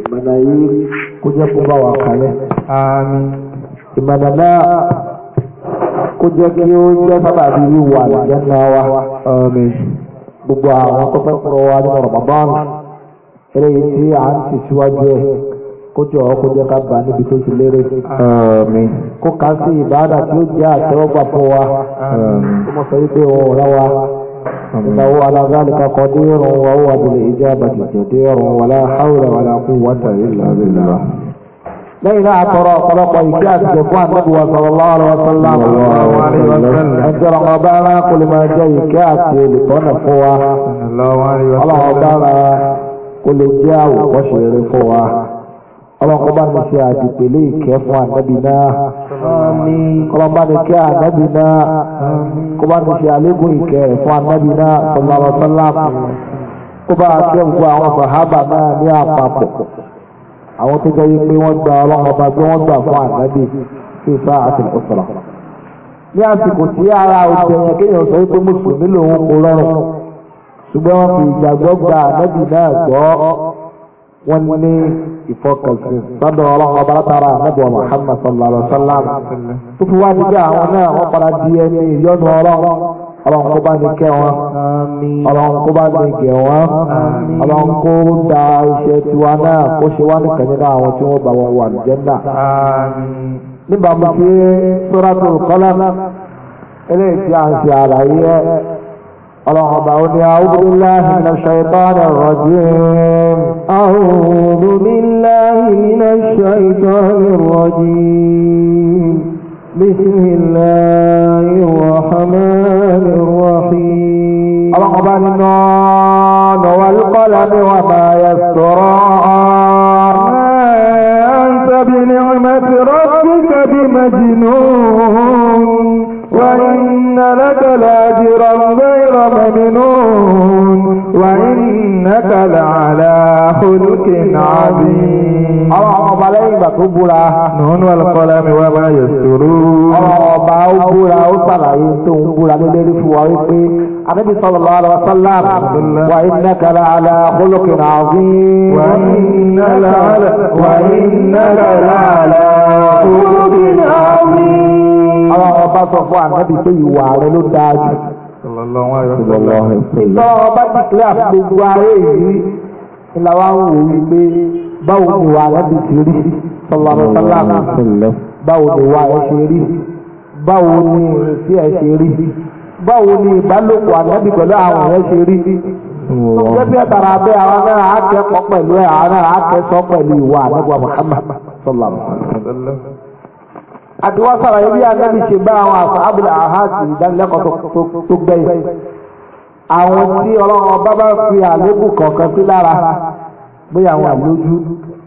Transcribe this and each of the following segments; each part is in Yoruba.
ìmọ̀nà yìí kó jẹ́ kó bá wa kalẹ̀ àmín ìmọ̀nà náà kó jẹ́ kí ó jẹ́ sábà bí wíwà àlùjànnà wa àmín gbogbo àwọn akọ́fẹ́ kúrò wa ní Ramadan eléyìí tí à ń tẹ̀síwájú ẹ̀ kójọ kó jẹ́ ká bá níbi tó ti lérè. kó kà sí ìbáradà tí ó jẹ́ àtẹ́wọ́gbà fún wa. àmín. mọ̀ sọ wípé òun ọ̀rá wa. إنه على ذلك قدير وهو بالإجابة جدير ولا حول ولا قوة إلا بالله lẹ́yìn náà tọrọ ọ̀pọ̀lọpọ̀ ìṣẹ́ àtijọ́ fún àtẹ́bùwà sallallahu alaihi wasallam ẹjọ́ ọba ara kò lè máa jẹ́ ìkẹ́ àti olùtọ́nà fún wa ọlọ́run ọba ara kò lè jẹ́ àwòkọ́ṣe rere fún wa ọlọ́nkọ́ bá ní ṣe àdìpẹ̀lẹ́ ìkẹ́ fún ànábì náà ọlọ́nkọ́ bá ní kí ànábì náà kó bá ní ṣe àlégún ìkẹ́ fún ànábì náà sọlọ́rọ̀ sọláàpù kó bá kẹ́ ń gbọ́ àwọn sàhábà náà ní àpapọ̀ àwọn tó jẹ́ wípé wọ́n gba ọlọ́nkọ́ bá gbé wọ́n gbà fún ànábì sí ìfá àti ìkọsọ̀rọ̀ ní àsìkò tí ara òjò yẹn kéèyàn sọ wípé mùsùlùmí lòun kò rọrùn ṣùgbọ́n wọn gba ànábì náà gbọ́ wọn ní ìfọkànsìn lọ́dọ̀ ọlọ́run ọba látara ànábì Muhammad sallallahu alaihi wasallam tó fi wá síbẹ̀ àwọn náà wọ́n padà di ẹni ìyọ́nú ọlọ́run ọlọ́run kó bá ní kẹ́ wọn ọlọ́run kó bá ní gẹ̀ wọn ọlọ́run kó da iṣẹ́ tiwa suratul qalam eléyìí tí a اللهم أعوذ بالله من الشيطان الرجيم أعوذ بالله من الشيطان الرجيم بسم الله الرحمن الرحيم اللهم النون والقلم وما يسطران ما أنت بنعمة ربك بمجنون وإن لك لاجرا غير ممنون وانك لعلى خلق عظيم نون والقلم وما يسرون النبي صلى الله عليه وسلم وانك لعلى خلق عظيم وان لعلى وانك لعلى خلق عظيم ọlọ́run ọba sọ fún ànábì pé ìwà rẹ ló dáa jù. ìtọ́ ọba dìklẹ́ àgbègbè ayé yìí ńlá wa ń wò wípé báwo ni ìwà ànábì ti rí sọlọ́run sọlọ́run báwo ni ìwà ẹ ṣe rí báwo ni ìrìnsí ẹ ṣe rí báwo ni ìbálòpọ̀ ànábì pẹ̀lú àwọn ẹ ṣe rí gẹ́gẹ́ bí ẹ̀bàrà abẹ́ àwọn náà á kẹ́kọ̀ọ́ pẹ̀lú ẹ̀ àwọn náà á kẹ́sọ́ pẹ̀lú ìwà ànábì Muhammad sọlọ́run. àti wọ́n sára ibi ànábì ṣe bá àwọn àṣà abúlé àhásì ìdánilẹ́kọ̀ọ́ tó gbẹ̀yìn àwọn tí ọlọ́run ọba bá fi àléébù kọ̀ọ̀kan sí lára bóyá àwọn àlójú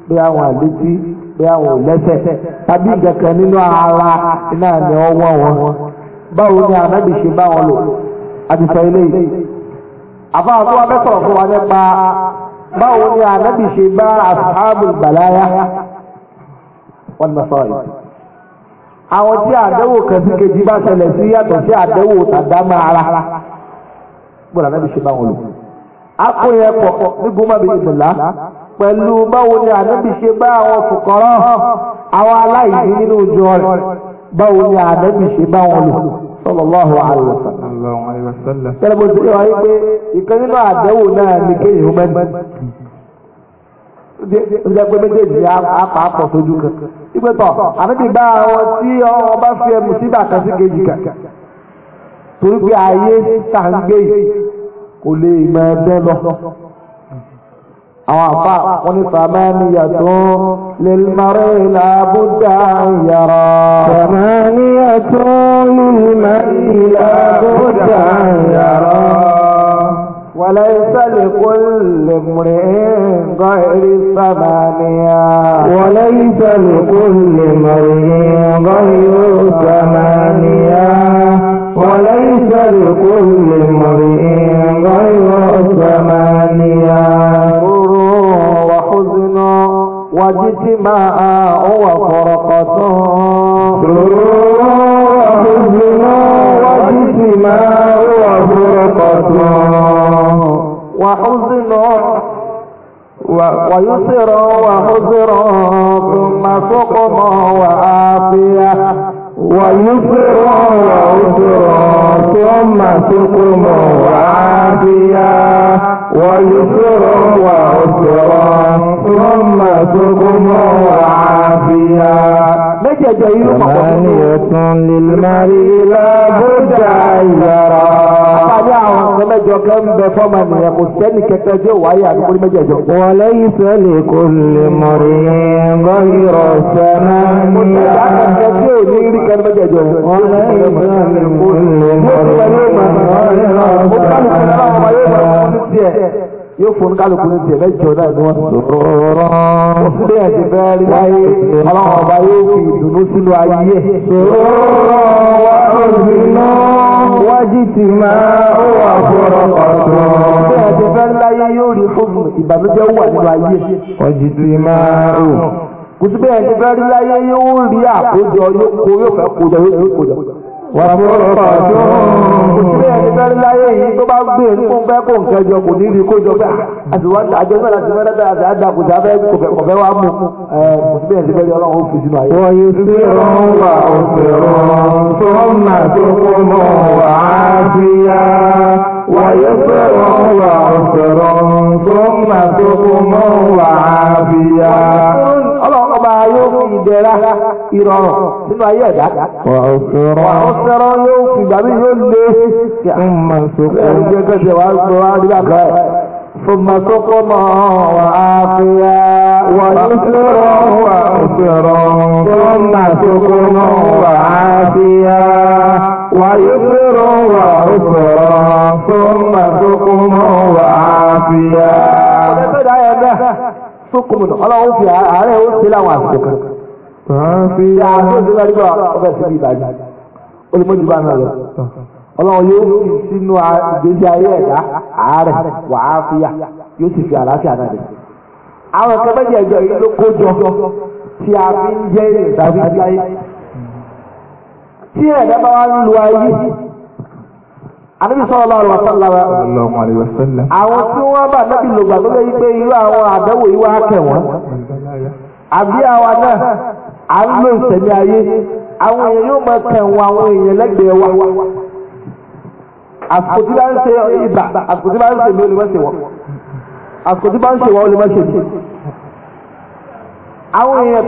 bóyá àwọn àlétí bóyá àwọn òlẹ́sẹ̀ tàbí nínú ara ni ọwọ́ wọn báwo ni ànábì ṣe bá wọn lò àti sọ eléyìí àfa wọn sọ̀rọ̀ fún wa nípa báwo ni ànábì ṣe bá wọn àwọn tí àdẹ́wò kan sí bá ṣẹlẹ̀ sí yàtọ̀ sí àdẹ́wò tàdámà ara gbọ́dọ̀ anábì ṣe bá wọn lò. akóyẹ pọ̀ ní gómàbí ìdùnlá pẹ̀lú báwo ni anábì ṣe bá àwọn fòkọ́rọ́ àwọn nínú ìjọ rẹ̀ báwo ni anábì ṣe bá wọn lò ìjẹ́pẹ́ méjèèjì apàápọ̀ sójú kan. Ìgbẹ́tọ̀, àbíbi bá àwọn tí ọwọ́ bá fi ẹmu sí bàtà sí kejì kan. Torí pé ayé tà ń gbé yìí kò lè mọ ẹgbẹ́ lọ. Àwọn àfa wọn ní Sàmánì yàtọ̀ lèlmarẹ́ làbúdà yàrá. Sàmánì yàtọ̀ lèlmarẹ́ làbúdà yàrá. وليس لكل امرئ غير ثمانية وليس لكل امرئ غير ثمانية وليس لكل امرئ غير ثمانية سرور وحزن واجتماع وفرقة سرور وحزن واجتماع فرقة وحزنا ويسرا وحزرا ثم سقما وعافية ويسر وعسرا ثم سقم وعافيا ويسر وعسرا ثم سقم وعافيا ومنية للمرء لا بد أن يرى وليس لكل مريض غير سنة ẹni mẹ́jẹ̀jọ wọn ní ìgbà yóò fún kálukú ní tiẹ̀ mẹ́jọ náà ni wọ́n sọ̀rọ̀ bí ẹ̀ ti fẹ́ rí láyé ọlọ́run ọba yóò fi ìdùnnú sínú ayé. sọ̀rọ̀ wá òbí náà wájú ti máa ó wà fọ́rọ̀ ọ̀tọ̀. bí ẹ̀ ti fẹ́ rí láyé yóò rí fóònù ìbànújẹ́ wà nínú ayé. wájú ti máa ó kò sí bẹ́ẹ̀ ní bẹ́ẹ̀ rí láyé yóò rí àkójọ yóò kó yóò fẹ́ kójọ yóò fi kójọ. wà á fọwọ́ pàdé. kò sí bẹ́ẹ̀ ní bẹ́ẹ̀ láyé yìí tó bá gbé ní e, kó fẹ́ kó nǹkan kò ní rí kójọ bẹ́ẹ̀ àtiwájú àjọ náà láti fẹ́ dáadáa àti àdá kò sáfẹ́ kò fẹ́ mú kò bẹ́ẹ̀ ní bẹ́ẹ̀ ọlọ́run fi sínú ayé. wọ́n yóò ṣe rán wà òṣèrán tó ويسرا وعسرا ثم سقما وعافيا yóò fi ìdẹ̀ra ìrọ̀rùn nínú ayé ẹ̀dá. wà yóò fi ìgbà yóò lé. fún masoko gbọ́ àdúrà ẹ̀. fún masoko wà á fi ya. wà ó fẹ́ràn wà ó fẹ́ràn. fún masoko mọ́ wà á fi ya. wà ó fẹ́ràn wà ó fẹ́ràn. fún masoko mọ́ wà á fi ya. ọ̀rẹ́ tó dáa yẹn bẹ́ẹ̀ tó kòmìnà ọlọ́run fi ààrẹ ó ṣe láwọn àṣìṣe kan. fi àwọn tó ṣe lọ́dún bá ọbẹ̀ sí ibi ìbàdàn olùmọ̀jú bá náà lọ. ọlọ́run yóò fi sínú ìgbésí ayé ẹ̀dá ààrẹ wàá fìyà yóò sì fi àlàáfíà náà dé. àwọn ẹ̀kọ́ méjì ẹ̀jọ̀ yìí ló kó jọ tí a fi ń jẹ́ ìrìn tàbí ayé. tí ẹ̀dá bá wá ń lo ayé Ànábì sallallahu alaihi wasallam. Sallallahu Àwọn tí wọ́n bá nábì lògbà tó lè gbé irú àwọn àdánwò yìí wá kẹ̀ wọ́n. Àbí àwa náà, à ń lo ìsẹ̀mí ayé. Àwọn èèyàn yóò máa àwọn èèyàn lẹ́gbẹ̀ẹ́ wa. Àsìkò tí bá ń ṣe ibà, àsìkò tí bá ń ṣe ò lè má ṣe wọ́n. Àsìkò tí bá ń ṣe wọ́n ò lè má ṣe Àwọn èèyàn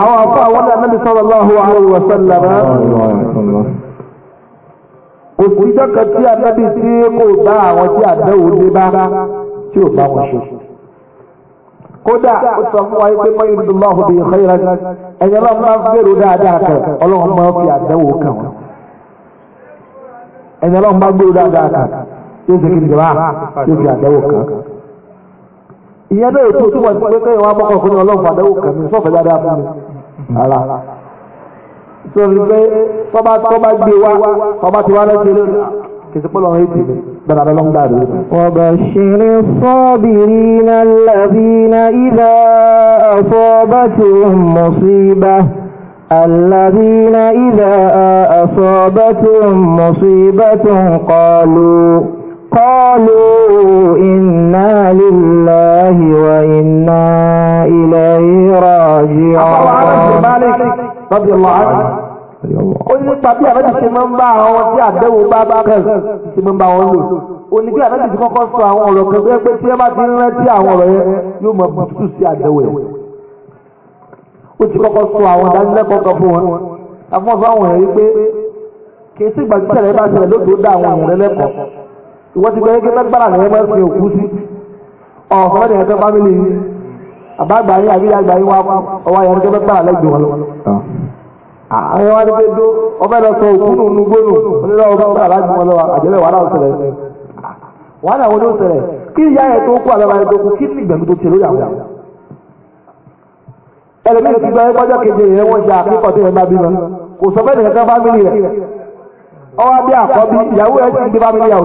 àwọn afọ àwọn Ànábì sallallahu alaihi wa sallam kò síjọ́ kan tí Ànábì ko kò bá àwọn tí àdẹ́wò dé bá tí ò bá wọn ṣe kódà ó sọ fún wa pé mọ́yìn dùnmọ́ ọ̀hún bíi khayran ẹ̀yẹ́ náà máa ń gbèrò dáadáa ọlọ́run máa ń fi kàn wọ́n máa ń gbèrò dáadáa yóò kí ìyẹn bẹ́ẹ̀ tó túbọ̀ sí pé kẹ́yìn wọn bọ́kọ̀ fún ọlọ́run fàdáwò kẹ̀mí sọ́fẹ̀ dáadáa fún mi ara sọ̀rọ̀ pé tọ́ba tọ́ba gbé wa tọ́ba ti wá lẹ́sẹ̀ lónìí kìsì pọ́lọ̀ ọ̀rẹ́ ti dára lọ́wọ́ dáadé. وبشر الصابرين الذين إذا أصابتهم مصيبة الذين إذا أصابتهم مصيبة قالوا قالوا إنا لله وإنا إليه راجعون رضي الله عنه ó ní pàbí àbájú ṣe máa ń bá àwọn tí àdéhù bá bá kẹ̀s ṣe máa ń bá wọn lò ó ní bí àbájú ti kọ́kọ́ sọ àwọn ọ̀rọ̀ kan bẹ́ẹ̀ pé tí ẹ bá ti ń rántí àwọn ọ̀rọ̀ yẹn yóò mọ bùtù sí àdéhù yẹn ó ti kọ́kọ́ sọ àwọn ìdánilẹ́kọ̀ọ́ kan fún wọn àfọ́nfọ́ àwọn èèyàn yìí pé kì í sí ìgbà tí tẹ̀lé bá ṣẹlẹ̀ lóòótọ́ dá àwọn èèyàn lẹ́kọ̀ọ́ ìwọ́n ti gbẹ́ gẹ́gẹ́ lágbára ní ẹgbẹ́ sí òkú sí ọ̀fọ́ ní ẹgbẹ́ fámìlì yìí àbágbà yín àbí àgbà yín wá ọwọ́ ayọ̀ ẹgbẹ́ gbára lẹ́gbẹ̀ẹ́ wọn lọ. àwọn wá ní pé dó ọbẹ̀ lọ sọ òkú nù nù gbónù onílẹ̀ ọgbà ọgbà aláàjì wọn lọ àjẹlẹ̀ wàhálà òṣèlè wàhálà wọn ló ṣẹlẹ̀ kí ìyá yẹn tó kú àlọ́ba yẹn tó kú kí ìgbẹ̀mí tó ṣe lórí àwọn ẹlẹ́mìí ti gba ẹgbọ́jọ́ keje yẹn wọ́n ṣe àkíkọ̀ tó yẹn bá bímọ kò sọ fẹ́ẹ́ nìkan fámìlì rẹ̀ ọwọ́ bí àkọ́bí ìyàwó ẹ̀ ti di fámìlì yàwó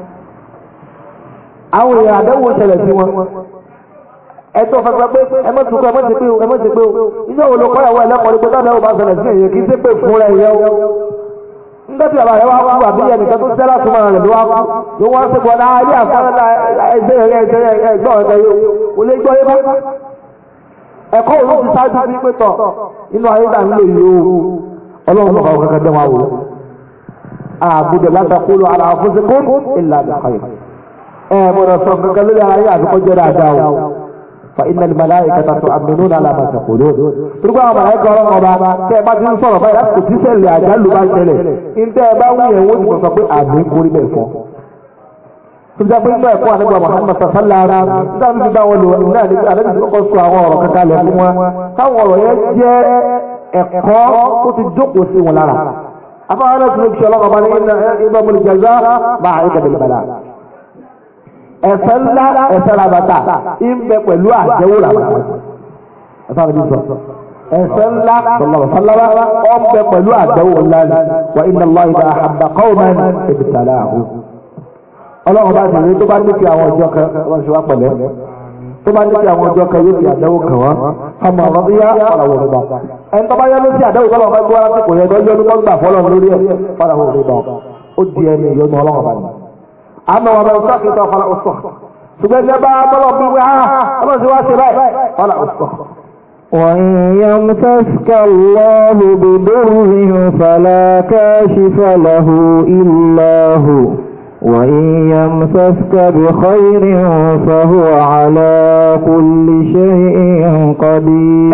àwọn èèyàn àdánwò ṣẹlẹ̀ sí wọn ẹtọ́ fẹ́fẹ́ pé ẹ mọ̀ tukọ̀ ẹ mọ̀ ti pé o ẹ mọ̀ ti pé o iṣẹ́ wo ló kọ́ ìyàwó ẹlẹ́kọ̀ọ́ nípa táwọn ọba ṣẹlẹ̀ sí èyàn kì í ṣe pé fúnra ẹ̀yẹ o nígbà tí bàbá rẹ wá kú àbí ẹnìkan tó ṣẹlá súnmọ́ rẹ̀ ló wá kú ló wá ṣe bọ̀ náà ayé àfárá ẹgbẹ́ rẹ ẹgbẹ́ ọ̀rẹ́ yóò kò lè gbọ́ yé bá ẹ̀kọ́ òun ti ṣáájú ní pẹ́tọ̀ nínú ayé dà ń lè yóò ọlọ́run ọ̀gá ọ̀gá kẹjọ máa wò ó àbújá látàkùn lọ àlàáfóṣe kó ìlànà kọ̀ọ̀yọ̀ ẹ̀bọ̀dọ̀ sọ kankan lórí ara yín àbíkọ́ jẹ́ dáadáa o fa iná ní màláyé kata tó àmínú náà làbà sàkó ló. turugba àwọn màláyé kan ọlọ́run ọba tẹ́ ẹ bá ti ń sọ̀rọ̀ báyìí láti kò tí ṣẹlẹ̀ àjálù bá ṣẹlẹ̀ ntẹ́ ẹ bá wù yẹn wọ́n ti sọ pé àmì ń kórè bẹ́ẹ̀ fọ́. turugba pé inú ẹ̀kọ́ àlejò Muhammad sasala ara nígbà tó ti bá wọn lò náà ní àlejò kọ́ sọ àwọn ọ̀rọ̀ ẹ̀fẹ́ ńlá ẹ̀fẹ́ rabata ìmbẹ pẹ̀lú àjẹwò rabata ẹ̀fẹ́ mi sọ ẹ̀fẹ́ ńlá sọlọ́wọ́ ọ̀bẹ pẹ̀lú àjẹwò ńlá ni wà inna Allah ìdá àbà qawman ìbìtàlá àhùn. ọlọ́run bá tẹ̀lé tó bá ní kí àwọn ọjọ́ kan wọ́n ṣe wá pẹ̀lẹ́ tó bá ní kí àwọn ọjọ́ kan yóò fi àdánwò kàn wá ọmọ ọ̀rọ̀ bí yá ọ̀làwọ̀ rẹ̀ bá àmọ́ wọn bá ń sọ́ọ̀kì tó fọlá ọ̀sọ̀ ṣùgbọ́n ṣe bá bọ́lọ̀ bí ah, wá ọlọ́run ti wá وإن يمسسك الله بضر فلا كاشف له إلا هو وإن يمسسك بخير فهو على كل شيء قدير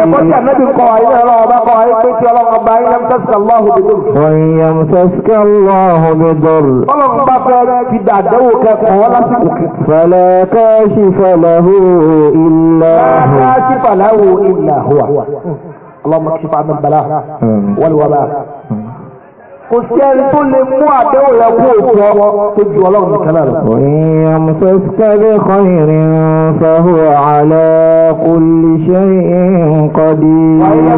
وإن يمسسك الله بضر فلا كاشف له إلا هو اللهم اكشف عن البلاء والوباء kò sí ẹni tó lè mú àdéhùn rẹ kú òfin ọwọ́ tó ju ọlọ́run nìkan náà lọ. ìyẹn mùsùlùmí kan ìrìn sọ́hù àlẹ́ kò lè ṣe nǹkan di. wọ́n yẹ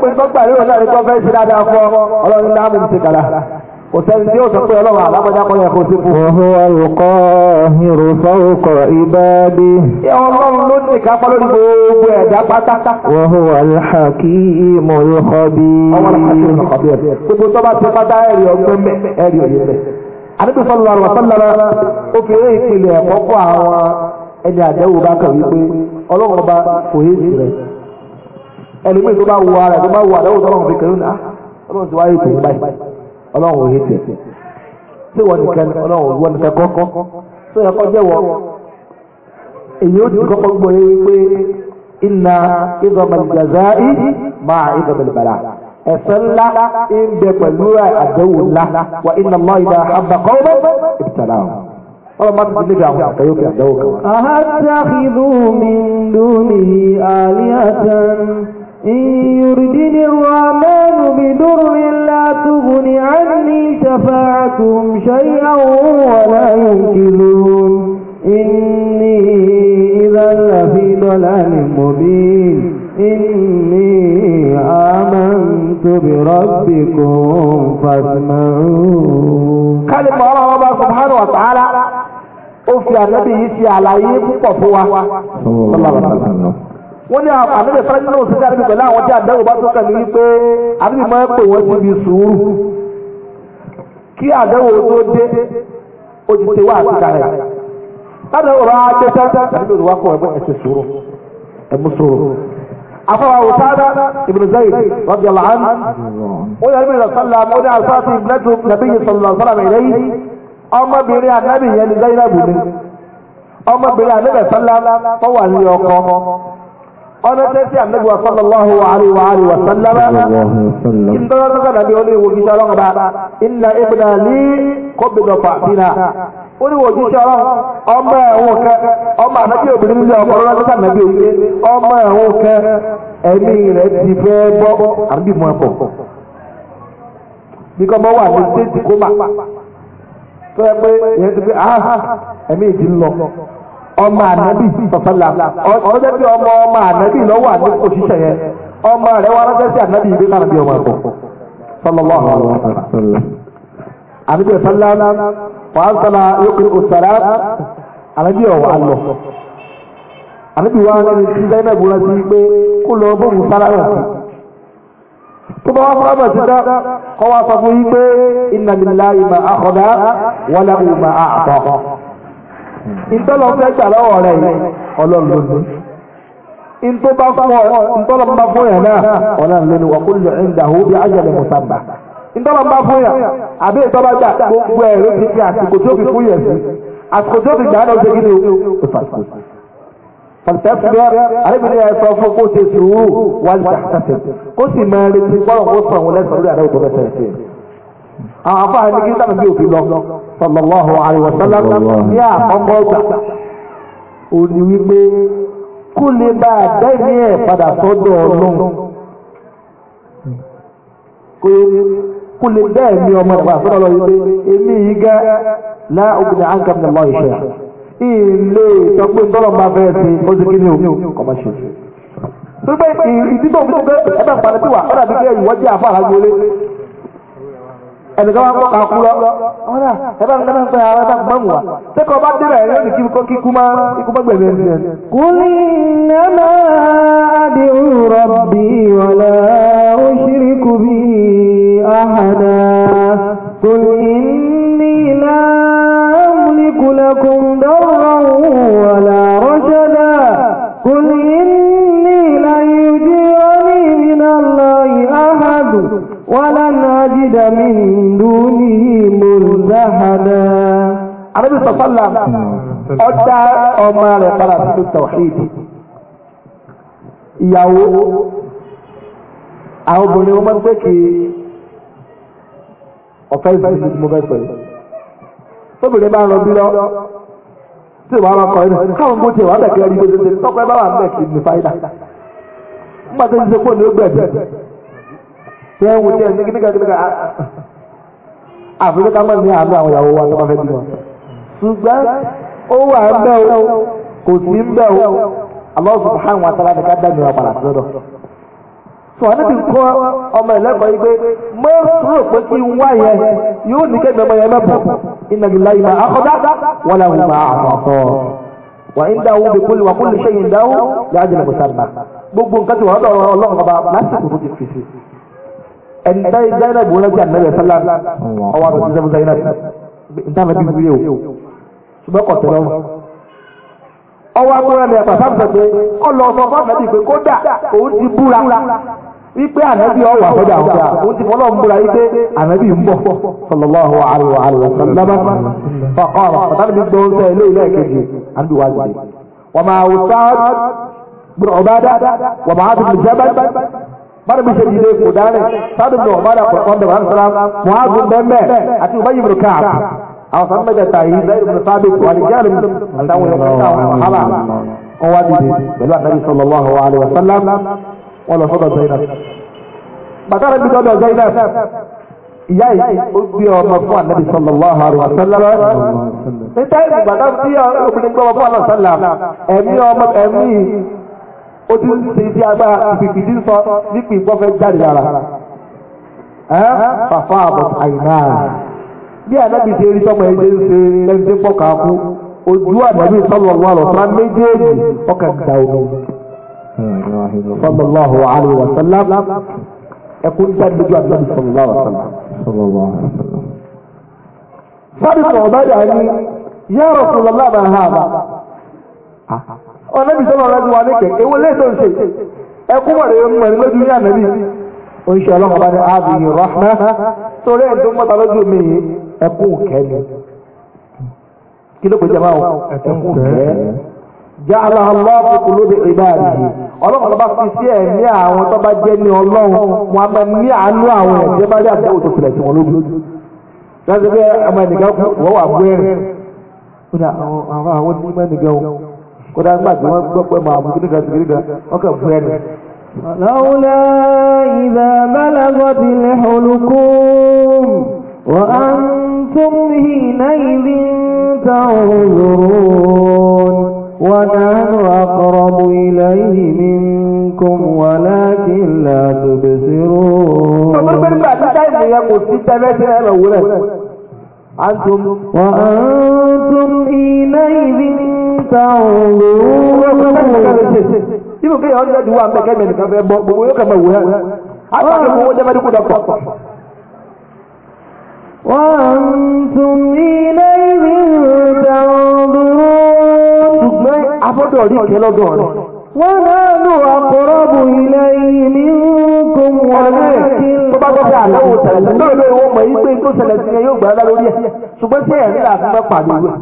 pé sọ́gbà yóò náà ní kọ́ fẹ́ ṣe dáadáa fọ́ ọlọ́run dáàbò ti kàlà òtẹ́ni tí ó sọ pé ọlọ́run àlágbọ́já kọ́ yẹ kó sí fún. Òhun alùkọ́ ìrù sọ́wọ́kọ̀ ìbáàdé. Ọlọ́run ló ní kápá lórí gbogbo ẹ̀dá pátátá. Òhun alhaki mọ̀lúkọ́bí. Gbogbo tó bá ti pátá ẹ̀rì ọgbẹ́ mẹ́ ẹ̀rì òye mẹ́. Àdébí sọ́lọ́ àrùn sọ́lọ́rọ́ ó fi eré ìpìlẹ̀ ẹ̀kọ́kọ́ àwọn ẹni àdẹ́wò bá kàn wípé ọlọ́run ọba kò ọlọ́run òye tẹ̀ tí wọ́n nìkan ọlọ́run wọ́n nìkan kọ́kọ́ tó yẹ kọ́ jẹ́wọ́ èyí ó ti kọ́kọ́ gbọ́ yé wípé iná ìdọ̀mọ̀lìjàzáì máa ìdọ̀mọ̀lìbàlà ẹ̀sẹ̀ ńlá ń bẹ pẹ̀lú àdéhùn ńlá wa iná mọ́ ìdá àbàkọ́ ìbìtàlá ọlọ́run bá ti di níbi àwọn àkàyọ́ kí àdéhùn kan. àhàtàkìdù mi dùn ní إن يردني الرحمن بدر لا تغن عني شفاعتهم شيئا ولا ينكذون إني إذا لفي ضلال مبين إني آمنت بربكم فاسمعون كلمة الله سبحانه وتعالى أوفي النبي يسي على يبقى صلى الله عليه وسلم wọ́n ní àbíbi sáájú náà sí àbíbi pẹ̀lú àwọn tí àdánwò bá tó kàn ní pé àbíbi máa ń pè wọ́n síbi sùúrù kí àdánwò tó dé ó ti wá àtìkà rẹ̀ ládàá ọ̀rọ̀ ajé tẹ́tẹ́ àbíbi òdòwà kọ̀ ẹ̀mú ẹ̀sìn sùúrù ẹ̀mú sùúrù. أخبر أبو سعد بن زيد رضي الله ọ̀nà tẹ́tí àmẹ́gbà sallallahu alaihi wa alihi wa sallama ìtọ́jọ́ tó kàdà bí olè ìwòjì sọ́rọ́ ọba inna ibna li kọ́bìnà fàbínà oníwòjì sọ́rọ́ ọmọ ẹ̀wọ̀n kẹ ọmọ ànábì obìnrin nílé ọkọ̀ lọ́la tó sànàbí òye ọmọ ẹ̀wọ̀n kẹ ẹ̀mí rẹ̀ ti fẹ́ bọ́ àbí mọ́ ẹ̀pọ̀ bí kọ́mọ wà ní stéètì kó mà tó yẹ pé ìyẹn ti fi ah, ẹ̀mí ìdí ń lọ ọmọ ànábì sọ̀sọ́là ọjọ́ tí ọmọ ọmọ ànábì lọ́wọ́ ànábì òṣìṣẹ́ yẹn ọmọ rẹ̀ wá ránṣẹ́ sí ànábì ìgbé náà bí ọmọ ẹ̀kọ́ sọlọ́lọ́ ànábì ọ̀sọ́lá wà ń sọlá yókè òṣàlá ànábì ọ̀wà lọ. ànábì wa ní ti zainab wúra sí pé kó lọ bóun sára náà sí. tó bá wá fọlá bọ̀ síta kọ́ wá sọ fún yí pé inna lillahi ma akhada wa lahu ma ìtọ́lọ fẹ́ gbà lọ́wọ́ rẹ̀ yìí ọlọ́run ló ní. ìtọ́ bá fún na ìtọ́lọ bá fún yẹn náà ọlọ́run ló ní wọ́n kúrò lọ́rùn ìdáhù bí ajẹ́lẹ̀ mùsàmbà. ìtọ́lọ bá fún yẹn àbí ìtọ́lọ gbà gbogbo ẹ̀rọ ti fi àsìkò tó fi fún yẹn sí àsìkò tó fi gbà náà ṣe kíni o fàṣẹ. Fàlùfẹ́fẹ́ àrẹ́bìnrin ẹ̀ sọ fún kó ṣe sùúrù wájú àtàtẹ̀ kó sì máa retí gbọ́dọ̀ àwọn afáà ní kí sábà bí òfin lọ sallallahu alaihi wasallam ní àkọ́kọ́ ọ̀gbà ó ní wípé kó lè bá a dẹ́ni ẹ̀ padà sọ́dọ̀ ọlọ́run kó lè bẹ́ẹ̀ ní ọmọ ìgbà sọ́dọ̀ ọlọ́run wípé èmi yìí gẹ́ láàbùnà àǹkà ní ọmọ ìṣẹ́ ilé ìtọ́pẹ́ tọ́lọ̀ máa fẹ́ ti ó ti kí ni òun ẹnì kan wá kọ́ kàkú lọ ọ̀nà ẹ̀bá ń gbẹ́mẹ́ pẹ́ ara bá gbọ́n wà tẹ́kọ̀ bá dé bẹ̀rẹ̀ lónìí kí kọ́ kíkú máa ikú gbẹ̀gbẹ̀ rẹ̀ ní ẹni. kúlì nàmà àdìrú rọ̀bì wàlà òṣìríkù bí àhàdà kúlì nílà múlikùlẹ̀kùn dọ́rọ̀ wàlà rọ́ṣọ́dà kúlì nílà yìí jí ọ́ ní ìrìnà lọ́yìn áhàdù wàlà náà jìdà mí sọ̀sọ́là ọ̀dá ọmọ rẹ̀ padà sí tọ̀hídì ìyàwó àwọn obìnrin wọn máa ń pè kí ọ̀fẹ́ ìfẹ́sì mo fẹ́ sọ yìí tóbìnrin bá ń lọ bí lọ tí ìwà máa kọ inú káwọn bó ti wà bẹ̀ kẹ́rin bó ti ṣe tọ́pẹ́ bá wà bẹ̀ kí ní fáyidà nígbà tó ti ṣe pọ̀ ní ó gbẹ̀bẹ̀ tí ẹ̀ ń wù ní ẹ̀ ní kíníkà kíníkà àfikún ká mọ̀ ní àánú àwọn ìyàwó wa tó bá fẹ́ bí wọn ṣùgbọ́n ó wà ń bẹ̀ o kò sí ń bẹ̀ o Allah subhanahu wa ta'ala nìkan dẹ́nu ọ̀pàlà sí lọ. sọ wọn níbi kọ́ ọmọ ìlẹ́kọ̀ọ́ yìí pé mo rò pé kí wá yẹn yóò ní kébì ọmọ yẹn mẹ́bọ̀ inna lillahi ma akhadha wa lahu ma a'ta wa indahu bi kulli wa kullu shay'in lahu li'ajalin musamma gbogbo nǹkan tí wọ́n dọ̀rọ̀ ọlọ́run ọba lásìkò tó ti fèsì ẹ̀ńtẹ́ Zainab wọlé sí ànábẹ́ sálá ọwọ́ àbẹ̀tí Zainab ṣùgbọ́n kọ̀ tẹ́lọ́rùn. ọwọ́ agbóra ni ẹ̀fà sábà pé ọlọ ọsọ fún àmẹ́bí pé kódà òun ti búra wípé ànábì ọwọ́ àfẹ́dà ọ̀gá òun ti fọlọ́ múra wípé ànábì ń bọ̀ sallallahu alaihi wa sallam ọkọ̀ ọ̀rọ̀ pàtàkì gbogbo oúnjẹ ilé ilé ìkejì àbí wájú wọ́n máa wò sáà gbọ́dọ̀ ọba dáadáa wọ́n máa dùn bari bi shadi dai ko dare sadu da umara ko wanda ba sala mu'adh bin bambe ati ubay ibn ka'ab àwọn sàn mẹ́tẹ̀ẹ̀ta yìí bẹ́ẹ̀ ló sábẹ́ tó àdìjáde mi àtàwọn èèyàn kọ́ta àwọn ọ̀hálà wọn wá dìde pẹ̀lú ànábì sallallahu alaihi wasallam wọn lọ sọ́dọ̀ Zainab. bàtà rẹ̀ bí sọ́dọ̀ Zainab ìyá yìí ó gbé ọmọ fún ànábì sallallahu alaihi wasallam. níta ìgbàdá tí obìnrin gbọ́ ọmọ fún ànábì sallam ẹ̀mí ọmọ ẹ̀mí ó ti ń ṣe ibi agbára ìpìpìdí sọ nípìn ìgbọ́fẹ́ jáde lára. ẹ́ fàfà àbọ̀ àyìnbá bí ànábì ṣe rí sọmọ ẹgbẹ́ ń ṣe ẹni tí pọ̀kà kú ojú ànábì sallallahu alaihi wasallam méjèèjì ọkà ìdá omi sallallahu alaihi wasallam ẹkún jáde lójú ànábì sallallahu alaihi wasallam. sábì sọ̀rọ̀ bá dà ní ya Rasulullah máa ha bá ọ̀nàbì sọ̀rọ̀ rẹ̀ wà ní kẹ̀kẹ́ wọlé tó ń ṣe ẹkún wà rẹ̀ mọ̀ lójú ní ànábì. ó ń ṣe ọlọ́mọba ní àbí rahma sórí ẹ̀ tó mọ́ta lójú mi yìí ẹkún kẹ́ ni kí ló kò jẹ́ máa ẹkún kẹ́ jaala allah kulubi ibadihi ọlọ́run bá fi sí ẹ̀mí àwọn tó bá jẹ́ ní ọlọ́run wọn bá ní àánú àwọn ẹ̀jẹ̀ bá rí àbúrò tó filẹ̀ tí wọ́n lóbi lọ́sẹ̀ bí ọmọ ẹnìkan kú wọ́n wà bú ẹ̀rìn kódà àwọn àwọn tí mẹ́rin nìkan o kódà nígbà tí wọ́n gbọ́ pé màá mú kíníkà sí kíníkà wọ́n kàn bú ẹ̀rìn. lọ́wọ́lá ìdá bálagọ́tì وأنتم حينئذ تنظرون ونحن أقرب إليه منكم ولكن لا تبصرون وأنتم حينئذ تنظرون Ibu kayak orang dah dua, mereka mereka berbual, kamu buat. Apa kamu buat dapat aku dapat? وأنتم إليه تنظرون ونحن أقرب إليه منكم ولكن tó bá gbọ́ pé àláwọ̀ tẹ̀lẹ̀ náà lórí wọn mọ̀ yí pé tó ṣẹlẹ̀ sí yóò gbà lára lórí ẹ̀ ṣùgbọ́n sí ẹ̀rí làbí bá pàdé rẹ̀.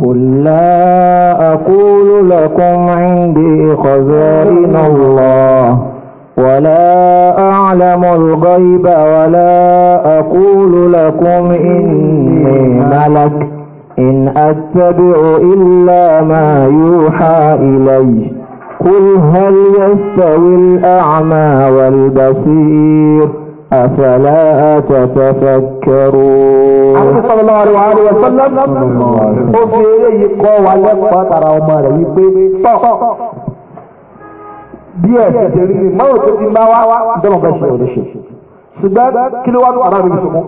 قل لا أقول لكم عندي خزائن الله ولا أعلم الغيب ولا أقول لكم إني ملك إن أتبع إلا ما يوحى إلي قل هل يستوي الأعمى والبصير أفلا تتفكرون صلى الله عليه وسلم ó fi eléyìí kọ́ wa lẹ́kọ̀ọ́ tara ọmọ rẹ̀ wípé tọ́ díẹ̀ tẹ̀tẹ̀ rí ni máa tó ti bá wá dọ́mọ̀ bá ṣe òde ṣe ṣùgbọ́n kí ló wá ní ọ̀rá mi ní sọmọ́.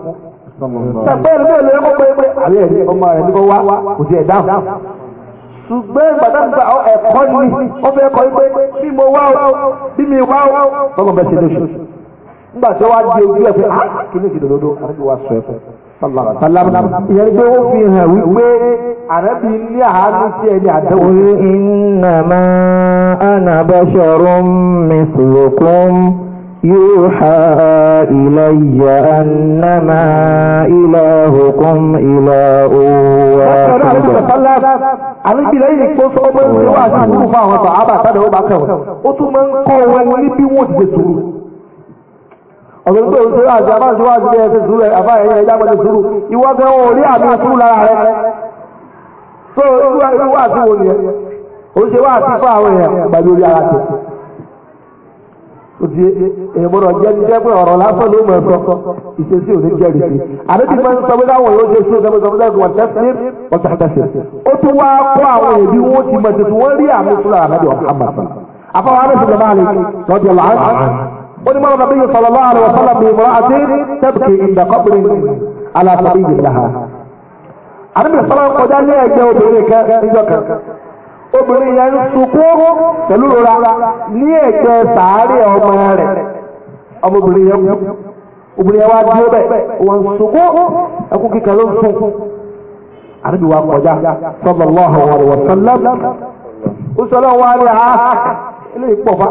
ṣàpẹ́ ìlú èlé ẹ̀kọ́ pé pé àlẹ́ ẹ̀rí ọmọ rẹ̀ ní kó wá kò tiẹ̀ dáhùn. ṣùgbọ́n gbàdágbà ẹ̀kọ́ ni ó fẹ́ kọ́ pé bí mo wá o bí mi wá o dọ́mọ̀ bá ṣe lóṣù. nígbà tí wọ́n á di ojú ẹ̀ pé ah, kí ni ìdòdó àti wàá sọ ẹ̀kọ́. Ìyẹn pé ó fi hàn wípé àrẹ́bí ilé àánú sí ẹni àdẹ́wò. Qul innama ana basharun mithlukum yuha ilayya annama ilahukum ilahun wahid àlejò lẹ́yìn ìpò sọ́gbọ́n ìwà àti máa ń kọ́ wọn ní bí ọ̀gbẹ́ni tó ṣe àti abáṣíwájú ẹ̀ ṣe sùúrù àbá ẹ̀yìn ẹja pẹ̀lú sùúrù ìwọ gan ò rí àmì sùúrù lára rẹ tó irú wà sí wo ni ẹ ó ṣe wà sí fún àwọn èèyàn ìgbà ara tẹ قل مر النبي صلى الله عليه وسلم بامرأة تبكي عند قبر على سبيل لها النبي صلى الله عليه وسلم قد قال لي أجاو بنيك obìnrin yẹn ń sunkún pẹ̀lú rora ní ẹ̀jẹ̀ sàárẹ̀ ọmọ rẹ̀ ọmọbìnrin yẹn kú obìnrin yẹn wá dúró bẹ́ẹ̀ wọ́n sunkún ẹkú kíkẹ́ ló ń sun àdébìwá kọjá sallallahu alaihi wasallam ó sọ lọ́wọ́ wa rí ha ilé ìpọ̀ fa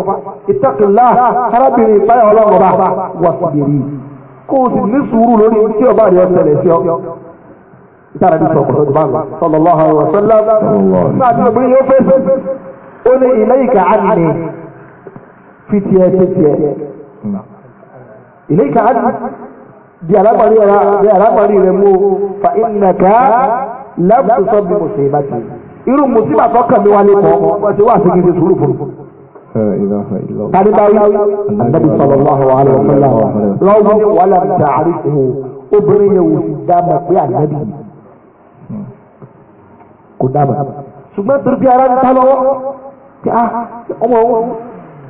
ìtàkìlá arábìnrin ìpáyà ọlọ́run bá wà síbìrì kó o sì ní sùúrù lórí tí ọba rẹ̀ ọ̀sẹ̀lẹ̀ sí ọ. ìtara ní sọ̀kọ̀ lọ́dún báńgá sallallahu alaihi wasallam náà ní obìnrin yóò fẹ́ ó ní ilayka anni fìtìẹ fìtìẹ ilayka anni di alámọ̀rí rẹ̀ di alámọ̀rí rẹ̀ mú fa irú wọ́n ti wá sí gidi sùúrù Tàbí báyìí, Ànábì sallallahu alaihi wa sallam lọ́wọ́ wàhálà ń ta obìnrin yẹn wò sí dáàmà pé kò Ṣùgbọ́n ara ń ta lọ́wọ́, kí ọmọ òun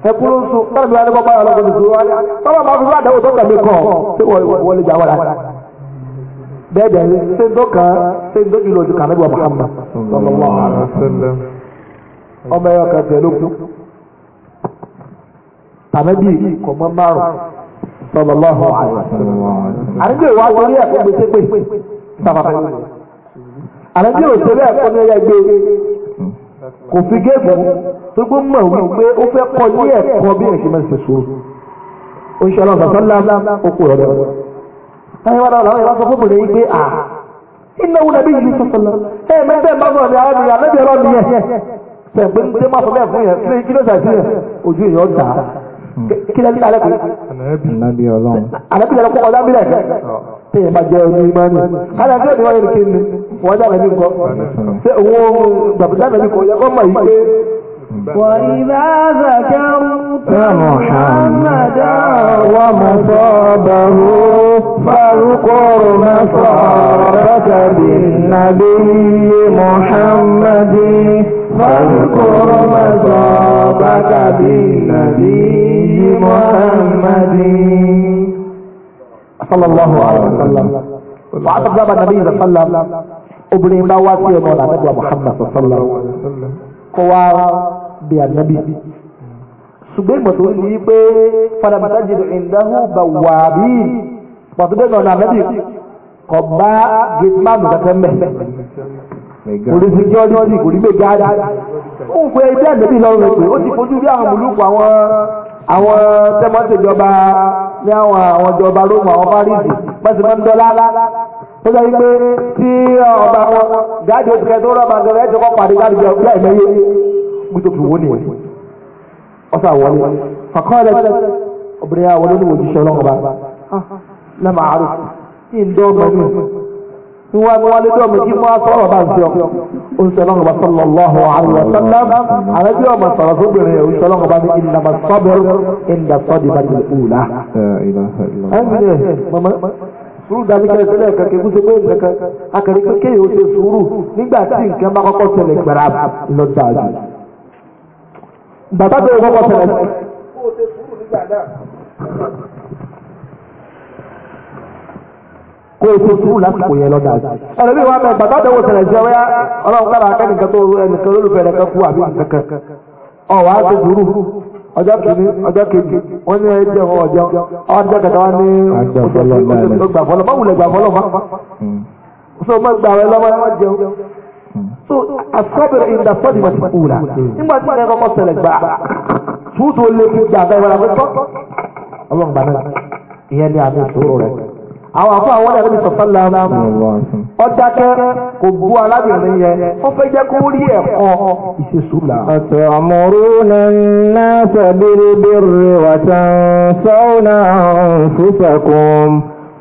ẹkún ló tọ́lá báyọ̀ wa, tọ́lá máa fi tó tàbí kọ̀mọ́ márùn sallallahu alaihi wasallam. àdúgbò wa torí ẹ̀kọ́ gbèsè pé sábàbà yìí. àdúgbò torí ẹ̀kọ́ ní ẹgbẹ́ kò fi géèmù tó gbó mọ̀ wípé ó fẹ́ kọ́ ní ẹ̀kọ́ bí ẹ̀ṣẹ̀ máa ń ṣe sùúrù. ó ń ṣe ọlọ́run sọ́lá okò rẹ̀ rẹ̀. táyé wá dáwọ́ ìwà sọ fún bòde yìí pé à innahu nabiyyun sọ́sọ́lá. ẹ mẹ́tẹ́ bá sọ̀rọ̀ ní arábìnrin alẹ́bí ọlọ́run yẹn. pẹ̀gbẹ́ ń dé má sọ bẹ́ẹ̀ fún fún yẹn kí ló ojú èèyàn dáa kílẹ̀ kílẹ̀ alẹ́ kò. anabi Ọlọ́run. anabi Ọlọ́run kọkọ ọdá bílẹ̀ kẹ. téèyàn bá jẹ ọdún imáni. káyọ̀ tí òdiwọ̀n yẹn kéwìn wọ́n dá mẹ́bí nǹkan. ṣé òun gbàgbọ́dá mẹ́bí kò yẹ kó mọ̀ yìí pé. وإذا ذكرت محمدا ومصابه فاذكر مصابك بالنبي محمد فاذكر مصابك بالنبي محمد صلى الله عليه وسلم وعطى بابا النبي صلى الله عليه وسلم obìnrin bá wá sí ọmọ ànábì Muhammad sọsọlá kó wá bí ànábì ṣùgbọ́n ìmọ̀ tó ń di pé fọdàmọ́tà jẹ́ ìdáhùn bá wà bí pàtó bẹ́ẹ̀ náà ànábì kò bá gẹ̀tìmánù kẹtẹ́ mẹ́ kò rí security kò rí ó ń fẹ́ ibi ànábì lọ́rùn rẹ̀ ó ti fojú bí àwọn mùlùkù àwọn àwọn tẹ́mọ́tẹ̀jọba ní àwọn àwọn ìjọba rómù àwọn fáríìsì pẹ́sì máa ń dọ́lá tó sọ wípé tí ọba wọn gáàdì oṣù kẹtọ rọba gẹrẹ ẹ ti kọ pàdé gáàdì jẹ ọgbẹ ẹmẹyẹ gbùdókì wó ni ọsà wọlé fàkọọlẹ obìnrin àwọn olóyún òjíṣẹ́ Ọlọ́run ọba ah, lẹmọ àárò kí n dọ ọgbà mi tí wọ́n wọ́n lé dọ́ọ̀mù kí wọ́n sọ̀rọ̀ bá ń sọ oṣùṣẹ́lọ́gbà sallallahu alaihi wa sallam àrẹ́bí ọmọ sọ̀rọ̀ tó bẹ̀rẹ̀ oṣùṣẹ́lọ́gbà ní ìlànà sọ́bẹ̀rẹ̀ ìlànà sọ́dí bá ti kúùlà. ẹnìyẹ mama sùúrù dání kẹrẹ sílẹ̀ kẹkẹ kúṣe pé nǹkan akẹrẹ kékeré yóò ṣe sùúrù nígbà tí nǹkan bá kọ́kọ́ ṣẹlẹ̀ gbàrà lọ́dàájú. bàbá tó yẹ kọ́kọ́ ṣẹlẹ̀ kó o tó túrú lásìkò yẹn lọ́dà sí. ẹlòmíì wà mẹ gbàgbọ́ àdéhùn sẹ̀rẹ̀ jẹ́ wẹ́yà ọlọ́run kára akẹ́ nìkan tó ẹnìkan olólùfẹ́ rẹ̀ kan kú àbí nìkan. ọ wàá ti dùrù ọjọ́ kìíní ọjọ́ kejì wọ́n ní ẹjẹ́ wọn ọjọ́ ọwọ́ àti jẹ́kẹ̀tà wọn ní oṣù gbà fọlọ́ báwùlẹ̀ gbà fọlọ́ mọ́. so mo gbà wẹ́ lọ́wọ́ ẹ wọ́n jẹun. Hmm. so asọ́bìrì ìdá sọ́ọ̀dì àwọn afọ àwọn ọ̀dà níbi sọ̀fẹ́lá ọ̀dákẹ́ kò bú alábìnrin yẹn wọ́n fẹ́ jẹ́ kó rí ẹ̀kọ́ ìṣesúlà. ọ̀sẹ̀ àmọ̀rúnà náà sẹ̀bírí bèrè wàtàn sọ́ọ̀nà fúnṣẹ̀kùn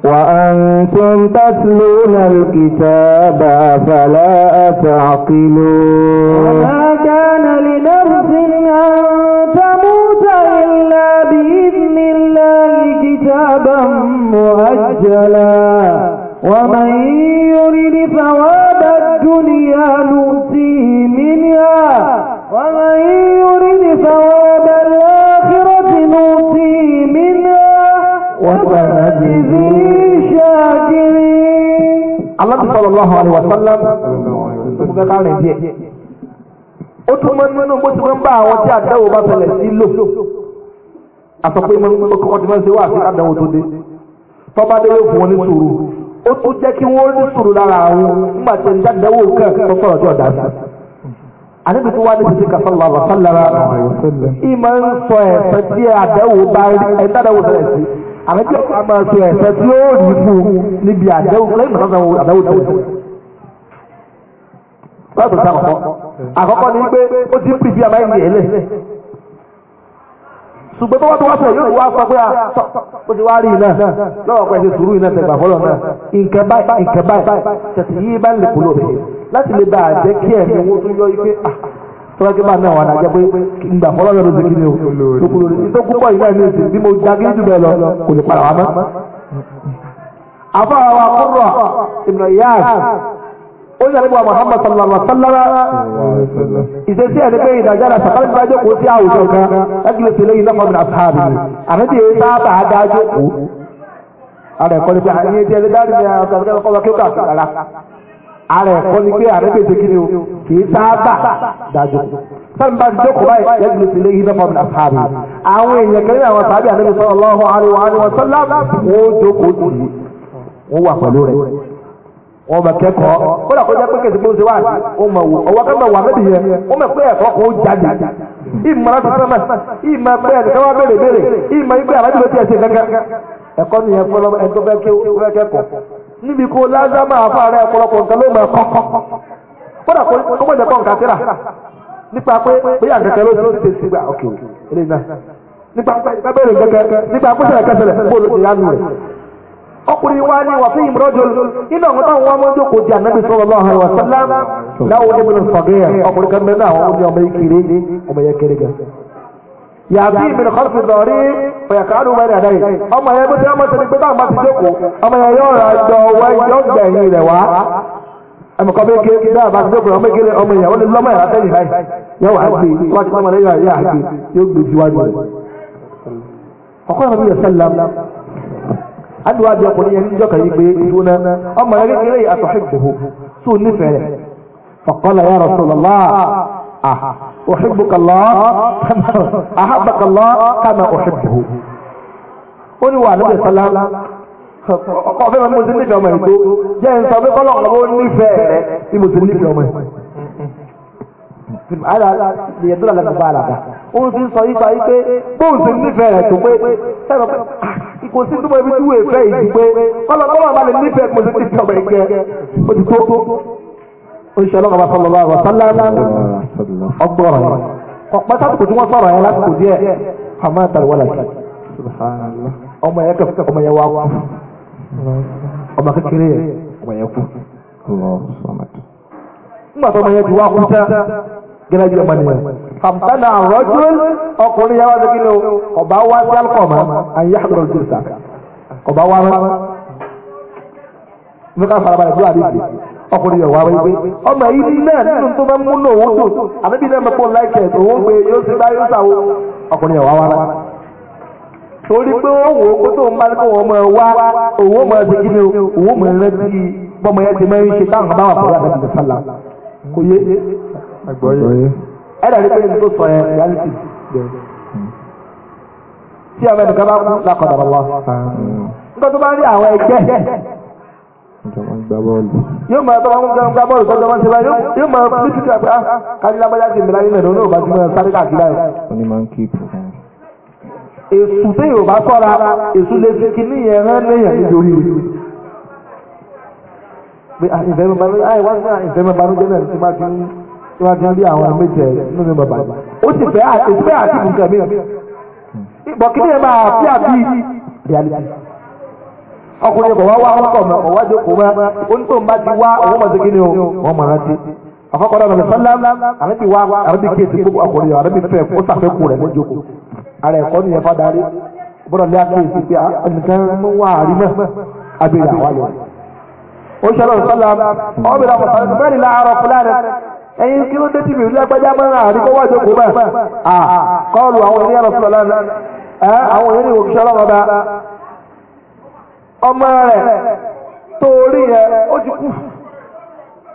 وأنتم تتلون الكتاب فلا تعقلون وما كان لنفس أن أنزلنا بإذن الله كتابا مؤجلا ومن يرد ثواب الدنيا نؤتيه منها ومن يرد ثواب الآخرة نؤتيه منها وسنجزي شاكرين الله صلى الله عليه وسلم ó tún mọ́ nínú bó ti mọ́ bá àwọn tí àdáwò bá fẹlẹ̀ sí lò àsọ pé ọkọ̀ tí wọ́n ṣe wà sí àdánwò tó dé tọ́ba dé yóò fún wọn ní sùúrù ó tún jẹ́ kí wọ́n ní sùúrù lára àwọn nígbà tí ń dádáwò kàn tó sọ̀rọ̀ tí ọ̀dà sí. àníbi tí wọ́n á ní sisi kà sọ́lá wà sọ́lá ra ìmọ̀ ń sọ ẹ̀fẹ́ tí àdánwò bá rí ẹ̀ dádáwò bẹ̀rẹ̀ sí àmì tí ọkọ̀ máa sọ ẹ̀fẹ́ tí ó rí fún níbi àdánwò lẹ́yìn tó dé. àkọ́kọ́ ṣùgbọ́n tó wá tó wá pọ̀ yóò wá sọ pé a ah, ti wá rí iná lọ́wọ́ ṣe sùúrù iná tẹ̀gbà fọlọ́ náà báyìí báyìí tẹ̀sí bá ń lè bẹ̀rẹ̀ láti lè bá kí owó ah, tó yọ bá náà wà pé ìgbà fọlọ́ náà ló ti kí mo jù bẹ́ẹ̀ lọ kò padà wá mọ́. ó yàrá ìgbà Muhammad sallallahu alaihi wa sallam ìṣesí ẹni pé ìdájọ́ la sàkàlẹ̀ bá jókòó sí àwùjọ kan ẹgbẹ́ tó léyìn lọ́kọ̀ọ́ mi àtàbí àmì sábà dá jókòó ara ẹ̀kọ́ ni pé àyè tí ẹni dárí ni ọ̀sán kọ́ kí ó kà rárá ara ẹ̀kọ́ ni pé àrẹ́bẹ̀ tó kí ni o kì í sábà dá jókòó sábà bá jókòó báyìí ẹgbẹ́ tó léyìn lọ́kọ̀ọ́ mi àtàbí wọn bẹ kẹ́kọ̀ọ́ kódà kó jẹ pé kẹsì pé ó ṣe wá sí wọn mọ wò ọwọ́ kẹfẹ wà mẹbi yẹn wọn mọ pé ẹ̀kọ́ kò jáde ìmọ̀ràn tuntun mẹ ìmọ̀ pé ẹ̀kọ́ wà béèrè béèrè ìmọ̀ ìgbé àbájú ló ti ẹsẹ̀ kankan ẹ̀kọ́ nìyẹn fọlọ ẹ̀kọ́ bẹ kẹ́kọ̀ọ́ níbi kó lázàmà àfọ àrẹ ọ̀pọ̀lọpọ̀ nǹkan ló mọ ẹ̀kọ́ kódà kó jẹ kọ nǹkan síra nípa pé bóyá kẹkẹ ló ti ṣe ọkùnrin wa ní wàfí ìmúrọ́jọ́l nínú àwọn táwọn wọn mọ́jọ́ kò di ànábì sallallahu alaihi wasallam láwọn onímọ̀ ní fàgẹ́yà ọkùnrin kan mẹ́rin àwọn oní ọmọ ìkéré ọmọ yẹn kéré gan. yàtí ìbìnrin kan fi lọ rí ọ̀yàkàlù wẹ́rì àdáyé ọmọ yẹn bó ti ọmọ tẹ̀lé pé táwọn bá ti jókòó ọmọ yẹn yóò ra jọ wẹ́ yọ gbẹ̀yìn rẹ̀ wá. ẹnìkan bẹ́ẹ̀ kéré dáa bá ti jókòó ọmọ ìkéré ọmọ ìyàwó lè lọ́mọ yàrá tẹ́lẹ̀ báyìí yóò wá gbé wá ti sọ́mọ lẹ́yìn àyè àgbè yóò gbé síwájú rẹ̀. ọkọ ìrọ̀lẹ́ yẹn sẹ́lẹ̀ adùn àbí ọkùnrin yẹn níjọ́ kan yí pé ìdúná ọmọ rẹ kékeré yìí àtọ̀hìn gbòho tó nífẹ̀ẹ́ rẹ̀ faqala ya Rasulullah ah, uhibbuka Allah ahabbaka Allah kama uhibbuhu ó ní wà níbi sọlá ọkọ̀ fẹ́ mi mo ti nífẹ̀ẹ́ ọmọ yìí jẹ́ n pé kọ́lọ̀ ọ̀gbọ́n ó nífẹ̀ẹ́ rẹ̀ ni mo ti nífẹ̀ẹ́ ọmọ yìí. Ala yẹ dọ́là lẹ́nu bá àlàbà. Ó ti sọ yí yí pé bóun ti nífẹ̀ẹ́ rẹ̀ tó pé sẹ́nu pé kò sí tó mọ ibi tí wọ́n fẹ́ yìí ti pé kọ́lọ́ tọ́lọ́ bá lè nífẹ̀ẹ́ kò sí ti tọ̀ bẹ̀ kẹ́ ti tó oṣiṣẹ́ ọlọ́run sallallahu alaihi wasallam ọgbọ́rọ̀ yẹn ọ̀pẹ́ sásìkò tí wọ́n sọ̀rọ̀ yẹn lásìkò díẹ̀ àmọ́ àtàlùwọ́lá kì ọmọ yẹn kẹfẹ́ ọmọ yẹn wá kú ọmọ kékeré yẹn ọmọ yẹn kú gẹ́gẹ́ bí ọmọ nìyẹn. fàmtánà àrọ́jú ọkùnrin yàrá ló kílò ọba wá sí alukọ̀mọ́ àyè àgbọ̀rọ̀ tó sà ọba wá rán. mo ká farabalẹ̀ bí wà á dìde ọkùnrin yàrá wá wípé ọmọ yìí ní náà nínú tó bá múnú òun dùn àbíbí náà mẹ́kọ́ láìkẹ̀ òun pé yóò ti bá yóò sàwọ́ ọkùnrin yàrá wá rán. torí pé ó wò ó tó ń bá ní kó wọn mọ̀ wá òun mọ̀ ẹ́ àgbọ̀yé ẹ̀dà ní pé ní tó sọ yẹn reality tí ọmọ ẹnìkan bá kú lákọ̀dà lọ́wọ́ nígbà tó bá rí àwọn ẹgbẹ́ yóò máa tọ́ wọn gbá bọ́ọ̀lù tọ́jú wọn ti bá yóò máa bí títí àgbà kájílábájá ti mìíràn nínú ìlú òbá tí wọn sáré káàkiri ayọ̀. èsù tí yóò bá sọ́ra èsù lè fi kíní yẹn rán léyìn nítorí pé ah, ìfẹ́ mi banújẹ́ ah, ah, náà ti máa fi ń tí ti rí àwọn méjì na nínú bàbá ndị ó sì fẹ́ àti fẹ́ àti bùkẹ́ mi bọ̀kínní ẹ̀ máa fi àbí reality ọkùnrin kò wá wá ọkọ̀ mẹ́ ọ̀wá jókòó ń bá ti wá òun mọ̀ sí kí ni o wọ́n mọ̀ wá gbogbo ọkùnrin fẹ́ sàfẹ́kù rẹ̀ ní jókòó ẹ̀kọ́ gbọ́dọ̀ lé pé ah, ẹnìkan wá àrí abẹ́rẹ́ ẹ̀yin kí ló dé tí bìrì lágbájá máa ń rà àdìgbò wà jókòó bẹ́ẹ̀ à kọ́ọ̀lù àwọn ènìyàn lọ sọ̀rọ̀ lánàá ẹ̀ àwọn ènìyàn ní òkúṣẹ́ ọlọ́run ọba ọmọ rẹ̀ tó orí yẹ ó ti kú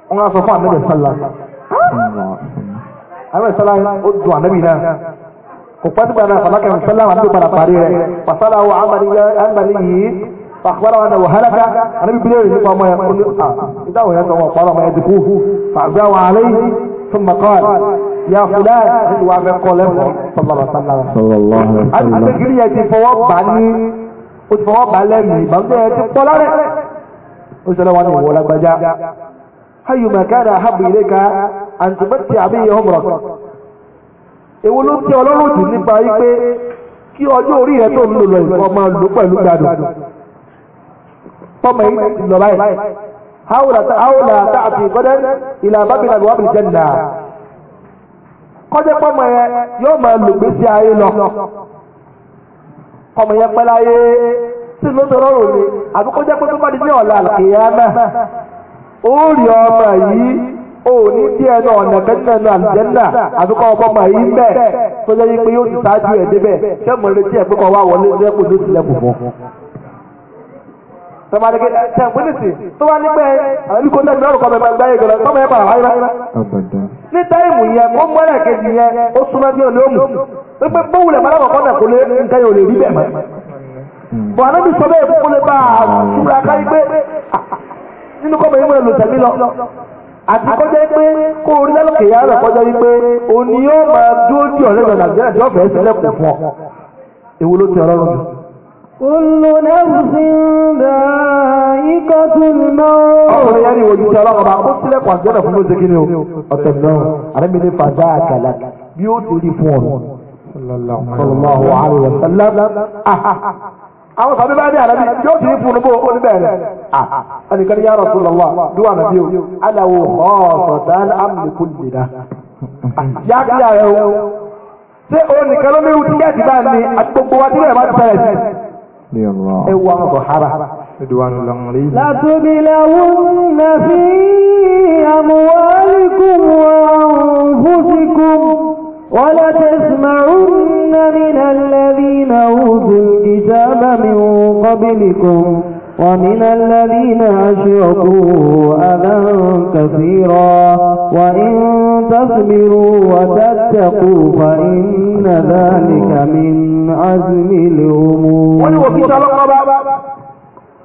wọn á sọ fún àmì ìsàlá àmì ìsàlá ó dùn àmì ìlà kò pẹ́ nígbà náà fàlákà ìsàlá àmì ìpadà parí rẹ̀ pàṣálà فأخبره أنه هلك النبي بليه يقول ما يقول لي إذا يدعو وقال ما يدفوه فأعزاه عليه ثم قال يا فلان وعمل قوله صلى الله عليه وسلم صلى الله عليه وسلم أتجري يتفوض عني وتفوض علمي بلده يتفوض علي وسلام عليه ولا بجاء أيما كان أحب إليك أن تمتع به عمرك èwo ló tẹ́ jù nípa wípé kí ọjọ́ orí rẹ tó ń lò lọ ìfọ́ máa lò pẹ̀lú gbádùn tọ́mọ yìí ti lọ báyìí haula ta'ti gadan ila babina biwabil janna kọjá pọ́mọ yẹn yóò máa lògbé sí ayé lọ kọmọ yẹn pẹ́ láyé tí ló ń rọrùn ni àbí kó jẹ́ pé tó bá di ní ọ̀la àlùkìyámà ó rí ọmọ yìí ó ní bí ẹnu ọ̀nà kẹ́kẹ́nu àlùjẹ́nà àbí kọ́ ọmọ ọmọ yìí mẹ́ tó jẹ́ pé yóò ti ṣáájú ẹ̀ débẹ̀ kẹ́mọ̀ retí ẹ̀ pé wá wọlé lẹ́kùn sọmadeke tẹ n pinni si tó bá ní pé àbí kò tẹ̀sí lọ́rùkọ́ bẹ́ẹ̀ máa gbá yé gbọ́dọ̀ tọ́mọ yẹn bá wáyé rárá. ní táìmù yẹn kó mọ́lẹ̀ kejì yẹn ó súnmọ́ bí olè òmù pé bówulẹ̀ bá lọ́kọ̀ náà kò lé nǹkan yóò lè rí bẹ́ẹ̀ mọ́. Hmm. bọ̀ anábì sọ bẹ́ẹ̀ kó lè bá a súnra káyí pé nínú kọ́ bẹ́ẹ̀ múlẹ̀ lò tẹ̀mí lọ. àti kọjá pé kó orí lálùkè rẹ̀ kọjá Kullu nafsin dha'iqatul maut. Ọmọ yẹn ni ìwòjú sọ ọlọ́run ọba ó sílẹ̀ kàn jẹ́nà fún lóṣèkí Àwọn sàbí bá ní àrẹ́mi yóò ti fún un bó o ní bẹ̀rẹ̀. Ẹnìkan ní ya Rasulullah, dúwà nàbí o, aláwo ọ̀sọ̀tàn àmìkú nìdá. Yá kí ààrẹ o, ṣé o nìkan ló mérù tíkẹ́ẹ̀tì bá ní àti gbogbo wa tí bẹ̀rẹ̀ bá ti bẹ̀rẹ̀ sí? ẹwà àwọn sọ̀hárà látòbìláwùn fi àmúwálìkùn wọn fúsìkùn wọ́lá tẹ̀sìmàrún náà nínú alẹ́bí náà ó ومن الذين أشركوا أذى كثيرا وإن تصبروا وتتقوا فإن ذلك من عزم الأمور ولو في تلقى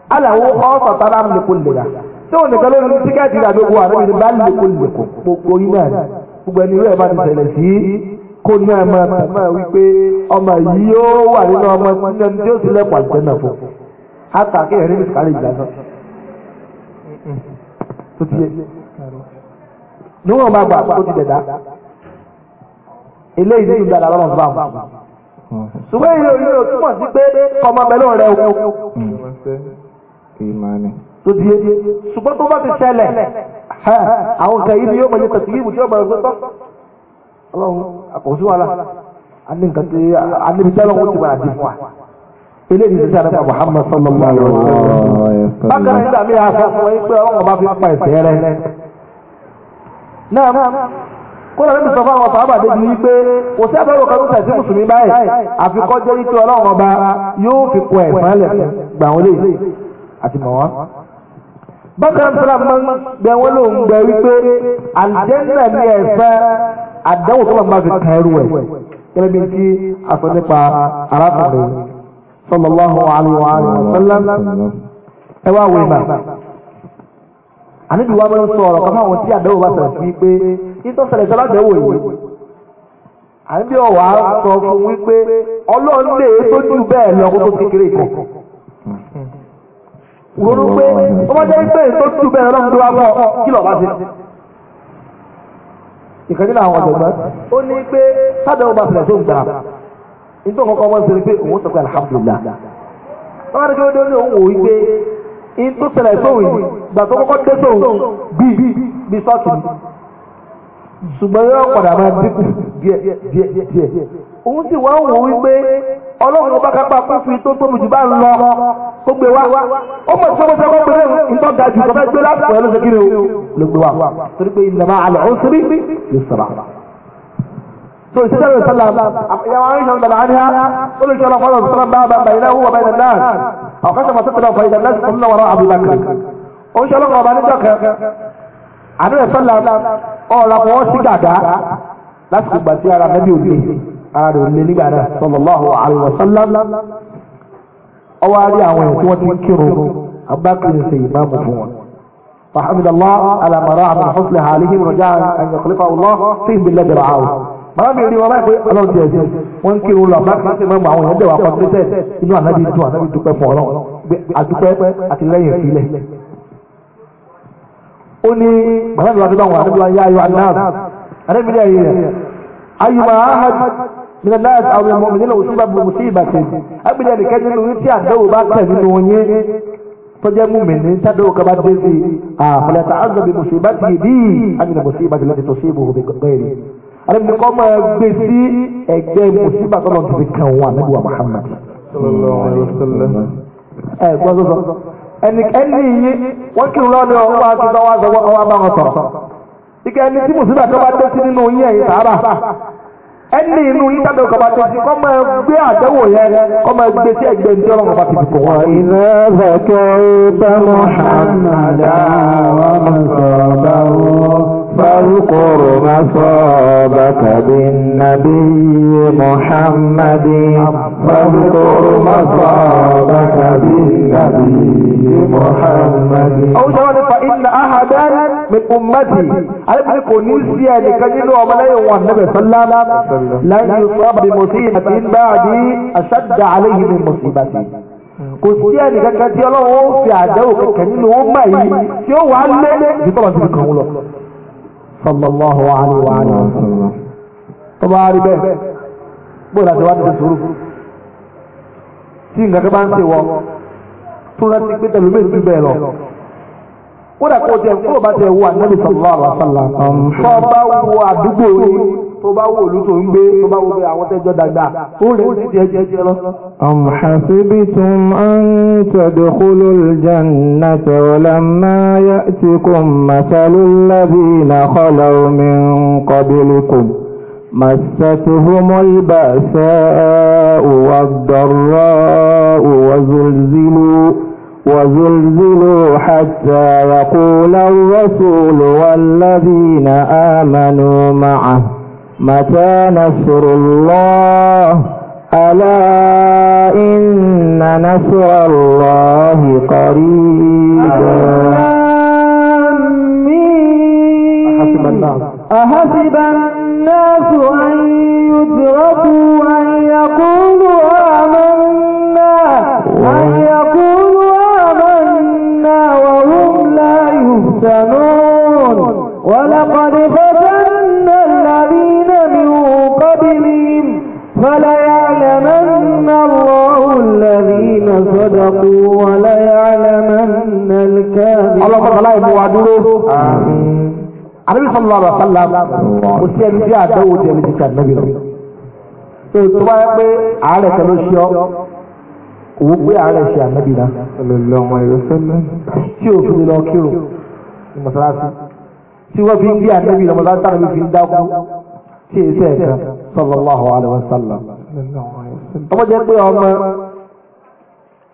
aláwo ọ̀sọ̀ tara mi kò lè rà tí òun nìkan lórí tíkẹ́ẹ̀tì rà gbogbo àrẹ mi bá lè kó lè kó gbogbo yín náà ni gbogbo ẹni rẹ̀ bá ti ṣẹlẹ̀ sí kó náà máa tẹ̀ máa wí pé ọmọ yìí yóò wà nínú ọmọ ẹni tí ó sì lẹ́pàá ìtẹ́nà fún un. Hatta ke hari mi kárẹ̀ ìjà náà tó ti yẹ níwọ̀n bá gbà tó ti dẹ̀dá eléyìí ní ìgbàlá lọ́rọ̀ fún àwọn ṣùgbọ́n ìlú orí o túmọ̀ sí pé ọmọ pẹ̀lú rẹ̀ o tó ti yé ṣùgbọ́n tó bá ti ṣẹlẹ̀ àwọn nǹkan yìí ni yóò mọ̀lẹ́ tẹ̀sí ìwù tí ó bọ̀rọ̀ gbẹ́tọ́ ọlọ́run àkọsí wàhálà a ní nǹkan tí a níbi tí ọlọ́run ti bàrà dì fún ilé ìdíje sáré bàbá Muhammad sallallahu alaihi wa sallam. bákan náà dàbí aṣọ fún ẹ pé ọlọ́run bá fi pa ẹ̀sẹ̀ rẹ. náà kódà níbi sọ fún àwọn sàábà débi wípé kò sí abẹ́rù kan tó tẹ̀sí mùsùlùmí báyìí àfikọ́ jẹ́ wípé ọlọ́run ọba yóò fi kọ ẹ̀sán lẹ̀ gbà wọlé àti mọ̀ wọ́n. bákan náà sọlá máa ń gbẹ wọn ló gbẹ wípé àlùjẹ́ńdà ní ẹ̀sán àdánwò tó máa fi kàn ẹrù ẹ̀ gẹ́gẹ́ bí sallallahu alayhi wa alayhi wa àníbi tí bá sọ̀rọ̀ pé sọ́lá fún wípé ọlọ́run lè tó jù bẹ́ẹ̀ tó kékeré pé pé tó jù bẹ́ẹ̀ tó wá bọ̀ kí Ìkànnì ọ̀jọ̀gbọ́n ó ní pé nítorí kọ́kọ́ wọ́n sọ pé òun sọ pé alhamdulillah wọ́n á rí kí ó ní òun òun pé in tó ṣẹlẹ̀ sóhun yìí gbà tó kọ́kọ́ dé sóhun bí bí sọ́ọ̀tì ṣùgbọ́n yóò padà máa dínkù díẹ̀ díẹ̀ díẹ̀ òun sì wá wò wípé ọlọ́run bá kápá kún fi tó tóbi jù bá ń lọ tó gbé wá ó mọ̀ sí ọmọdé ọmọ gbélé nǹkan ga jù tó fẹ́ gbé lásìkò ẹ̀ ṣe kí ni o ló gbé wá torí pé ìlànà àlọ́ ó ń ṣe yóò sọ̀rọ̀. للشيخ عليه وسلم يا عائشة رضي عنها قل إن شاء الله فضل وسلم بابا بينه وبين الناس أو خشم ستنا فإذا الناس قلنا وراء أبي بكر وإن شاء الله ربنا جاك àdúrà ìfẹ́lá ọ̀rọ̀ àwọn sí gàdá لا ìgbà tí ara nàbí òde ara rẹ̀ òde nígbà náà sallallahu alaihi wasallam ọwọ́ àrí àwọn ẹ̀ tí wọ́n ti kírun abákiri ṣe ìmáàmù fún wọn. فحمد الله على مراعي من حسن حالهم رجاء ان يخلقه الله فيهم بالذي رعاه màá mi rí wọn báyìí pé ọlọ́run ti ẹ̀sìn wọn ń kírun lọ àbúrò àti mẹ́mọ àwọn èèyàn dẹ̀wà kọ́ńtẹ́tẹ̀ inú ànábì dùn ànábì dúpẹ́ fún ọlọ́run pé àdúpẹ́ àti lẹ́yìn ìfilẹ̀. ó ní bàbá mi wà tó bá wọn àdúgbò ayé ayọ̀ anáàbù àdébí dẹ̀ yìí rẹ̀ ayùmọ̀ ahad nínú náà àwọn ọmọ mi nínú òṣùpá bùbù sí ìbàtì àgbẹ̀dẹ̀ nìkẹ́ nínú tí àdéhùn bá tẹ̀ nínú yín kaba dé sí àfọlẹ́ta azọ̀bì mùsùlùmí bá ti yìí bí i àmì nà mùsùlùmí bá ti lọ́dẹ̀ tó sí àdàbí kọ́ máa gbé sí ẹgbẹ́ mùsùlùmí àtọ́nà tó fi kàn wọn àdàbí Muhammad. ẹ gbọ́n sọ ẹni ẹni yìí wọ́n kí n lọ́ ní ọwọ́ àtúntò wá sọ wọ́n bá wọn sọ̀rọ̀. ike ẹni tí mùsùlùmí àtọ́ bá dé nínú yín ẹ̀yìn sàárà ẹni inú yín tábìlì ọkọ̀ bá dé kọ́ máa gbé àdéhùn yẹn kọ́ máa gbé sí ẹgbẹ́ ní ọlọ́run ọba ti dùkọ̀ wọn. ìlà فاذكر مصابك بالنبي محمد فاذكر مصابك بالنبي محمد أو جواني فإن أحدا من أمتي ألم يكن نسيا لكجل وملي والنبي صلى الله عليه وسلم لن يصاب بمصيبة بعدي أشد عليه من مصيبتي kò sí ẹnì kankan tí ọlọ́run ó fi àdéhùn kankan nínú ó mọ̀ yìí tí ó wà lé ní ìtọ́lọ́sí kan lọ sallallahu alaihi wa alihi wa sallam tó bá rí bẹ́ẹ̀ bóyá ti wá ti sùúrù tí nǹkan kan bá ń ṣe wọ tó rántí pé tẹ̀lé mi ti bẹ́ẹ̀ lọ kódà kó o kó bá tẹ̀ wọ àdúgbò yìí tó bá wò ló tó ń gbé tó bá wò pé àwọn tẹ́jọ́ dàgbà ó rẹ̀ sí ti ẹjẹ́ jẹ́ lọ. am hasibitum an tadkhulul jannata walamma ya'tikum mathalul ladhina khalaw min qablikum مستهم البأساء والضراء وزلزلوا وزلزلوا حتى يقول الرسول والذين آمنوا معه متى نصر الله ألا إن نصر الله قريب أحسب الناس أحسب الناس أن صدقوا وليعلمن الكاذبين الله تعالى يبوا دورو النبي صلى الله عليه وسلم وسيم جاء داود يلي كان النبي tó bá yẹ pé àárẹ̀ kan ló ṣe ọ́ òwò pé àárẹ̀ ṣe ànábì rà tí ò fi lọ kírun ní mọ̀sálásí tí wọ́n fi ń bí ànábì rà mọ̀sálásí tàbí mi fi ń dákú tí èsì ẹ̀ka sallallahu alaihi wasallam ọmọ jẹ́ pé ọmọ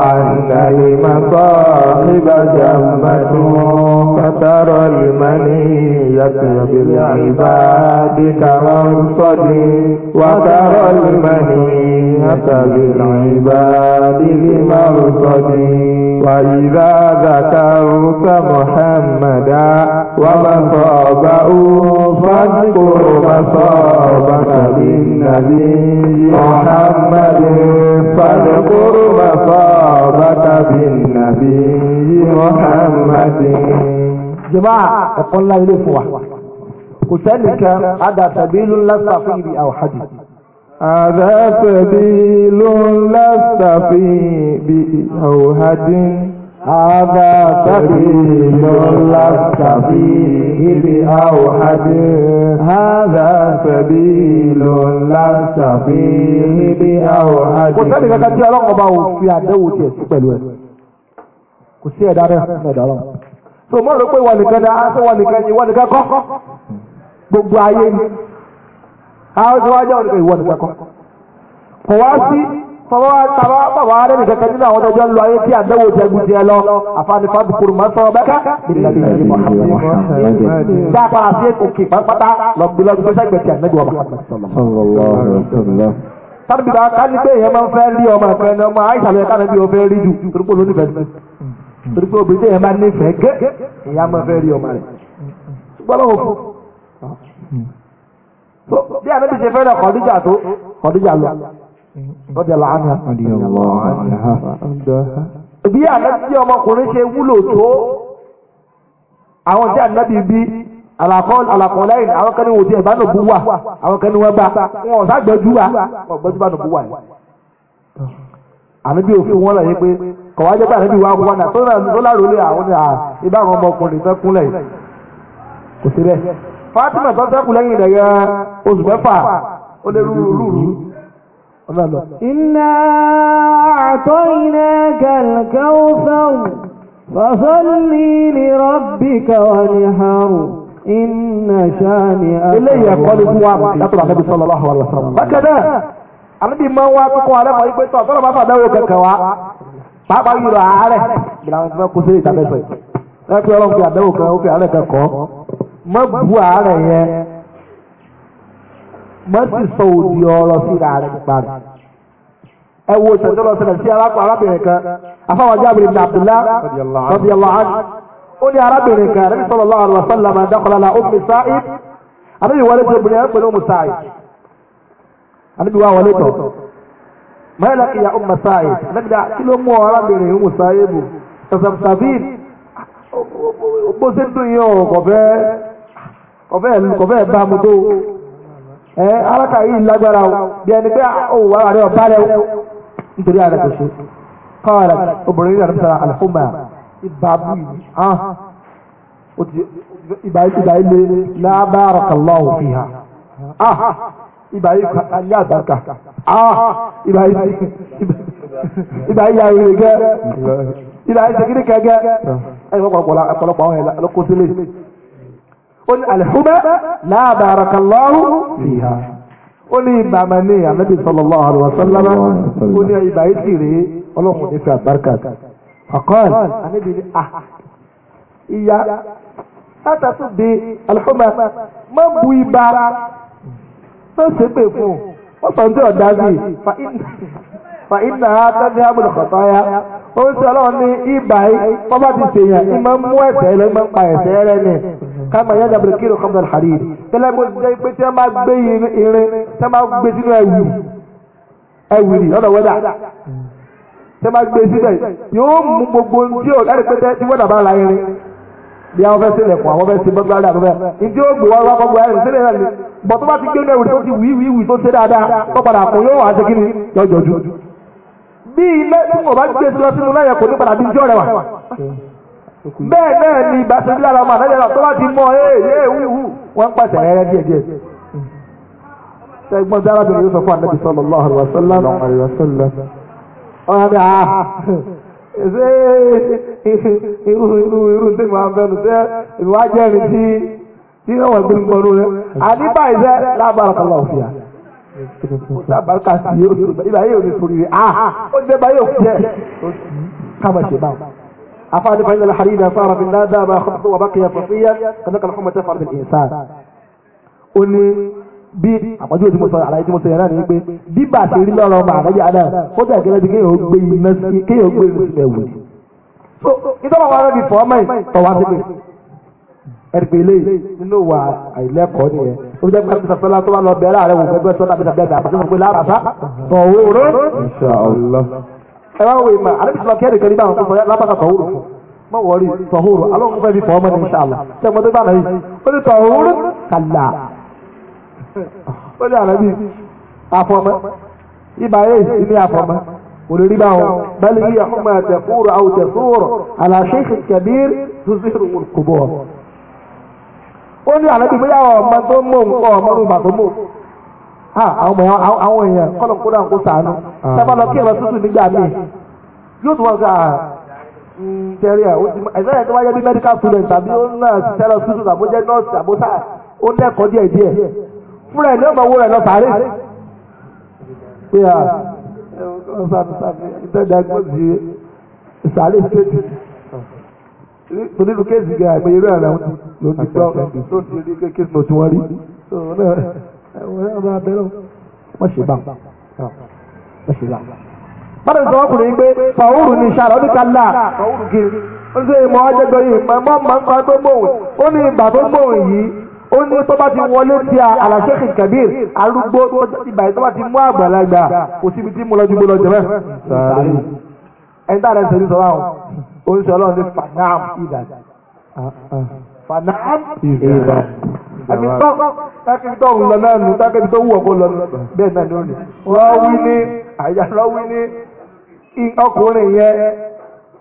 عليه مصاحب جنبته فترى المنية بالعباد كمرصد وترى المنية بالعباد بمرصد وإذا ذكرت محمدا ومصابه فاذكر مصابك بالنبي محمد فاذكر مصابة النبي محمد جماعة قل لا يلفوا كسلك هذا سبيل لست فيه أو حديث هذا سبيل لست فيه أو حديث هذا سبيل لست فيه بأوحد هذا سبيل لست فيه بأوحد kò sẹ́ni kankan tí ọlọ́run ọba ò fi àdéhùn tiẹ̀ sí pẹ̀lú ẹ̀ kò sí ẹ̀dá rẹ̀ fún ẹ̀dá ọlọ́run. so mo rò pé ìwọ nìkan dá aṣọ wọn nìkan ni ìwọ nìkan kọ́ gbogbo ayé ni àwọn tí wọ́n á tọwọ́ rẹ̀ nìkan kan nínú àwọn ọjọ́ ń lọ ayé tí àdánwò jẹgun jẹ lọ àfanifá bukuru máa ń sọ ọbẹ̀ ká ìlànà ìlú Muhammad bá a pa àti òkè pátápátá lọ́gbìn lọ́gbìn tó sẹ́gbẹ̀ẹ́ tí àdánwò ọmọ sábìbí bá ká ní pé èèyàn máa ń fẹ́ rí ọmọ ẹ̀fẹ́ ní ọmọ àìsàn lóye káàdé bí o fẹ́ rí ju torípò ló nífẹ̀ẹ́ sí torípò obìnrin tí èèyàn bá fẹ́ lọ́dẹ̀ lánàá. bí ànábì ọmọkùnrin ṣe wúlò tó àwọn ìjà ànábì bí alakọ lẹ́yìn àwọn kan ní wòdì ẹ̀bá nà bú wà àwọn kan ní wọ́n bá wọn ọ̀sá gbẹ́jú wa wọn gbẹ́jú bá nà bú wà yìí. ànábì òfin wọn lọ yẹ pé kọ̀wá jẹ́ pé ànábì wa kọ́ náà tó náà tó lárò lé àwọn ní ibà àwọn ọmọkùnrin fẹ́ kúnlẹ̀ yìí kò sí bẹ́ẹ̀. Fatima tó sẹ́kù lẹ́yìn ìdẹ̀yẹ oṣù mẹ́fà ó lé إنا أعطيناك الكوثر فصل لربك وانحر إن شانئك إليه يقول هو يطلع النبي صلى الله عليه وسلم هكذا àlébí máa ń wá kókó alẹ́ mọ̀ wípé tọ̀ tọ́lọ̀ bá fàdáwò kẹ̀kẹ́ wa pàápàá yìí rà àárẹ̀ ìlànà ìfẹ́ kó sí ìtàbẹ̀sẹ̀ ẹ pé ọlọ́run fi àdáwò kan ó fi àárẹ̀ kẹ́kọ̀ọ́ mọ́ bu àárẹ̀ yẹn mọ́tì sọ òdì ọ̀rọ̀ síra rẹ̀ nípa rẹ̀ ẹ wo ìṣẹ̀dọ́ lọ sílẹ̀ sí arábìnrin kan afáwọn jábìrì ní Abdullah radiyallahu anhu ó ní arábìnrin kan rẹ̀ sọ̀rọ̀ lọ́wọ́ àrùn sọ́lá máa dákọ̀lá la ó fi sáì àbíbi wọlé tó obìnrin ẹgbẹ̀rún ọmọ sáì àbíbi wá wọlé tọ̀ mẹ́lẹ̀ ìyá ẹ alaka lágbára o bí ẹni pé ó wà ọba rẹ nítorí ààrẹ kò ṣe kọ́ọ̀rẹ́ obìnrin rẹ̀ nípa àlùfóòmà ibà hàn ibà lè lábàárọ̀ kàlọ́ òfin ah gẹ́ sẹ́kìrì kẹ́gẹ́ àwọn ẹ̀ ó ní alihuma láàbàràkàlọ́hù fìhà ó ní ibà máa ní ànábì sallallahu alaihi wasallam ó ní ibà yìí sì rèé ọlọ́run ní fi àbárkà ọ̀kọ́ọ̀lù ànábì ní à ah, ìyá látàtú di alihuma má bu ibà má ṣépè fún wọ́n sọ ní ọ̀dà bíi fa fa iná tẹ́lẹ̀ àbúrò kọ̀tọ́ ya ó ń sọ ní ibà yìí bọ́bá ti ṣèyàn ìmọ̀ mú ẹ̀sẹ̀ rẹ̀ ìmọ̀ pa ẹ̀sẹ̀ rẹ̀ ni káma yẹn dàbí kí ló kọ́ bẹ̀rẹ̀ hàrí yìí tẹ́lẹ̀ bó ti jẹ́ pé tí wọ́n bá gbé irin tí wọ́n bá gbé sínú ẹ̀wù ẹ̀wù ni lọ́dọ̀ wẹ́dà tí wọ́n bá gbé síbẹ̀ yóò mú gbogbo tí ò láti pété tí wọ́dà bá la irin bí àwọn fẹ́ sílẹ̀ fún àwọn fẹ́ sí bọ́gbà rẹ̀ àbúrẹ́ ìdí ó gbé wá wá gbogbo ẹ̀rìn sílẹ̀ rẹ̀ ni bọ̀ tó bá ti gbé ní ẹ̀wù tó ti wíwíwì tó ṣe dáadáa tó padà kún yóò wá ṣe kí ni yọjọ́jú bí ilé tí wọ́n bá gbé lọ sínú láyẹ̀ kò ní padà bí jọ́ rẹ̀ wà. bẹ́ẹ̀ bẹ́ẹ̀ ni ìbáṣe bí lára ọmọ àdájọ́ náà tó bá ti mọ ee ee wíwú wọ́n ń pàṣẹ ẹ̀rẹ́ díẹ̀ díẹ̀. ṣẹ́gbọ́n dára bìnrin yóò sọ fún ànábì sallallahu alaihi wasallam. ọ̀rẹ́ àá ṣe irú irú irú tí mo máa fẹ́nu ṣe ìwádìí ẹ̀rín tí tí wọ́n gbé ń gbọ́rú kò sábàkà sí yóò ibà yóò ní sori rẹ̀ ah ó dé bá yóò kú ẹ̀ kábà ṣe báwọn. أفعل فإن الحرير صار بالنادى ما خبط وبقي فصيا فنقل الحمى تفعل بالإنسان ó ní bí àpọ̀jù òtí mo sọ àlàyé tí mo sọ yẹn náà ni pé bí bá a ṣe rí lọ́rọ̀ ọmọ àdájọ́ adá ó dà gẹ́gẹ́ bí kéèyàn gbé iná sí kéèyàn gbé iná sí ẹ̀wù. so ìtọ́wọ́ wa rẹ̀ bí fọ́ ọmọ yìí tọ́wọ́ á ti pè ẹ̀rìgbélé nínú wa àìlẹ́kọ̀ọ́ nìyẹn ó jẹ́ pé ẹ̀sìn sọ́lá tó wà lọ bẹ̀rẹ̀ ààrẹ wò fẹ́gbẹ́ sọ́dá bí sàbẹ̀dà àti sọ́dá pẹ̀lú àbàbà tọ̀wúrú. ẹ wá wo ìmọ̀ àdébìsí lọ kẹ́rì kẹ́rì báwọn fífọ lábàkà tọ̀wúrú mọ̀ wọ́rí tọ̀wúrú alóhùn fẹ́ fi fọ́ ọmọ ní ìṣàlá ṣé mo tó bá nàá yìí ó بل هي حمى تفور أو تثور على شيخ كبير تزهر القبور onye ní àlẹ́ bíi bóyá ọmọ tó mọ nǹkan ọmọ rúbà tó mọ àwọn ọmọ àwọn èèyàn kọ́lọ̀ kó dáhùn kó sànú sábà lọ kí ẹ̀rọ tútù nígbà míì yóò wọ́n sọ ẹ̀ ẹ̀sẹ̀ tó wáyé bí medical student tàbí ó náà tútù jẹ́ nọ́ọ̀sì sáà ó díẹ̀ díẹ̀ fúnra ẹ̀ tó nínú kéèsì gẹ̀ àìpé irú àrà wọn ló ti gbọ́ tó ti rí kéèké tó ti wọ́n rí tó náà bá bẹ́rẹ̀ wọ́n ṣe bá wọ́n ṣe bá. Bọ́dọ̀ sọ ọkùnrin pé Fàwúrù ni ṣàrọ̀ ní kálá Fàwúrù kiri. Ó ṣe ìmọ̀ ọjọ́gbọ́ yìí mọ̀ mọ́ mọ́ nǹkan tó gbòòrùn. Ó ní ìgbà tó gbòòrùn yìí. Ó ní tó bá ti wọlé sí Alasẹ́kì Kabir arúgbó tó ti bàyẹ̀ tó bá ti mú àgbàlagbà kò síbi tí mo lọ ju gbó lọ jẹ́ bẹ́ẹ̀. Ẹni tá oríṣi ọlọ́run ní fanam ìdá ah, ah. fanam ìdá àti tọ́ tákìtì tó ń lọ náà nù tákìtì tó wù ọkọ lọ bẹ́ẹ̀ náà lónìí wọ́n ní àyà lọ́ ní ọkùnrin yẹn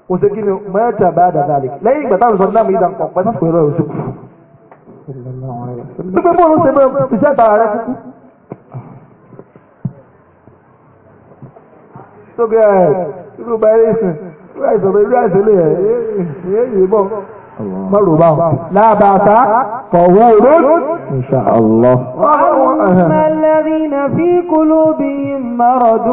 kò sí kí ni mẹ́ta bá dàda rẹ̀ lẹ́yìn ìgbà táwọn sọ náà mi ìdá nǹkan pẹ́ẹ́sì pẹ̀lú ọ̀rọ̀ òṣèkú. Gbogbo bóòlù ṣe bẹ́ẹ̀ ṣiṣẹ́ tààrà rẹ̀ kúkú. Tó bẹ́ẹ̀ irú báyìí sìn ìṣòro irú àìsílẹ̀ yẹn yé yé bọ̀ mọ́rù bá wọn. lábàtà fọwọ́ ró. insha allah. وأما الذين في قلوبهم مرض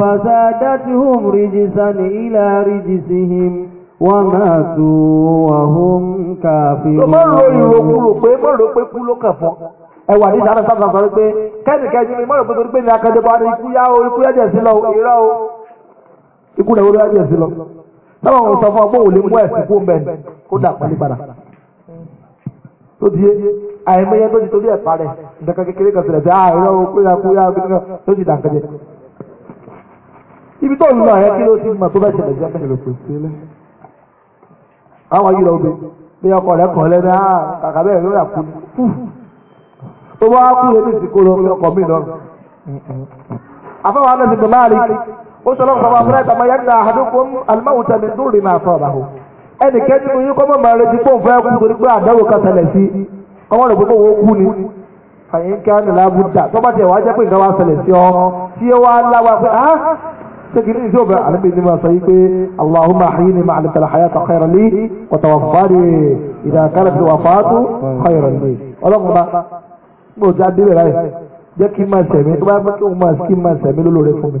فزادتهم رجسا إلى رجسهم وماتوا وهم كافرون. má ro ìròkúrò pé má pé kú ló kàn ẹwà ní sáré sábà sọ ikú rẹ̀ wọlé wájú ẹ̀sìn lọ. sábà wọn sọ fún ọ pé òun lè mú ẹ̀sìn kú mbẹ kó dà pálí padà. tó di àìmọye tó ti torí ẹ̀ parẹ́ nǹkan kékeré kan sílẹ̀ sí àìrọ̀ kúyà kúyà kúyà tó ti dànkẹ́jẹ́. ibi tó ń lọ ẹ kí ló ti mọ̀ tó bá ṣẹlẹ̀ sí ẹ àwọn yìí lọ bẹ bí ọkọ rẹ kàn lẹ́nu ah, ó sọ lọ́kùnrin bàbá abúlé ìtàmọ́ yẹn nà àdókòm alimawuta mi dúró rìn àfọ àbàhù ẹnì kẹ́jú mi yín kọ́mọ́ màá retí fóun fẹ́ kú torí pé àdáwò kan ṣẹlẹ̀ sí ọmọ rẹ̀ gbogbo wọn kú ni fàyín ká ní làbújá tó bá tiẹ̀ wá jẹ́ pé nǹkan wá ṣẹlẹ̀ sí ọ tí ó wá láwa pé ah ṣékin ní ìjọba àlẹ́bí ni máa sọ yìí pé allahumma máa sẹ̀mí tó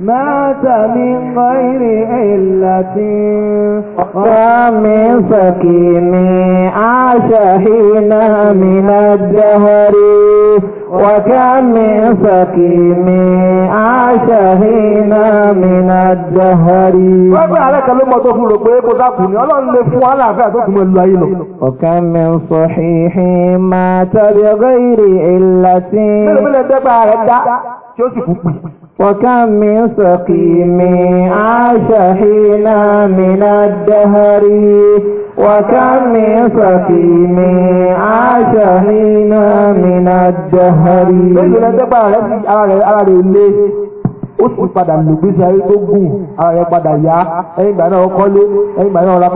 مات من غير علة ومن سكين عاش حين من الدهر وكم من سكين عاش حين من الدهر Wẹ́gbẹ́ ààrẹ kan ló mọ̀ tó fún rò pé kò dákù ní ọlọ́run lè fún aláàfẹ́ tó túnmọ̀ lọ ayé lọ. وكم من صحيح مات بغير علة. Mélòó mélòó dẹ́gbà rẹ̀ dá tí ó sì fún pè. وكم من سقيم عاش حين من الدهر وكم من سقيم عاش حين من الدهر lẹ́gbẹ̀rẹ́ dẹ́gbà rẹ̀ ara ayé tó gùn ara rẹ̀ padà yá ẹ̀yìn ìgbà náà kọ́lé ẹ̀yìn ìgbà náà ra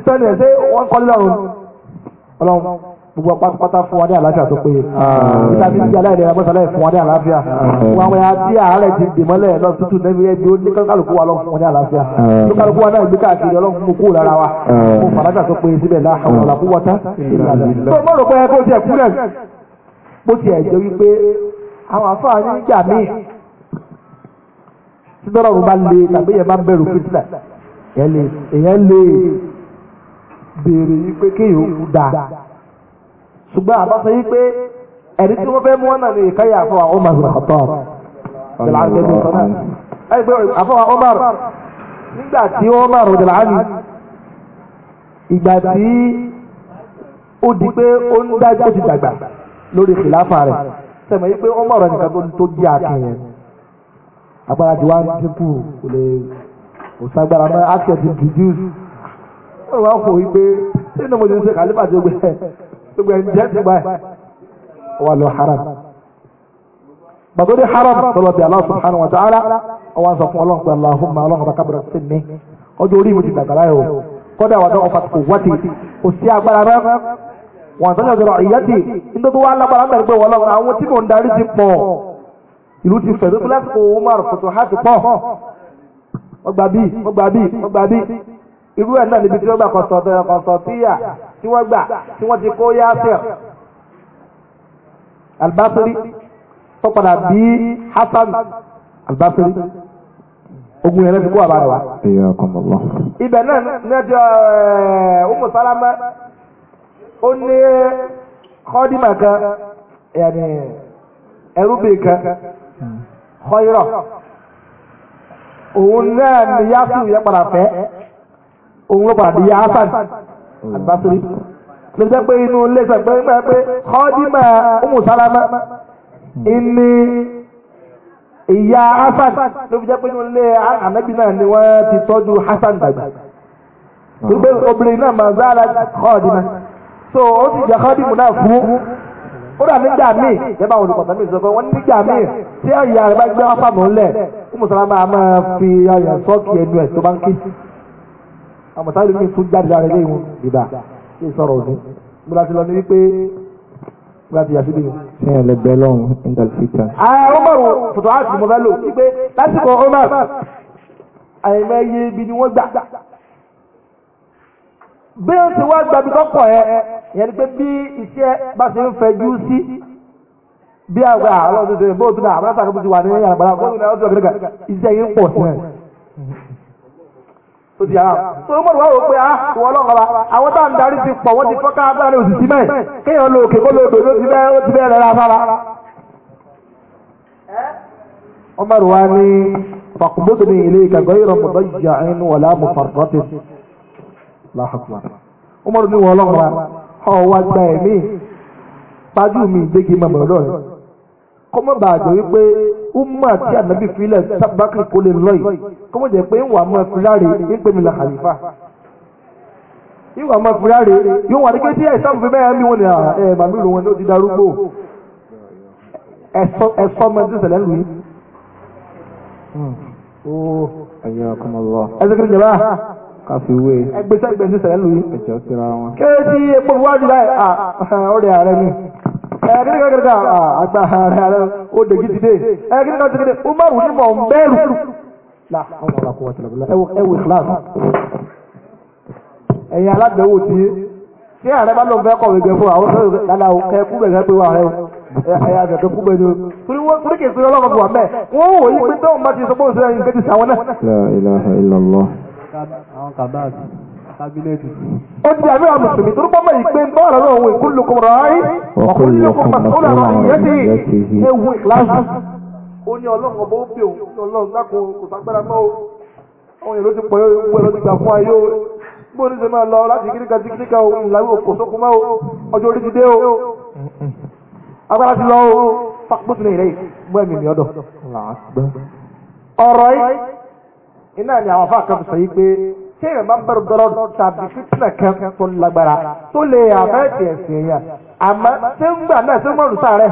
ẹ̀yìn ìgbà náà gbogbo pátápátá fún wa ní àlàáfíà tó péye níta bí ti aláìlera mọ́sálẹ̀ fún wa ní àlàáfíà wọn àwọn ẹ̀yà tí àárẹ̀ ti dè mọ́lẹ̀ lọ tútù lẹ́nu ẹbí ó ní kálukú wa lọ́wọ́ fún wa ní àlàáfíà ní kálukú wa náà gbé káàkiri ọlọ́run mú kúrò lára wa mo fàlàjà tó péye síbẹ̀ láàrín ọ̀làkú wọ́tá bó tiẹ̀ jẹ́ wípé àwọn afáà nígbà míì tí dọ́rọ̀rù bá le tàbí yẹn bá bẹ̀rù fìtínà èèyàn lè béèrè wípé kú dáa ṣùgbọ́n àbá sọ yí pé ẹ̀rí tí wọ́n fẹ́ mú ọ̀nà ní ìkáyà àfọwà Umar bin Khattab jìláàgbẹ́gbẹ́ sọ́nà ẹgbẹ́ àfọwà Umar nígbà tí Umar jìláàgbẹ́ ìgbà tí ó di pé ó ń dájú ó ti dàgbà lórí ìfìláfà rẹ̀ sẹ́mi yí pé Umar nìkan tó di àkànyẹn agbára ti wá ń dínkù kò lè kò mọ́ access to reduce ó wá fò wí pé mo ti ń ṣe kàlífà tó gbé gbogbo ẹni jẹ́ nígbà ẹ̀ wà lọ haram bàtò ní haram tọ́lọ̀ bí Allah subhanahu wa ta'ala ọwọ́ sọ fún ọlọ́run pé Allahumma ọlọ́run bá kábàrà sí mi ọjọ́ orí mi ti dàgbàrá yìí o kọ́dà wà náà ọ̀fà kò wáti kò sí agbára rẹ wọn àtọ́jú ọ̀dọ̀rọ̀ ìyáàtì nítorí wọn alágbára mẹ́rin pé wọ́n lọ́wọ́ àwọn tí mò ń darí ti pọ̀ ìlú ti fẹ̀ lókè lásìkò Umar kòtò ha ti pọ̀ ọgbà bíi ọgbà bíi ọgbà bíi irú ẹ̀ náà níbi tí ó gbà kọ̀sọ̀ tí wọ́n gbà tí wọ́n ti kó yáfẹ́ albasiri tó padà bí hasan albasiri ogun yẹn lẹ́fi kó àbára wa. ibẹ̀ náà ní ẹjọ́ ọmọ sálámà ó ní kọ́dìmà kan ẹrúbì kan kọ́yìrọ̀ òun náà ni yásù yẹn padà fẹ́ òun ló padà di hasan àgbàsórí hmm. ló jẹ́ pé inú ilé sọ pé nígbà pé kọ́dímà umusalama hmm. ìní ìyá hasan ló fi jẹ́ pé inú ilé ànábì náà ni wọ́n ti tọ́jú hasan dàgbà gbogbo hmm. obìnrin náà máa zára kọ́dímà so ó sì jẹ́ kọ́dímù náà fún ó dà nígbà míì yẹ́bà àwọn olùkọ́ta mi sọ pé wọ́n nígbà míì tí ẹ̀yà rẹ̀ bá gbé hasan mọ́lẹ̀ umusalama máa fi ọyàn sọ́ọ̀kì ẹnu ẹ̀ tó bá ń kí àmọ̀tá ìlú mi tún jáde lára ilé ìwọ̀n ìdá kí n sọ̀rọ̀ òní mo láti lọ ní wípé mo láti yà síbi. ṣé ẹ lè bẹ lọ́hùn indal fita. Umar tòtò àti mo bá lò wípé lásìkò Umar àyẹ̀mọ̀ iye ibi ni wọ́n gbà. bí wọ́n ti wá gbàbí kọ́kọ̀ ẹ̀ yẹn ni pé bí iṣẹ́ bá ṣe ń fẹjú sí bí àgbà àwọn ọ̀dọ́dọ̀ bóòtú náà àbúrò ó ti ara ah. tó mọ̀ wá wò pé a ah, wọ ọlọ́kọ̀ọ́ba àwọn táwọn darí ti pọ̀ wọ́n ti fọ́ká agbára òsì sí mẹ́ẹ̀ kéèyàn lo òkè kó lo odò ló ti bẹ́ẹ̀ ó ti bẹ́ẹ̀ rẹ̀ láfara. Umar wa ni fàkùnbóso ní ilé ìkàgọ́ ìrọ̀ mọ̀tọ́ ìjà ẹnu wà láàmú fàrọ̀tì láhàkùnmá. Umar ní wọ́n ọlọ́kọ̀ọ́ba ọ̀ wá gba ẹ̀mí pàjú mi ìgbégi mọ̀mọ́ lọ́rẹ̀ kọ́mọ́ bàa jọ wípé umar tí anabi filẹ̀ sábàkì kò lè lọ yìí kọ́mọ́ jẹ́ pé ìwà ọmọ fúláre ń pè mí la khalifa ìwà ọmọ fúláre yóò wà ní pé tí ẹ̀sán fún bẹ́ẹ̀ mi wọn ni ẹ̀ màmí ìlú wọn ló ti darúgbó ẹ̀sọ́ ọmọ ẹ̀sìn sẹ̀lẹ̀ lù yìí. Hmm. ẹ̀yẹ ọkùnrin ọlọ. ẹ̀sìn kìíní jẹ̀bá. káfíwé. ẹgbẹ́sẹ̀ ẹgbẹ́ ẹ̀sìn sẹ̀lẹ̀ lù yìí. ẹ̀jọ̀ ẹ̀kíní kan kìrìkà àgbà ààrẹ ààrẹ ó dèjì dìde ẹ̀kíní kan kìrìkà umaru ní mọ̀ ń bẹ́rù là ọmọ ọ̀la kó wà tẹ̀lé bọ́lá ẹwù ìkíláàsì ẹ̀yin aládùúgbò tí tí ààrẹ bá lọ fẹ́ kọ̀wé gẹ̀ fún àwọn sọ̀rọ̀ dada o kẹ́ kú bẹ̀rẹ̀ pé wà rẹ o ẹ̀yà àgbẹ̀tọ̀ kú bẹ̀rẹ̀ o torí wọ́n torí kèsì ọlọ́kọ̀ fún wa mẹ́ wọ́n wò ó yí pé bẹ́ẹ̀ wọ́n bá ti sọ ó ti àmì àwọn mùsùlùmí tó rúbọ́ mọ̀ yìí pé bọ́ọ̀lù náà wò ìkúlùkùn ráyé ọkùnrin màsúlà náà yẹn ti ewu ìkíláàsì. ó ní ọlọ́run ọba ó fi òun ní ọlọ́run dákun kò ságbára mọ́ o àwọn èèyàn ti pọ̀ yóò wú ẹ ti gbà fún ayé o bó ní ṣe máa lọ láti kíríkà sí kíríkà o ìlàwé òkò sókun mọ́ o ọjọ́ orí ti dé o agbára ti lọ o pàpọ̀ sílẹ̀ ìrẹ́ mú téèyàn bá bẹ̀rù dọ́rọ́ tàbí fífúnà kan tó lágbára tó lè àmẹ́ẹ̀tì ẹ̀sìn èèyàn àmọ́ tí ń gbà náà tí ó mọ̀rù sáré.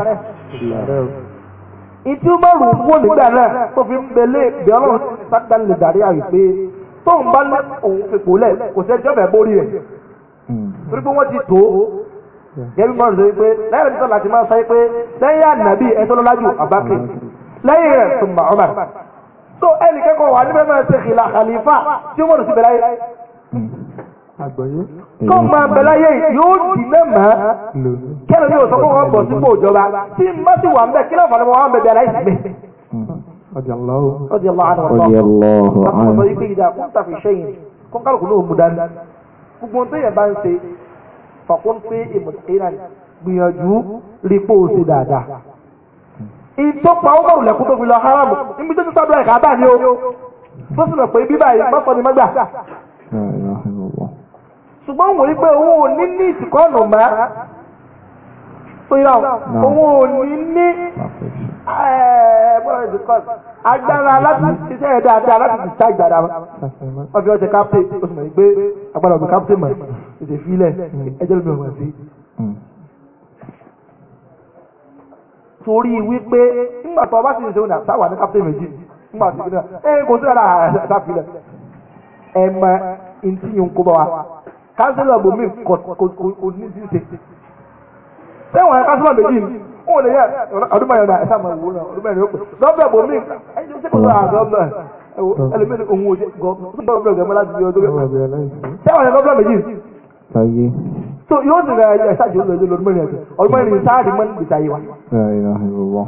ìtí ó mọ̀rù wò nígbà náà tó fi ń belé bí ọlọ́run sábà lè darí àyè pé tóun bá lé òun fipò lẹ̀ kò sí ẹjọ́ bẹ̀ẹ́ bórí rẹ̀. torí pé wọ́n ti tó gẹ́gẹ́ mọ̀rù lórí pé lẹ́yìn ìtọ́ láti máa sáyé pé lẹ́yìn ànàbí so ẹnì kẹ́kọ̀ọ́ wà níbẹ̀ máa ṣe ìlà àlìfà tí ó mọ̀nà sí bẹ̀rẹ̀ ayé. tó máa bẹ̀rẹ̀ ayé yóò dì mẹ́mà kẹ́lẹ́ ní òsán kó wọ́n bọ̀ sípò ìjọba tí má sì wà mẹ́ kí náà fàlẹ́ wọn bẹ̀rẹ̀ ayé sí mẹ́. ọdí aláwọ̀ ọdí aláwọ̀ ọdí aláwọ̀ ọdí aláwọ̀ ọdí aláwọ̀ ọdí aláwọ̀ ọdí aláwọ̀ ìtọ́pọ̀ àwọn ọmọ ìlẹ̀kùn tó fi lọ haram níbi tó ti sábẹ́ ẹ̀ka bá ní o tó sì lọ pé bíbá yìí mọ́fọ́ ni mọ́gbà. ṣùgbọ́n wòye pé òun ò ní ní ìtìkọ́nù mọ́ sóyá òun ò ní ní agbára láti ṣiṣẹ́ ẹ̀dá àti aláti ṣiṣẹ́ ìgbàdá wọn fi ọ̀sẹ̀ kápẹ́ oṣù mọ̀ ní pé agbára ọ̀gbìn kápẹ́ mọ̀ ètò ìfilẹ̀ ẹjẹ́ lómi ọ̀gbìn sí torí wípé nígbà tó bá sì ń ṣe òun àtàwà ní kápítẹ́ méjì nígbà tó ń ṣe ẹ kò sí ọ̀dà àṣàfilẹ̀ ẹ mọ ntí yìí ń kó bá wa kánsílọ̀ bòmí kò ní sí ṣe sẹ́wọ̀n ẹ kánsílọ̀ méjì ni wọn lè yẹ ọdún mẹ́rin náà ẹ sáà mọ ìwúrọ náà ọdún mẹ́rin ó pè lọ́bẹ̀ bòmí ẹ ṣe kò sọ àgọ́bẹ̀ ẹlòmínú òun ò jẹ gọ́ọ̀bẹ̀ gọ́ọ̀bẹ̀ so yóò nira ẹ ṣáàjì olùdó lórí mẹ́rin ẹ̀sìn ọdún mẹ́rin sáàdì mẹ́rin gbèsè ayé wa.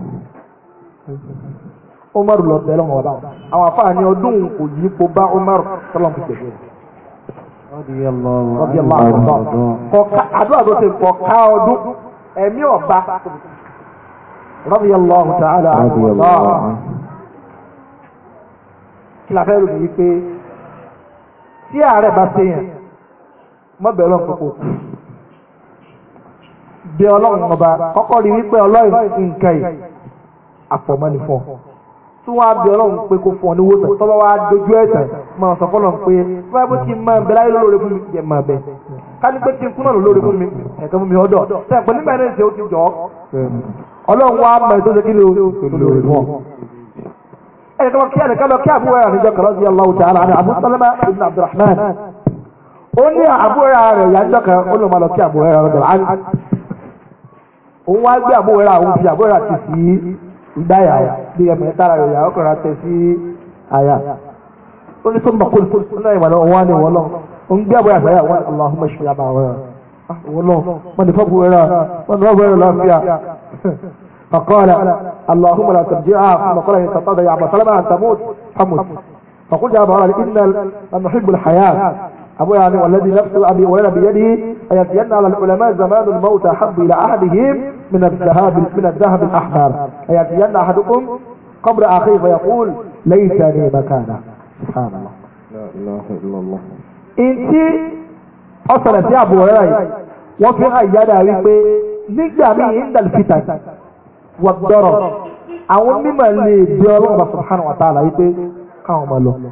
Umaru lọ bẹ̀rẹ̀ wọn bá àwọn afáàní ọdún kò yí kó bá Umaru sọlọ́n fi gbẹ̀gbẹ̀. Àdúrà tó ṣe kọ̀ ká ọdún ẹ̀mí ọ̀ba. Radiyallahu ta'ala anhu. Kí la fẹ́ rò ní pé tí ààrẹ bá ṣe yẹn, mọ́ bẹ̀rẹ̀ ọ̀pọ̀ kò kú bẹ ọlọ́run ọba kọ́kọ́ rí wípé ọlọ́run nǹkan yìí àfọ̀mọ́ni fún ọ tí wọ́n á bẹ ọlọ́run pé kó fún ọ ní wòsàn tọ́lọ́ wa dojú ẹ̀sẹ̀ máa sọ fọ́lọ́run pé báyìí bó ti máa ń bẹ láyé lóore fún mi jẹ máa bẹ kálí pé kí n kúnà lóore fún mi ẹ̀ka fún mi ọ̀dọ̀ sẹ́yìn pẹ̀lú mẹ́rin ṣe ó ti jọ ọlọ́run wa mọ̀ ètò ìṣèkí lóore fún ọ. ẹ̀ka lọ kí ẹ̀ka lọ kí àbúrò rẹ̀ níjọ kọ̀ọ̀lọ́ sí aláwọ̀ tààrà àti Abu Salama ibn Abdurrahman ó ní àbúrò rẹ̀ yà òun wá gbé àbúrò àwọn òbí àbúrò àti sí ìgbáyà bí ẹ̀mọ̀ ẹ̀ tára rẹ̀ yà ọkọ̀ rà tẹ̀ sí àyà ó ní tó mọ̀ kóòlù kóòlù náà ìwà náà ní wọ́n lọ òun gbé àbúrò àgbáyà wọn Allahumma ṣe àbá wọn wọn lọ wọn ní fọ́bù ẹ̀rọ wọn ní fọ́bù ẹ̀rọ lọ́fíà فقال اللهم لا ترجعها أبو يعني والذي نفس أبي ولنا بيده أيتين على العلماء زمان الموت أحب إلى أحدهم من الذهب من الذهب الأحمر أيتين أحدكم قبر أخيه فيقول ليتني مكانه سبحان الله لا إله إلا الله أنت أصلا يا أبو هريرة وفي أيانا ويبي نجا عند الفتن والضرر أو مما اللي بيقول الله سبحانه وتعالى يبي قوم الله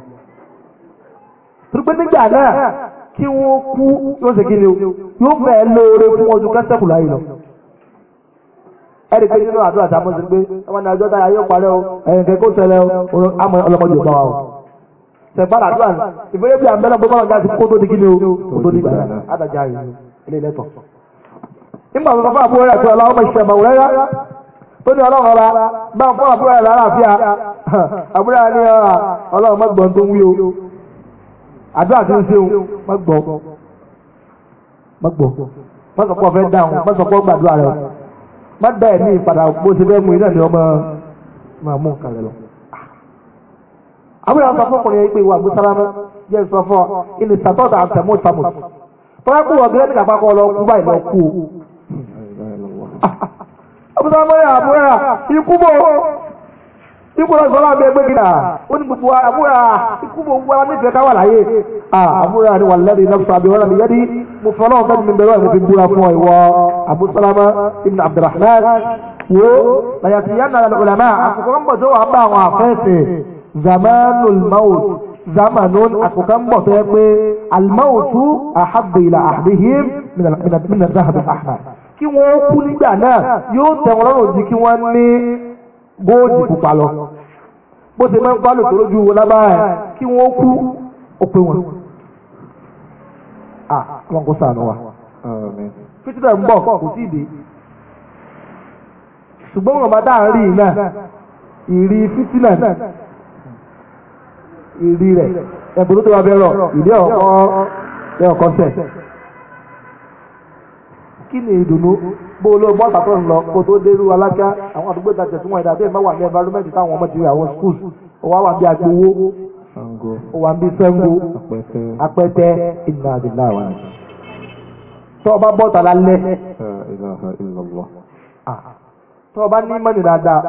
torípé nígbà náà kí wọ́n kú yóò ṣe kíni o yóò fẹ́ lóore fún ọdún kẹ́sẹ̀kù láyé lọ. ẹ̀rí pé nínú àdúrà tá a mọ̀ sí pé ọmọ náà ọjọ́ táyà yóò parẹ́ o ẹ̀yìn kẹ́kẹ́ ó ṣẹlẹ̀ o àmọ́ ọlọ́mọdé ò bá wa o. sẹ̀gbọ́n àdúrà ìbéèrè bí àbẹ́lẹ̀ bó bá wọn kó tó di kíni o kó tó di gbà náà àdàjà yìí ilé ilẹ̀tọ̀. nígbà tó fọ́ àbúrò rẹ̀ pé ọlọ́mọ ìṣẹ̀mọ̀ rẹ̀ tó ní ọlọ́run ọba bá fún àbúrò rẹ̀ lálàáfíà àbúrò rẹ̀ ní ah, ọlọ́run mọ́gbọ̀n tó ń wí o àdúrà tó ń ṣe òun má gbọ́ má gbọ́ má sọ pé ọ̀fẹ́ gbàdúrà rẹ̀ má dá ẹ̀mí ìpadà bó ṣe fẹ́ mú iná ni ọmọ máa mú nǹkan rẹ̀ lọ. àwọn ìyàwó afọkùnrin yẹn pé ìwà àgbésálámà jẹ́ sọ fún ọ ilé sàtọ́tà àtẹ̀mú ìtàmù tọ́lá kú ọ̀gẹ́rẹ́ ní kàpákọ̀ lọ kú báyìí lọ kú o. àbúrò ikúra sọlá bẹ gbé gíga ó ní gbogbo àbúrà ikú gbogbo ara nífẹ̀ẹ́ ká wà láyé àbúrà ni wà lẹ́rìí nafsa àbí wọn àbíyẹ́dí mo fọlọ́ ọ̀fẹ́ mi bẹ̀rẹ̀ ọ̀fẹ́ fi búra fún ọ ìwọ Abu Salama ibn Abdurrahman wo làyàtì yá nàlẹ́ ọ̀làmà àkùkọ ń bọ̀ tó wà bá àwọn àfẹ́sẹ̀ zamanul maut zamanun àkùkọ ń bọ̀ tó pé almautu ahabdu ahdihim min al-zahab kí wọ́n kú nígbà náà yóò tẹ̀wọ́n lọ́rùn ju kí wọ́n ní góòdì pupa lọ bó ṣe máa ń bá lòtò lójú wo lábára ẹ̀ kí wọ́n kú òpin wọn. àwọn kò sànù wa fítítà ń bọ̀ kò sí ìdè ṣùgbọ́n wọn bá dáa rí iná ìrí fítínà ìrí rẹ̀ ẹ̀bùn tó tó wà bẹ́ẹ̀ rọ̀ ìdí ọ̀kọ́ ọ̀kọ́ kí ni ìdùnnú bó ló bọ́ sàtọ́ ń lọ kó tó dérú alájá àwọn àdúgbò ìtajà tí wọ́n ẹ̀dá bẹ́ẹ̀ máa wà ní environment táwọn ọmọ ti rí àwọn schools ó wá wà bí agbowó ó wà bí sẹ́ńgó apẹ́tẹ ìlànà ìlànà àwọn àti. tọ́ ọba bọ́ tà lálẹ́ tọ́ ọba ah. ní mọ́nì dáadáa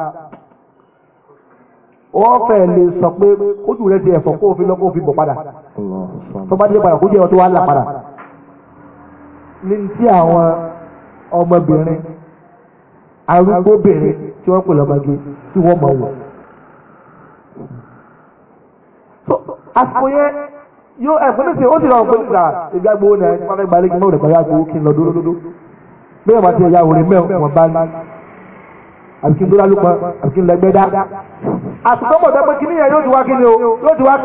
wọ́n fẹ́ lè sọ pé kójú rẹ̀ ti ẹ̀fọ́ kó fi lọ kó fi bọ̀ padà tọ́ bá dé padà kó jẹ́ ọ tó wá là padà ní ti àwọn ọmọbìnrin arúgbóbìnrin tí wọ́n pè lọ́mọge tí wọ́n mọ̀ wọ̀. àsìkò yẹn yóò ẹ̀kọ́ ní sè ó sì lọ pé nígbà ìgbà gbowó náà ẹni pàfẹ́ gbalẹ́ gbọ́dọ̀ gbọ́dọ̀ gbowó kí n lọ dúró bí wọ́n bá ti ẹ̀yà òrè mẹ́rin wọn bá ní àbí kí n dúró lópa àbí kí n lọ ẹgbẹ́ dá. àsìkò bọ̀ ni o yóò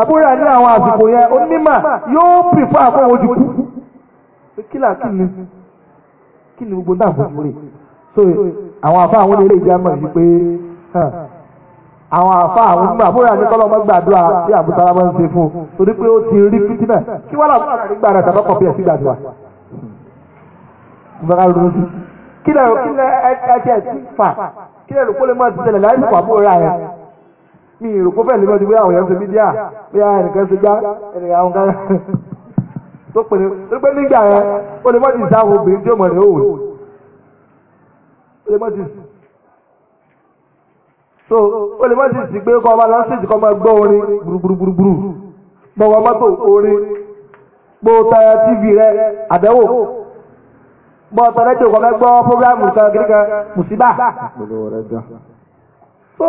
àbúrò ní àwọn àsìkò yẹn onímọ̀ yóò pìfọ́ àkọ́wọ́ ti kú kílà kí ni kí ni gbogbo dáàbò fún rè so àwọn àfa àwọn ilé ìjàmọ̀ yìí pé àwọn àfa àwọn onímọ̀ àbúrò ní kọ́lọ́ ọmọ gbàdúrà bí àbúrò bá ń ṣe fún un torí pé ó ti rí fìtínà kí wọ́n làbúrò nígbà rẹ̀ tàbí ọkọ̀ bí ẹ̀ sí gbàdúrà kí lẹ̀ kí lẹ̀ ẹ̀ ẹ̀ ẹ̀ fà kí lẹ̀ rò lè mọ̀ mi ìrò kó fẹ́ lè lọ́dún bí àwọn èèyàn ṣe mídíà bí ẹnìkan ṣe gbá ẹnìkan àwọn kan tó pè ní pé nígbà yẹn ó lè mọ́tì sá àwọn obìnrin tí ó mọ̀ ní òwe ó lè mọ́tì so ó lè mọ́tì sí pé kọ́ ọba lọ sí ìdíkọ́ gbọ́ orin gbùrùgbùrùgbùrù gbọ̀wọ́ mọ́tò orin gbọ́ tayọ tv rẹ àdẹ́wò gbọ́ tọ́lẹ́tì òkọ́ mẹ́gbọ́ fúrámù kan kíríkan mùsíbà. so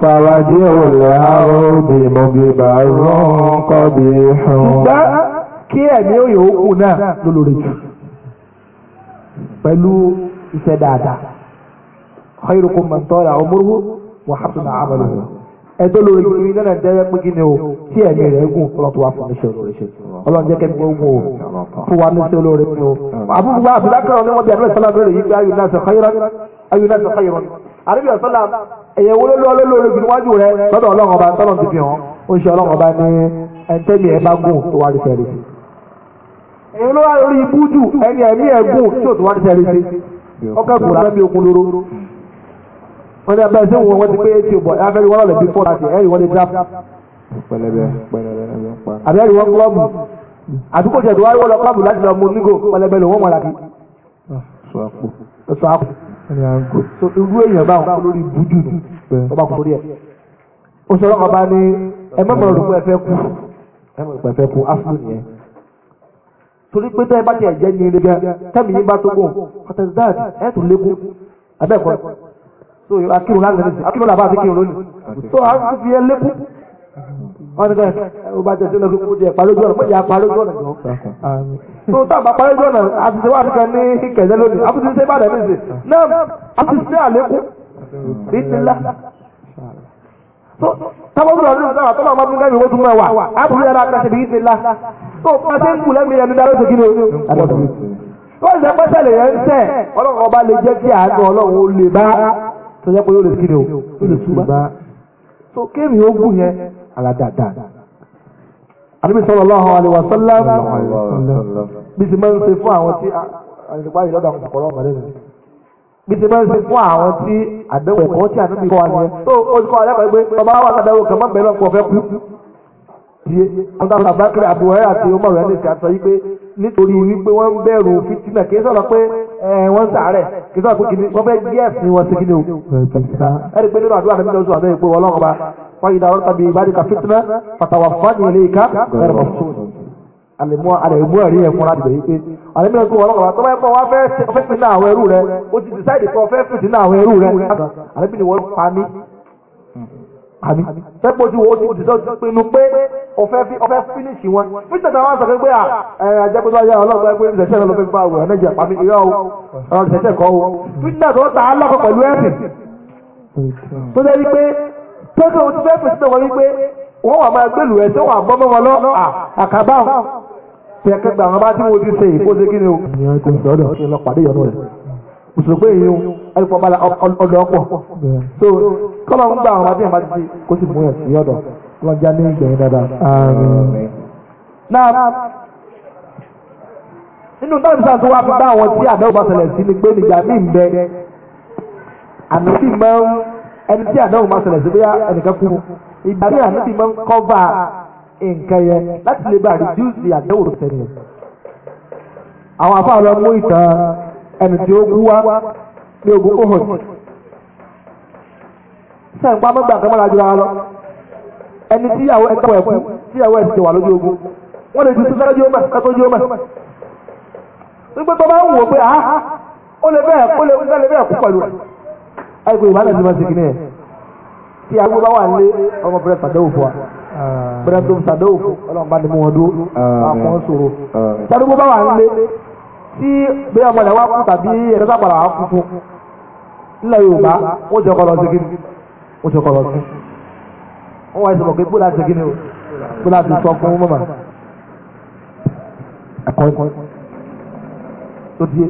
فوديع العرض مجبر قبيح kí ẹ̀mí òye òkú náà ló lórí jù pẹ̀lú iṣẹ́ dáadáa khairukum man tala umruhu wa hasuna amaluhu ẹ̀tọ́ lórí jù ní náà jẹ́ pé kí ni o tí ẹ̀mí rẹ̀ gùn ọlọ́tún wá fún iṣẹ́ olórí ṣe ọlọ́run jẹ́ kẹ́mi ó gùn o fún wa ní iṣẹ́ olórí ni o àbúrò bá àbúrò kan ní wọ́n bí àbúrò sọ́lá lórí yìí pé ayùnà sọ khairan ayùnà sọ khairan àríbí ọ̀sọ́là ẹ̀yẹ wo ló lọ́ọ́ lórí ibi níwájú rẹ lọ́dọ̀ ọlọ́run ọba tọ́lọ̀ ti fi hàn ó ń ṣe ọlọ́run ọba ní ẹ̀ńtẹ́mi ẹ̀ bá gùn tó wá rí fẹ́ẹ́ rí sí. èyí ló wá lórí ibú jù ẹni ẹ̀mí ẹ̀ gùn tí ò tó wá rí fẹ́ẹ́ rí sí. ọkọ̀ kùrà bí okun lóró. wọ́n ní abẹ́rẹ́ sí wọn ti pé etí ò bọ̀ afẹ́rí wọn lọ́lẹ̀ bí fọ́ láti ẹ̀rí wọn lè dá. àbí ẹ̀rí wọn kúlọ́ọ̀bù àdúgbò tẹ̀ tó wáyé wọn lọ irú èèyàn bá wọn lórí bújú nù ọba kò lórí ẹ ó sọ lọ́kọ̀ bá ní ẹ mọ̀mọ́ rògbò ẹ fẹ́ kú ẹ mọ̀rògbò ẹ fẹ́ kú áfúrú nìyẹn torí pé tẹ́ ẹ bá tiẹ̀ jẹ́ ní ilé tẹ́mi yín bá tó gùn kọ́tẹ́sídáàdì ẹ̀ tó lékún abẹ́ẹ̀kọ́ so akírun láti rẹ̀ akírun làbá àti kírun lónìí so a fi ẹ lékún wọ́n ní kọ́ ọ bá jẹ́ sílẹ̀ kó jẹ́ parójú ọ̀nà mọ̀jẹ̀ parójú ọ̀nà jọ. tó tá a bá parójú ọ̀nà àtúnṣe wà nìkan ní kẹ̀lẹ́ lónìí àtúnṣe ìbàdàn ní ìsìn náà àtúnṣe àlékún bí ti lá. tó tábọ̀ bí ọdún náà tó máa mú lẹ́mìí wọ́tún máa wà ábùrú yàrá kàṣẹ bí ti lá. tó máa ṣe ń kú lẹ́mìí ẹni dáná ṣèkí ni. wọ́n ṣe pẹ́sẹ̀lẹ̀ yẹn ń tẹ̀ ọlọ́run ọba lè jẹ́ kí àánú ọlọ́run ó lè bá tó ni ó tó kéèmì ó gùn yẹn ara dáadáa. àdúgbò sallallahu alaihi wa sallam bí ti máa ń ṣe fún àwọn tí àyìnbá yìí lọ́dọ̀ àwọn ọ̀pọ̀lọpọ̀ lẹ́nu bí ti máa ń ṣe fún àwọn tí àdéhùn ẹ̀kọ́ tí àdéhùn ìkọ́ wa nìyẹn tó o ti kọ́ alẹ́ pẹ̀lú pé ọba wa kàdáwó kan má bẹ̀rẹ̀ ọ̀pọ̀ fẹ́ kú di ọ̀dà bàbá kiri àbúrò àti ọmọ rẹ̀ ní ìṣàtọ̀ yìí pé nítorí wípé wọ́n bẹ̀rù fìtínà kì í sọ̀rọ̀ pé wọ́n sàárẹ̀ kí sọ pé kí ni wọ́n fẹ́ gbé ẹ̀sìn wọn sí kí ni o. ẹni pé nínú àdúrà níbi lọ́sùn àbẹ́ ìpò ọlọ́run ọba wọ́n yìí dáwọ́ tàbí ìbádìíkà fitna pàtàwà fani ilé ìka ẹ̀rọ ọ̀sùn. àlèmọ́ àlèmọ́ ẹ̀rí ẹ̀ fúnra dìbò yìí pé àlèmọ́ ẹ̀kọ́ ọlọ́run ọba tó bá yẹ kó wá fẹ́ fìtínà àwọn ẹrú rẹ ó ti dìsáìdì kó fẹ́ fìtínà àwọn ẹrú rẹ àlèmọ́ ni wọ́n pa ní àbí fẹ́pọ̀jú wo ti dìtọ́ ti pinnu pé ọ̀fẹ́ fínísì wọn fíjì tẹ̀tẹ̀ wọn sọ pé à àjẹpẹ́tọ́ ayé ọlọ́run pé ìṣẹ̀ṣẹ̀ lọ́pẹ́ fún àwọn ọ̀rẹ́ nàìjíríà pàmì ìyá o ọ̀rọ̀ ìṣẹ̀ṣẹ̀ kọ́ o fíjì tẹ̀tẹ̀ wọn ta alákọ̀ pẹ̀lú ẹ̀sìn tó dẹ́ wípé tẹ́tẹ̀ wọn ti fẹ́ fèsì tẹ̀ wọ́n wípé wọ́n wà máa gbèlú ẹ̀ tó wà bọ́ mọ́ wọn lọ àkàbà tẹ̀kẹ́gbà wọn bá tí mo ti ṣe ìkóṣe kí ni o mùsùlùmí yìí ẹ̀rùpọ̀ bá ọdọ̀ ọ̀pọ̀ so kọ́lọ̀ ń gbà àwọn adéhùn máa ti kó sì mú ẹ̀sìn ọ̀dọ̀ wọ́n já ní ìgbẹ̀yìn dáadáa. náà nínú táwọn ìṣàkóso tó wá fi bá àwọn tí àdáwò bá ṣẹlẹ̀ sí ni pé nìjà mí ń bẹ àmì sì máa ń ẹni tí àdáwò bá ṣẹlẹ̀ sí bóyá ẹnìkan kú ìgbà tí àmì sì máa ń kọ́va nǹkan yẹn láti lè bá reduce àdáwò tẹ̀lé. àwọn afáàlọ́ mú ìtàn ẹni tí ó kú wá ní ogun ohun sẹ́ǹpá mọ́gbà kan mọ́ra jù lọ ẹni tí ìyàwó ẹ̀kọ́ ẹ̀kú tí ìyàwó ẹ̀sìn wà lójú ogun wọ́n lè ju sí fẹ́rẹ́ yóò mẹ́ ẹ̀kọ́ yóò mẹ́ wípé tó bá ń wò pé àá ó lè bẹ́ẹ̀ ó lè bẹ́ẹ̀ lè bẹ́ẹ̀ kú pẹ̀lú ẹ̀kọ́ ìbálẹ̀ ti máa ṣe kìíní tí àwọn bá wà ní ọmọ bẹ̀rẹ̀ sàdéhùn fún wa bẹ̀rẹ̀ tó sàdéhùn fún ọlọ́run bá ní wọn dúró àwọn sòrò sàdéhùn bá wà ní tí bí ọmọ rẹ̀ wá kú tàbí ẹ̀rọ sápàdà wá kúkú nílẹ̀ Yorùbá ó jẹ́ kọlọ sí kíni ó jẹ́ kọlọ sí wọ́n wáyé sọ̀rọ̀ pé kó láti kíni o kó láti sọ fún mọ́mà ẹ̀kọ́ tó di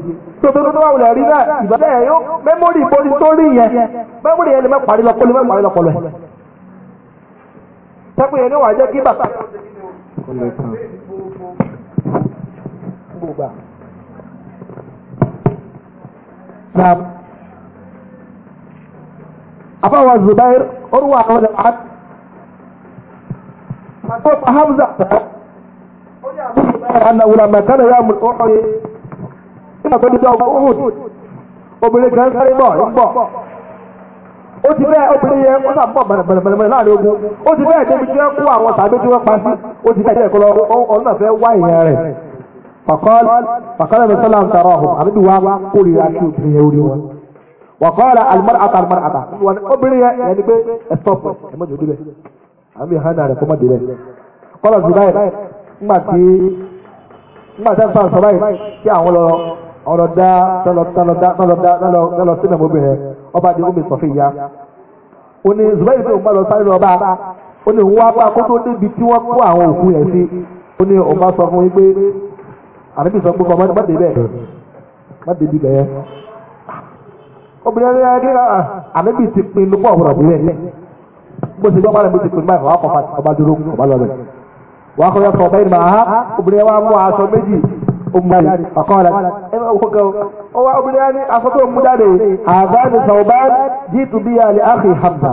tó tó tó bá wulẹ̀ rí náà ìbálẹ̀ yẹn yóò mẹ́mórì ìbóni tó rí yẹn mẹ́mórì yẹn lè má parí lọ́pọ̀ lè má parí lọ́pọ̀ lẹ̀ sẹ́kùn yẹn ni wàá jẹ́ kí نعم أفاوى الزبير أروى عن العبد فتوفى حمزة قل يا الزبير أنه لما كان يوم الأحد كان تقول جواب أحد obìnrin kan sáré bọ̀ ti bẹ́ẹ̀ obìnrin yẹn ó sàbọ̀ bẹ̀rẹ̀bẹ̀rẹ̀ láàrin ogun ó ti bẹ́ẹ̀ débi tí wọ́n kó àwọn tàbí tí pa sí ti فقال فقال النبي صلى الله عليه وسلم تراهم عبد وابا قولي راكي وكني يوري وقال المرأة المرأة وان أبري يعني بي استوب ما جودي بي أمي هانا ركما دي بي قال الزبير ما تي ما تنفع الزبير كي أولو ọ̀rọ̀ دا lọ́lọ́ sínú دا ọba دا omi sọ̀fìyà ó ní zubair bin umar lọ sáré lọ bá ó ní òun wá bá kó tó débi tí wọ́n kó àwọn òkú yẹn sí ó ní àbíkí sọ pé kọ́ má dé bẹ́ẹ̀ má dé bí bẹ́ẹ̀ obìnrin ẹni ẹni àbíkí ti pinnu pọ̀ ọ̀rọ̀ bíi bẹ́ẹ̀ bó ti gbọ́ pàrọ̀ bó ti pinnu báyìí wàá kọ́ ọba dúró ọba lọ bẹ̀ wàá kọ́ yàtọ̀ ọba ìmọ̀ àhá obìnrin wa mú aṣọ méjì omuyari ọkọọlẹ ẹ bá wọ́n kọ́ ọ wá obìnrin ẹni aṣọ tó mú jáde àbáni sọ̀bá jíìtù bíi àlè áfì Hamza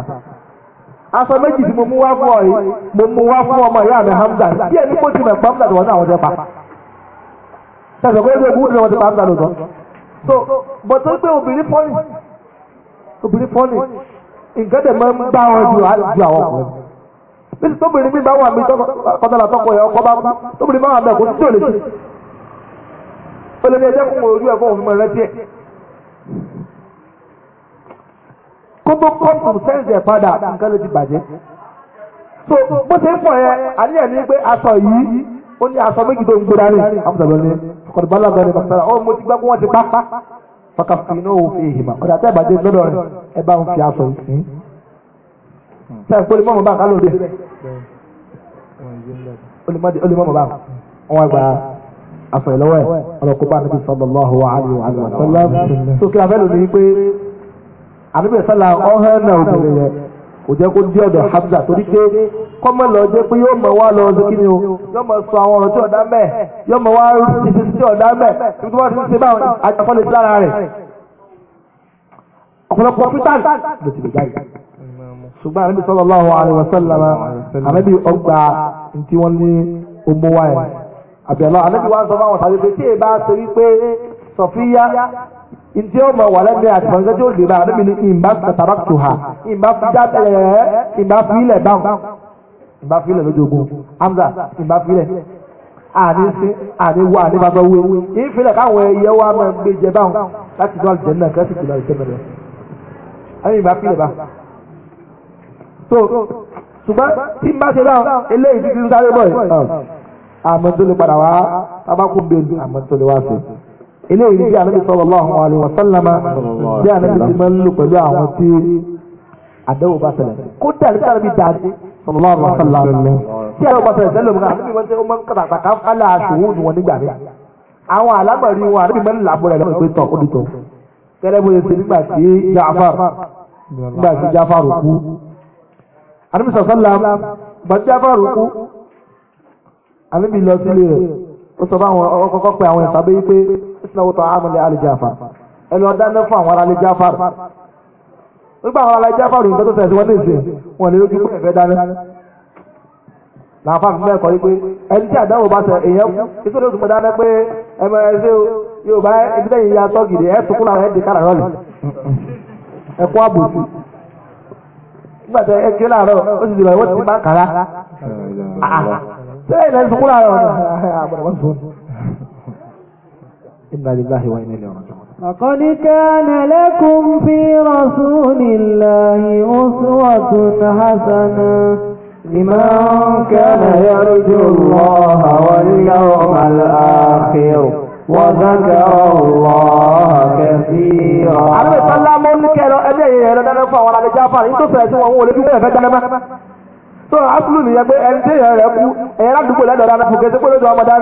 aṣọ méjì tí mo mú wá fún ọ yìí mo mú wá fún ọmọ ìyá mi Hamza bí ẹni kó ti mẹ̀ pàmò Tẹ̀sán pé ẹgbẹ́ ìbúdó wọn ti bá ń dànù tán. So, bọ̀ tó pé obìnrin fọ́nì, obìnrin fọ́nì, nǹkan tẹ̀ máa ń bá wọn ju àwọn ọkùnrin. Bísí tóbìnrin mi bá wà mí kọ́tàlá tọkọ yẹn ọkọ bá kú, tóbìnrin bá wà mí ẹ̀kọ́ tí ò lè ṣe. Ó lè ní ẹjẹ́ kún orí ẹ̀fọ́ òfin mọ̀ rẹ́tí ẹ̀. Kókó kọ́ọ̀tù sẹ́ǹsì ẹ̀ padà nǹkan ló ti bàjẹ́. So, bó ṣe ń pọ̀ yẹn, àníyàn ní pé aṣọ yìí, ó ní aṣọ méjì tó ń gbé dání, àmúṣàlọ́ ní kọ̀dù bá lágbàdo bàtàrà ó mo ti gbá pé wọ́n ti pa fàkàfì náà ò fi ìhìmà ọ̀dà tẹ́ ìbàdí lọ́dọ̀ rẹ̀ ẹ bá ń fi aṣọ ìsìn. sẹ́yìn hmm? pé olùmọ̀mọ̀ bá ń kálò dé olùmọ̀mọ̀ bá wọn wá gba aṣọ ìlọ́wọ́ ẹ̀ ọlọ́kọ̀ bá níbi sallallahu alaihi kò jẹ́ kó dé ọ̀dọ̀ Hamza torí pé kọ́mọ lọ jẹ́ pé yóò mọ̀ wá lọ sí kí ni o yóò mọ̀ sọ àwọn ọ̀rọ̀ tí ọ̀dá mẹ́ yóò mọ̀ wá ìṣesí tí ọ̀dá mẹ́ tí wọ́n ti ń ṣe báwọn àjàfọ́lẹ̀ sí lára rẹ̀ ọ̀pọ̀lọpọ̀ pítàn ló ti lè jáde ṣùgbọ́n àrẹ́bí sallallahu alaihi wasallam àrẹ́bí ọgbà tí wọ́n ní ọmọ wa yẹn àbẹ̀lọ́ àrẹ́bí wa sọ ntí ó ma wàlẹ́ ní àtìmọ́sẹ́ tí ó lè bá àdébí ní ìmbá tàtàrà tù hà ìmbá fíjà ẹ̀ ìmbá fílẹ̀ báwọn ìmbá fílẹ̀ lójoogun Hamza ìmbá fílẹ̀ àní sí àní wọ àní bàbá wé ìfilẹ̀ káwọn ẹyẹ wa máa ń gbé jẹ báwọn láti dún àlùjẹ náà kẹ́sì kìlọ̀ àlùjẹ mẹ́rẹ̀ ẹ̀yìn ìmbá fílẹ̀ bá. so ṣùgbọ́n tí n bá ṣe báwọn eléyìí ti ti ń sáré bọ̀ yìí àmọ́ tó lè padà wá abákùnbé àmọ́ tó lè wá sí eléyìí bí Ànábì sallallahu alaihi wa sallam bí Ànábì ti máa ń lò pẹ̀lú àwọn tí àdéhùn bá ṣẹlẹ̀ kódà nípa Ànábì dàdé sallallahu alaihi wa sallam tí àdéhùn bá ṣẹlẹ̀ sẹ́lẹ̀ mọ́ Ànábì wọ́n ṣe ó máa ń kàtàkà ká fálà àṣòwò wọn nígbà rẹ̀ àwọn alámọ̀rí wọn Ànábì máa làbọ̀ rẹ̀ lọ́wọ́ ìpẹ́tọ̀ ó dìtọ̀ gẹ́gẹ́ bó ṣe nígbà Ja'far nígbà tí Ja'far kú Ànábì sallallahu gbà Ja'far kú Ànábì lọ sílé rẹ̀ ó sọ fún àwọn ọkọ̀ ìsìnàwó tó àmì lè alì jáfàr ẹni ọ̀dá ní fún àwọn alì jáfàr nígbà àwọn alì jáfàr yìí tó tẹ̀sí wọn ní ìsìn wọn lè lójú pé ẹ̀fẹ́ dání làáfàá fún mẹ́kọ̀ọ́ yìí pé ẹni tí àdáwò bá sọ èèyàn ìṣó ló sùpẹ́ pé ẹmọ ẹṣẹ́ Yorùbá ibi tẹ́yìn ya tọ́ gidi ẹ̀ tukú làwọn ẹ̀dì kára rọ́ọ̀lì ẹ̀kọ́ àbòsí nígbà tẹ ẹ kí láàárọ̀ ó sì dìbò ẹ̀wọ́ ti bá kàrá ṣé ìlẹ̀ sùkúrà rọ̀ ọ̀nà àgbàdo wọn إنا لله وإنا إليه راجعون لقد كان لكم في رسول الله أسوة حسنة لمن كان يرجو الله واليوم الآخر وذكر الله كثيرا أنا بسلا من كانوا أبي يلدنا فوالا لجافر إنتو فأسوا هو لكي يفجنا so asulu ni yẹ pé ẹni tí èèyàn rẹ kú èèyàn ládùúgbò lẹdọọdọ anáfọ kẹsẹ pé lọdọ ọmọdé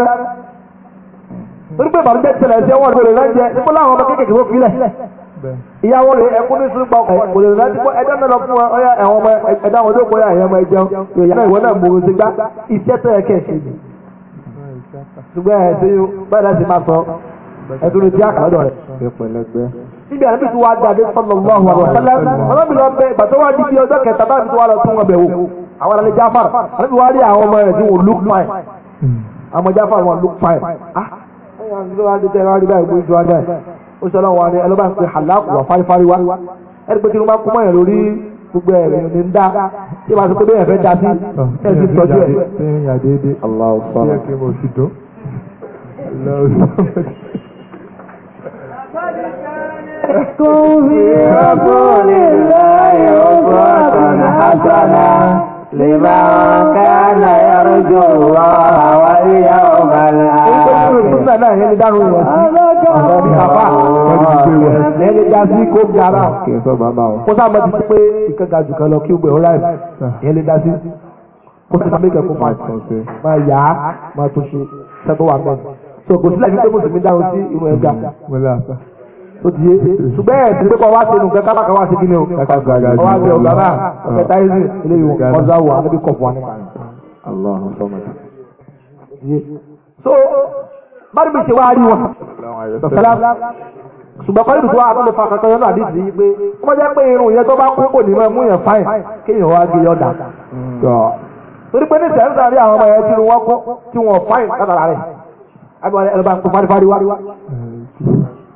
torí pé bàbá tẹ̀lẹ̀ ẹ̀sẹ̀ wọn lè rẹ́jẹ nígbó láwọn ọmọ kéékèèké wọ́n filẹ̀ ìyàwó rẹ̀ ẹkún ní sùn gbọ́kọ̀ kò lè rántí pé ẹjọ́ mẹ́lọ fún wọn ọyá ẹ̀wọ̀n ọmọ ẹ̀dá wọn tó kọyà ẹ̀yẹ́mọ ẹjẹun ìyá náà ìwọ náà mòrò sí gbá iṣẹ́ tó yẹ kẹ̀sì ni ṣùgbọ́n ẹ̀ tí bẹ́ẹ̀ láti máa sọ ẹ̀dùn ti àkàdọ̀ rẹ̀ níbi àdébí tí wàá dàdé sọlọ lọ àwọn àwọn ọ̀sẹ́lẹ̀ ọlọ́bì lọ bẹ ìgbà tó wá di bí ọjọ́ kẹta bá ti wá lọ tún ọbẹ̀ wò àwọn àlejò afárá àdébí wàá rí àwọn ọmọ rẹ̀ tí wọ́n lùk fáìn àmọ́ jáfárá wọn lùk fáìn ó sọ lọ́wọ́ ni ẹlọ́ba ń pè hàlákù wà fárífárí wá ẹni pé kí ló máa kú mọ́yàn lórí gbogbo ẹ̀rẹ̀ ní ń dá tí wàá sọ pé bẹ́ẹ̀ fẹ́ da sí ẹ̀ sì tọ́jú ẹ̀. Aláwọ̀ Kò fi ọkùnrin láyé ọgbọ́n àtàná. لمن كان يرجو الله واليوم Ẹni dá sí kó gara. Kó sáà mọ̀ ti pé ìkan kan lọ kí ó gbé ọ̀rá ẹ̀. dá sí. Kó sáà mọ̀ ìkẹ́kọ̀ọ́ máa ṣe. Máa yá máa tó ṣe. Sẹ́gbọ́n wà mọ́. Sọ̀gbọ́n sílẹ̀ ní pé Mùsùlùmí dáhùn sí irun ẹ̀ga ti yé ṣùgbọ́n ẹ̀ tí pípọ̀ wá sínú kẹ́kẹ́ bá kan wá sí kí ni o ọwọ́ àti ọ̀gá náà ọ̀kẹ́ta ẹ̀sìn eléyìí ọ̀zá wà níbi kọ̀ọ̀fù wa so bárí mi ṣe wá rí wọn ṣùgbọ́n kọ́lé tuntun wa àtúndì fa kankan yọnu àdìsí yìí pé kó má jẹ́ pé irun yẹn tó bá kú kò ní mọ́ ẹ̀mú yẹn fáìn kéèyàn wá gé yọ̀dà. torí pé ní sẹ́ńsà rí àwọn ọmọ yẹn tí wọ́n kú tí wọ́n fáìn látara rẹ̀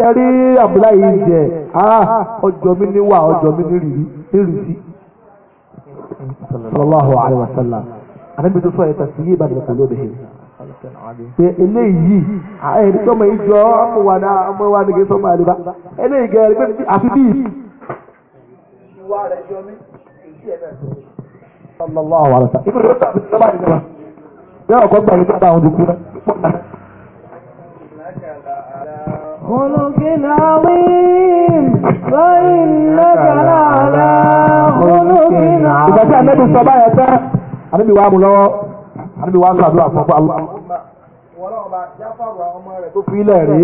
tẹ́rí àbúláyé jẹ ah, ọjọ́ mi níwà ọjọ́ mi nírìsí sallallahu alayhi wa sallam anabi sọ ẹ̀ta sí yé ìbàdàn ìpàlẹ́ òbí pé eléyìí ah, ẹni tó mọ ìjọ ọmọ wa náà ọmọ wa nìkan sọmọ àdìbá eléyìí gẹ̀rẹ́ pé àfi bí. tó sábà nìkan. خلق عظيم فإنك لعلى خلق عظيم إذا كان النبي صبا يتا àdébí wa mú lọ́wọ́ àdébí wa sọ àdúrà fún ọgbà tó fi ilẹ̀ rí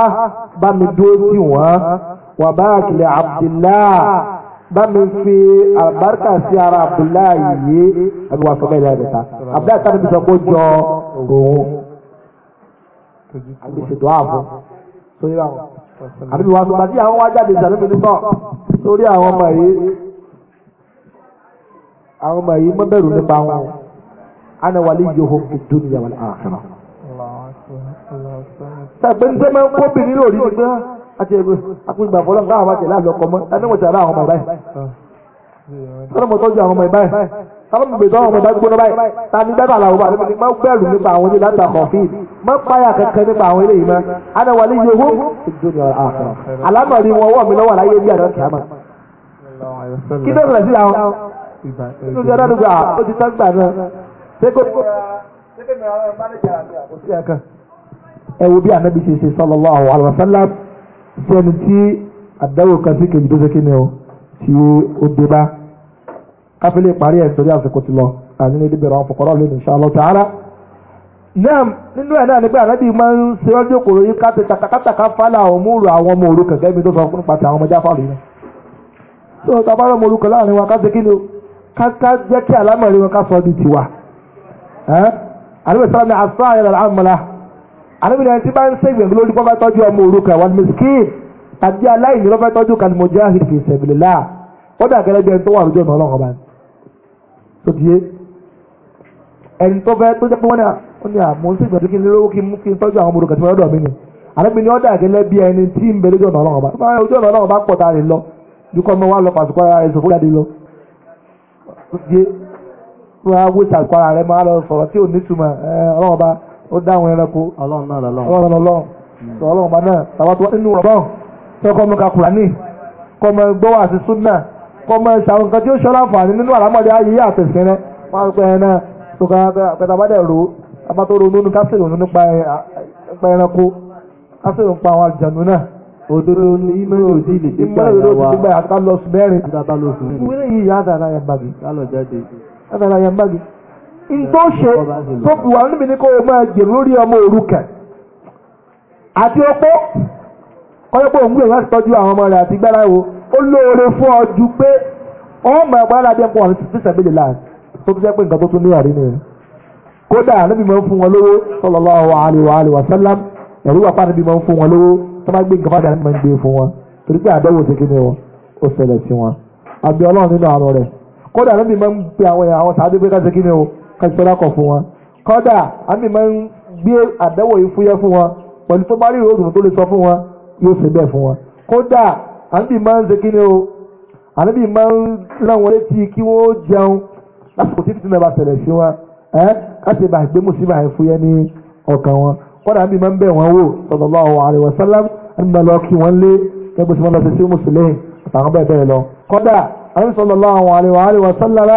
á ah, bá mi dúró sí wọ́n wà bá àkìlẹ̀ Abdullah bá mi fi àbáríkà sí ara Abdullah yìí àbí wà sọ bẹ́ẹ̀ lẹ́yìn ta Abdullah tábìlì sọ pé ó jọ òun àbí ṣètò ààbò sórí àwọn àbíbi wàásù gbàtí àwọn wá jáde ìsàlẹ̀ mi nìkan sórí àwọn ọmọ yìí àwọn ọmọ yìí mọ́bẹ̀rù nípa wọn ana wàlí yòóhó dunya wal akhirah. sàgbẹ́ ní sẹ́mi kóbìnrin lórí nígbà àti ẹgbẹ́ àpéjìgbà fọlọ́ǹkà àwọn àtẹ̀lé àlọ́kọ mọ́ ẹni wọ́n ti ara ọmọ báyìí. Ah sọ́nà mo tọ́jú àwọn ọmọ ẹ̀ báyìí sọ́nà mo bèèrè àwọn ọmọ ẹ̀ báyìí gbóná báyìí ta ni bẹ́ẹ̀ bá làwọn bàbá mi má bẹ̀rù nípa àwọn ilé láti àkọ́fíì má páyà kẹ́kẹ́ nípa àwọn ilé yìí mọ́ adáwọlé yòówó ìjọba àkọ́ alámọ̀rí wọn wọ̀ mí lọ́wọ́ láyé bí àdán kìámà kí ló rẹ̀ sí àwọn inú ti adánu gbà ó ti tán náà ṣé kò ẹ wo bí anabi ṣe ṣe sallallahu alaihi wasallam sẹni tí àdáwò kan sí kejì tó ṣe kí káfílẹ̀ parí ẹ̀ torí àsìkò ti lọ àní ní ìdíbẹ̀rẹ̀ àwọn fòkòrò lónìí insha Allah ta'ala. náà nínú ẹ̀ náà nígbà náà bí máa ń ṣe ọjọ́ kòrò yìí ká ti tàkàtàkà fálà òmùrù àwọn ọmọ òru kẹ̀kẹ́ mi tó sọ fún pàtàkì àwọn ọmọdé afáàlù yìí. tó o tàbá ọmọ orúkọ láàrin wa ká ṣe kí ni ká jẹ́ kí àlámọ̀rí wọn ká sọ di tiwa. àlùbẹ̀sẹ̀ ni àṣà àyẹ̀lẹ̀ àmọ́lá àlùbẹ̀sẹ̀ ti bá ń ṣe ìgbẹ̀ngàn lórí pọ́fẹ́ tọ́jú ọmọ orúkọ wọn miskin tàbí aláìní lọ́fẹ́ tọ́jú kan fi sabilillah ó dà bí ẹni tó wà lójú ọ̀nà ọlọ́run ọba ni tó di é ẹni tó fẹ́ tó jẹ́ pé wọ́n ní à wọ́n ní à mò ń sì gbàdúrà kí n lówó kí n mú kí n tọ́jú àwọn ọmọdé kàtí wọ́n lọ́dọ̀ mi ni àlẹ́bí ni ọ̀dà gẹ́lẹ́ bí ẹni tí ń bẹ lójú ọ̀nà ọlọ́run ọba ojú ọ̀nà ọlọ́run ọba pọ̀ tá a lè lọ dukọ́ mọ́ wá lọ pàṣípọ̀ ara rẹ̀ sọ̀fọ́ jáde lọ tó di é wọ́n á wé sàkó ara rẹ̀ máa lọ sọ̀rọ̀ tí ò ní túmọ̀ ọlọ́run ọba ó dáhùn ẹranko ọlọ́run náà lọ́lọ́run ọlọ́run ọba náà tàwọn tó wá nínú ọ̀bọ̀n tó kọ́ mọ́ kakùrà ní kọ́ mọ́ gbọ́wọ́ àti súnà kọ́mọ ẹ̀sẹ̀ àwọn nǹkan tí ó ṣọ́ra àǹfààní nínú àlámọ̀dé ayé àtẹ̀sìn rẹ̀ wọ́n á pẹ́ náà ṣùgbọ́n pẹ̀tàbádẹ́ rò ọba tó ronú ní kásìrò nípa ẹranko kásìrò pa àwọn àjànú náà òdodo ní ìmọ̀lẹ̀ òdì lè ti gbà òdì ti gbà o ó lóore fún ọ pé wọ́n mọ̀ ẹ̀gbọ́n aládé ń pọ̀ wọn títí sẹ́bílì láti tó fi jẹ́ pé nǹkan tó tún níyàrí kódà níbi máa ń fún wọn lówó sallallahu alaihi wa sallam ẹ̀rú wà pàdé níbi máa ń fún wọn lówó tó bá gbé nǹkan ń gbé fún wọn torí pé kíni wọn ó ṣẹlẹ̀ sí wọn àbí ọlọ́run nínú rẹ̀ àbí máa ń ṣe kí ni o àbí máa ń láwọn létí kí wọ́n jẹun lásìkò tí fìtínà bá ṣẹlẹ̀ sí wọn ẹ́ láti bá gbé mùsùlùmí àìfúyẹ́ ní ọkàn wọn kọ́dà àbí máa ń bẹ̀ wọ́n wò sallallahu alaihi wasallam àbí máa lọ kí wọ́n lé ẹgbẹ́ tí wọ́n lọ sí sí mùsùlùmí àtàwọn bẹ́ẹ̀ bẹ́ẹ̀ lọ kọ́dà àbí sallallahu alaihi wasallam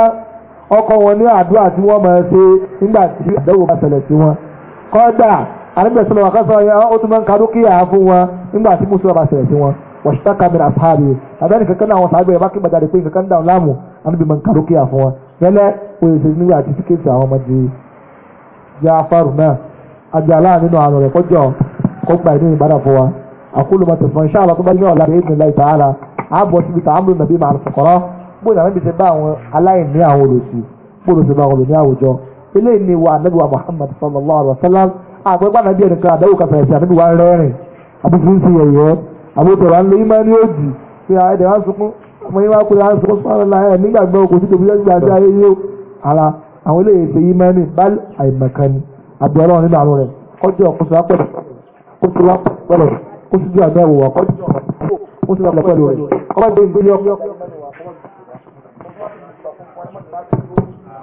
ọkọ wọn ní àdúrà tí wọ́n máa ṣe nígbà tí àdánwò bá ṣẹlẹ̀ sí wọn kọ́dà àbí bẹ́ẹ̀ sọ̀rọ̀ wàkásọ̀ ó tún máa ń ka dúkìá fún wọn nígbà tí mùsùlùmí bá ṣẹlẹ̀ sí wọn washtaka min ashabi abẹ́ni kankan náà àwọn sàgbẹ̀ yẹn bá kí gbàjáde pé kankan dáhùn láàmú anubi mọ̀ nǹkan lókè àfọwọ́ yẹlẹ oyè ṣe níwẹ̀ àti síkèsì àwọn ọmọdé Jaafaru náà ajala nínú àrùn rẹ̀ kọjọ kó gba ìdí ìbára fún wa àkúlù mọ̀ tẹ̀sán iṣẹ́ àlọ́ tó bá ní ọ̀la rẹ̀ ìgbìnlẹ̀ ìtàhálà àbọ̀ síbi tààmù nàbí màá sọ̀kọ́rọ́ bóyá nàbí ti bá àwọn aláìní àwọn olùsí bóyá ti bá àwọn olùní àwùjọ eléyìí ni wa anabi wa Muhammad sallallahu alaihi wa sallam àgbẹ̀gbà nàbí ẹnìkan àdáwò kàfẹ́ ẹ̀sìn àbí wa rẹ́rìn àbí fi ń fi yẹ̀yẹ́ àbótọ̀rọ̀ à ń lo ìmọ̀ ni ó jì pé ẹ̀dẹ̀ wá sunkún ọmọ yín wá kó lè wá sunkún sọ́nà náà ẹ̀ nígbàgbọ́ kò tòbí ayé yóò ara àwọn eléyìí ṣe ni bá àìmọ̀kan ni nínú àrùn rẹ̀ kọjú ọ̀kọ́sọ̀ apẹ̀lẹ̀ apẹ̀lẹ̀ kọjú apẹ̀lẹ̀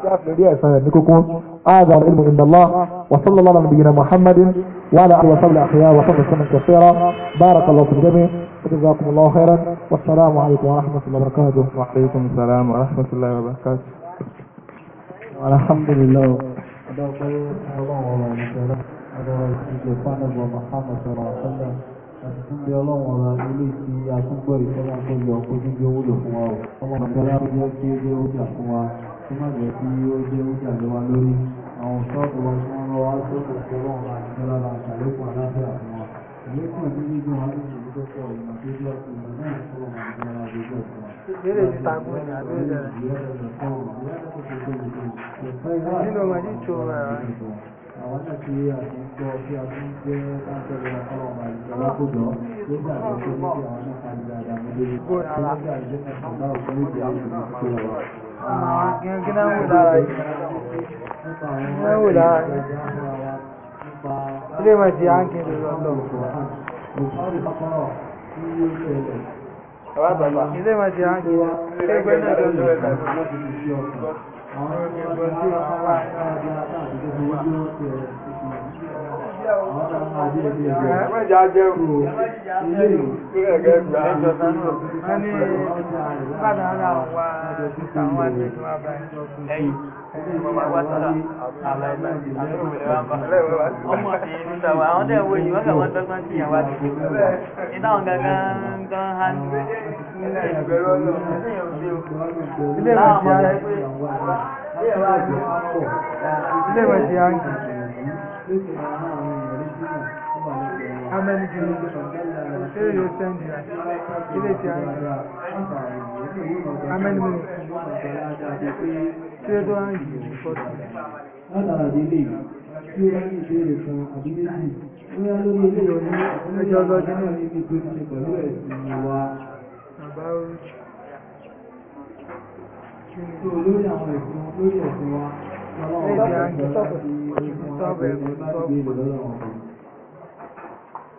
شافعي أسانا نكوكو هذا العلم عند الله وصلى الله على نبينا محمد وعلى آله وصحبه الأخيار وصلى سنة كثيرا بارك الله في الجميع وجزاكم الله خيرا والسلام عليكم ورحمة الله وبركاته وعليكم السلام ورحمة الله وبركاته الحمد لله Àtúndé ọlọ́run ọ̀rọ̀ ilé ti àtúgbọ̀ ìfẹ́lá tó lọ kó jíjẹ owó lò fún wa ọ̀. Ọmọ ìgbàlá ọjọ́ tí ó jẹ́ ó jà fún wa kó má jẹ́ kí ó jẹ́ oúnjẹ àlewà lórí àwọn ṣọ́ọ̀bù wa tí wọ́n lọ wá tó kò fẹ́ lọ́wọ́ máa ní tọ́lá la ṣàlékún aláfẹ́ àfún wa èyí kàn ní gbígbó wa ní ìlú tó pọ̀ ìmọ̀ tó jẹ́ ìmọ̀ náà fọ́lọ́ máa ní tọ́lá gbogbo ẹ̀fọ́ wa. ìbéèrè ti ta kú ní àbẹ́rẹ́ rẹ̀. nínú ọmọdé tó rà á àwọn náà tí a ti ń gbọ́ bí a ti ń jẹ́ láńtẹ́lẹ̀ ọlọ́run máa ń jọba kó jọ nígbà tó ṣe ní àwọn náà kan ní àdàmúlé nígbà ìjẹ́ ẹ̀sán náà fún ìgbà ìgbà tó wà kí náà wù lára yìí kí náà wù lára yìí ilé ìmọ̀ ti áńkì lè lọ lọ. ilé ìmọ̀ ti áńkì ẹgbẹ́ náà lọ lọ ẹ̀ka ìgbà ẹ̀mẹ́jà jẹ́ òkú ilé ìgbẹ̀gbẹ̀ Ọmọ ìlú tàwà, àwọn ọdẹ́ ìwé yìí, wọ́n kà wọ́n tọ́gbọ́n sí ìyàwó àti ìgbẹ̀rẹ̀. Ìdáhùn gangan gan ha ní ẹgbẹ̀rẹ̀ ọlọ́. Ilé ìwé ti á ń kìí. How many do you say you send here? Is ndị ndị ti pẹ̀lú ẹ̀sìn wa. Bàbá ó tó lórí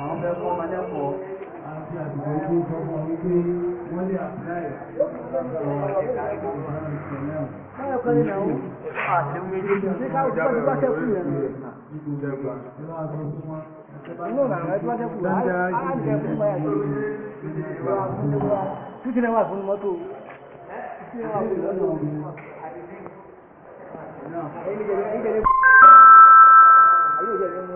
àwọn fẹ́ kọ́ ọmọ lẹ́kọ̀ọ́ àti àdìgbò ojú sọ fún wípé wọ́n lè àpláì ọ̀rọ̀ ẹ̀ka ẹ̀kọ́ ìbára ìṣẹ̀ náà. báyọ̀ kan nínú àwọn àti méjì ní káwọn tó bá tẹ́ kú yẹn. ìgbà tí wọ́n á sọ fún wọn. Títí náà wà fún mọ́tò. Títí náà wà fún mọ́tò. Ahí no. no.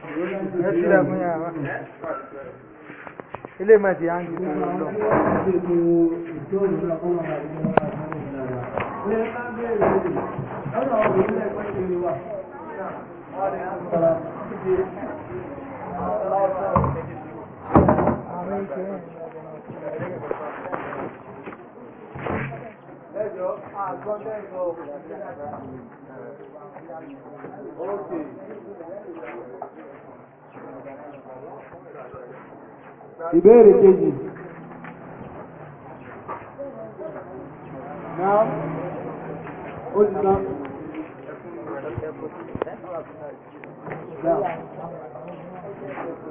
ẹ sílẹ̀ fún yàrá ilé máa ti hàn jù fún wọn lọ. Okay. ìbéèrè kejì náà ó ti tán Thank you.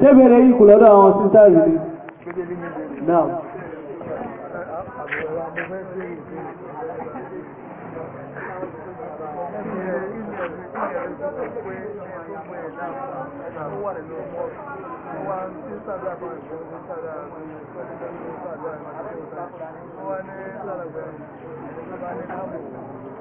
Débẹ̀rẹ̀ yìí kò lọ́dọ̀ àwọn sísá rí ni. Thank you.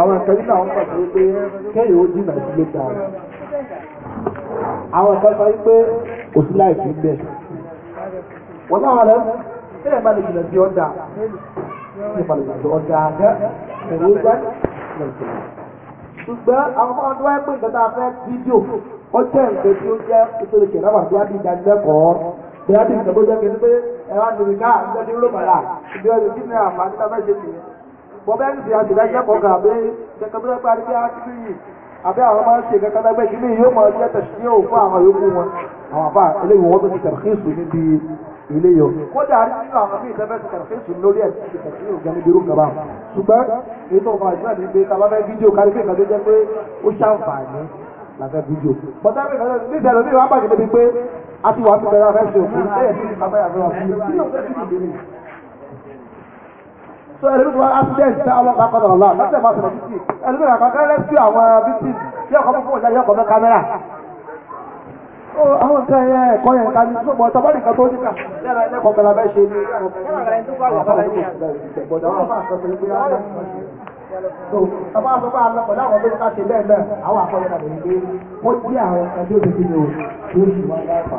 àwọn ẹ̀kẹ́ nínú àwọn pàtàkì wípé kẹ́yìn ó jìnà ìdílé dára àwọn ẹ̀kẹ́ sọ wípé kò sí láì fi bẹ̀ wọ́n náà rẹ̀ kílẹ̀ máa lè jìnà sí ọ̀dà ní ìpàlẹ̀ ìjọ ọ̀dà àgẹ́ ìwé ìgbà ṣùgbọ́n àwọn ọmọ ọdún wáyé pé nǹkan tá a fẹ́ fídíò ó jẹ́ nǹkan tí ó jẹ́ ìṣòro ìṣẹ̀lẹ̀ àwọn àdúrà bíi ìdánilẹ́kọ̀ọ́ bí a ti ń sọ jẹ́ kí n pé ẹ̀rọ àdúrà ká ìjọba ìrọ̀bàlà ìjọba ìrọ̀bàlà ìjọba ìrọ̀bàlà bọ́bẹ́ ní ti àjùlá jẹ́kọ̀ọ́ gà abẹ́ jẹ́kọ̀ọ́ bẹ́ẹ̀ parí bí ákíní yìí abẹ́ àwọn máa ń ṣe kankan lágbẹ́ kí ní yóò máa jẹ́ tẹ̀sí yóò fún àwọn yòókù wọn àwọn àbá eléyìí wọ́n tó ti tẹ̀síìsù níbi ilé yọ. kódà rí nínú àwọn míì tẹ́fẹ́ ti tẹ̀síìsù lórí ẹ̀ ti tẹ̀síìsù gan níbi irú kaba ṣùgbọ́n ètò ọ̀fà ìṣúná ní pé tàbá fẹ́ fídíò kárí pé ìkàdé jẹ́ pé ó ṣàǹfààní làfẹ́ fídíò. bọ́tà mi kàn ní ìṣẹ̀lẹ̀ mi wàá so ẹlẹ́mi tó wá accident tá ọlọ́pàá kọ́nà ọ̀la lọ́sẹ̀ máa sọ̀rọ̀ títì ẹlẹ́mi rà kan kẹ́lẹ́ sí àwọn victim yọkọ̀ fún fún ìyá ọkọ̀ kámẹ́rà. àwọn nǹkan yẹn ẹ̀kọ́ yẹn ká ní sọ́gbọ́ tọ́gbọ́n nìkan tó níkà yàrá ẹlẹ́kọ̀ọ́ bẹ̀rẹ̀ abẹ́ ṣe ní so ọba àgbà àlọ pẹ̀lú àwọn ọmọdé káṣe bẹ́ẹ̀ bẹ́ẹ̀ àwọn àkọyẹ náà lè gbé ó jí àwọn ẹbí òbí ni o tí ó sì wá láìpà.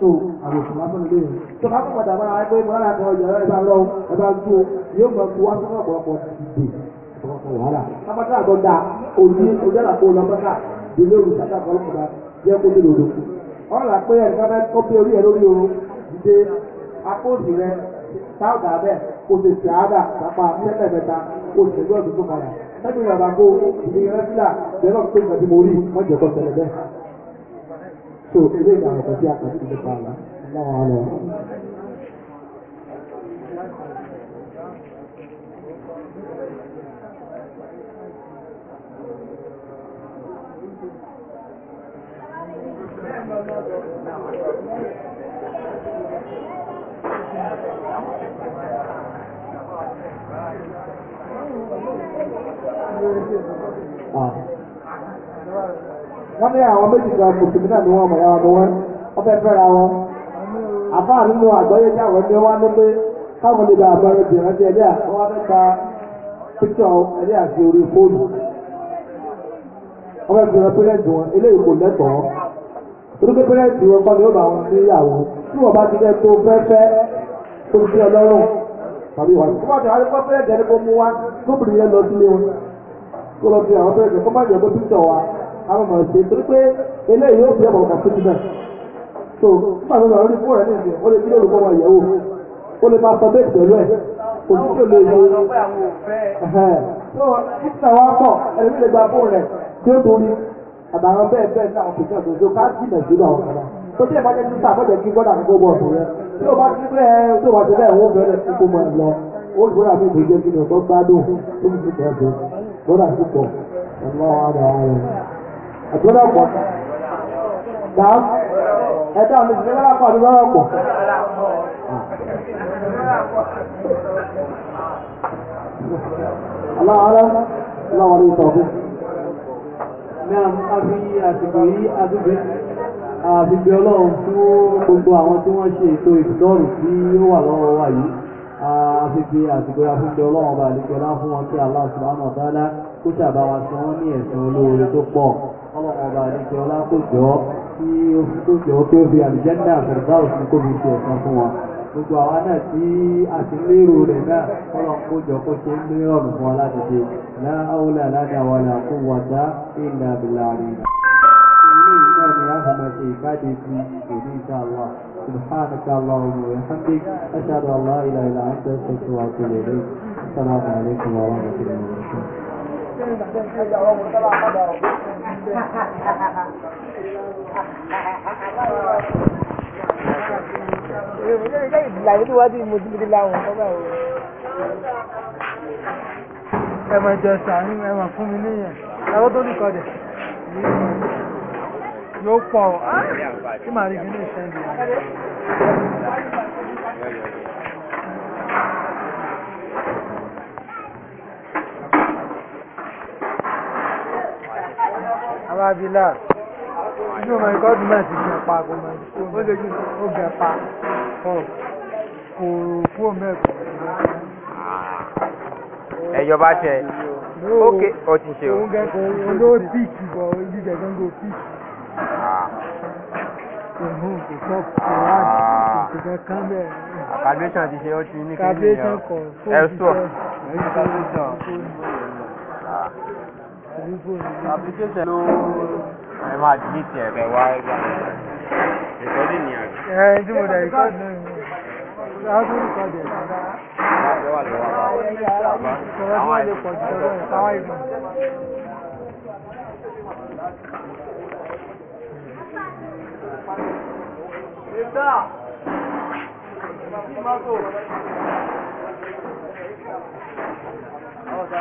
tó àwọn òṣèlú abọ́nulé rẹ̀ tó bá pàpàdà bá ara pé mọ́ra kan yọ̀rọ̀ ẹ̀bá lọ ẹ̀bá ju yóò mọ̀ kó wá sí ọ̀pọ̀lọpọ̀ ìdè ọ̀pọ̀lọpọ̀ wàhálà pápátá àtọ́ da òní lọ jẹ́ lòdò àádà yàrá kó tó ilé ìdáhùn kan tí a kàn sí méjì kan mùsùlùmí náà ni wọ́n mọ̀ yàrá wọn wọ́n fẹ́ fẹ́ra wọn. àbá nínú àgbáyé tí àwọn ẹgbẹ́ wa ní pé káwọn lè gba àbáyé ti rántí ẹlẹ́à wọ́n wá fẹ́ ta píkṣọ̀ ẹlẹ́à sí orí fóònù. wọ́n fẹ́ fi hàn pẹ́rẹ́ǹtì wọn eléyìí kò lẹ́tọ̀ọ́. torí pé pẹ́rẹ́ǹtì wọn kọ́ ni ó bá wọn sí ìyàwó tí wọ́n bá ti fẹ́ tó fẹ́fẹ́ tó fi ọlọ́run tàbí wà ní. wọ́n ti wá ní pọ́ pẹ́rẹ́ǹtì ẹni kó mú wá tóbi yẹn lọ àwọn ọmọ ṣe torí pé eléyìí yóò fi ọmọ ọkà fún so nígbà tó lọ rí fún ọ̀rẹ́ ní ìgbẹ́ ó lè bí olùkọ́ wọn ìyàwó ó lè máa sọ bẹ́ẹ̀ pẹ̀lú ẹ̀ kò sí tí ó lè yọ nígbà wọn pọ̀ ẹni lè gba fóònù rẹ̀ tí ó torí àbàwọn bẹ́ẹ̀ bẹ́ẹ̀ náà kò tẹ̀ tó ká sí nàìjíríà wọn kàdá tó tí ẹ jẹ́ títà bọ́jẹ̀ kí gbọ́dọ̀ àkókò bọ̀ ọ̀tún rẹ tí ó bá ti bẹ́ẹ̀ tó wà ti bẹ́ẹ̀ wọ́n bẹ̀rẹ̀ sí kó mọ̀ ẹ̀ lọ olùkọ́ra mi kò jẹ́ kí ni ọ̀tọ́ gbádùn ó sì ti tẹ̀ ẹ́ àtúndọ̀pọ̀ dáa ẹ̀ta mi ti rárá pọ̀ àtúndọ̀pọ̀. aláwọ̀lá aláwọ̀lá ìtọ̀kùn. Náà a fi àsìkò yìí àdúgbò àbíbí ọlọ́run fún gbogbo àwọn tí wọ́n ṣe ètò ìdọ́rùn tí ó wà lọ́wọ́ wa yìí ọlọ́run bá fún wọn kí kó ní ẹ̀sìn olóore tó ọlọ́run ọba àdéjọ ọlákòjọ́ tí ó fi tó jọ tó fi àlùjẹ́ndà àfẹ̀dá òsì kó fi ṣe ẹ̀sán fún wa gbogbo àwa náà tí a ti lérò rẹ̀ náà ọlọ́run kó jọ kó ṣe ń lé ọ̀nà fún wa láti ṣe láàúlà ládàwàlà kó wàdá ìlà bìláàrí ilé ìgbà ni a fàmà ṣe ìbáde ti òní ìṣàlá سبحانك اللهم وبحمدك أشهد أن لا إله إلا أنت أستغفرك وأتوب إليك السلام عليكم ورحمة الله وبركاته ìlànà tí ẹ máa jọ sàánú ẹ máa fún mi níyẹn ẹwọ́n tó nìkan dẹ̀ yóò pọ̀ tí ah! màá rí nínú ìṣẹ́ndì. Thank alábílà inú ọmọ ẹ̀kọ́ dùn náà ti gẹ̀ pa gbọmọ ó lè gbé ó gẹ̀ pa kò kú ọmọ ẹ̀kọ́. ẹ̀yọba tẹ ókè ó ti ṣe o. òun gẹ̀kọ́ olówó píìkì bọ̀ ibi gẹ̀gẹ́ ń go píìkì. Òhun kò sọ kò wá kò gẹ̀ kán bẹ́ẹ̀. Àkàdéṣàn ti ṣe ó ti ní kí ni ẹ̀ ẹ̀ sọ application ló ẹ máa delete ẹ̀ bẹ̀ wá ẹgbẹ́ recording ni àgbẹ̀. ẹ ẹ tí mo dẹ̀ record náà ni a tún record ẹ̀ padà. bàbá wà lọ́wọ́ bàbá. sọ̀rọ̀ tí wọ́n lè pọ̀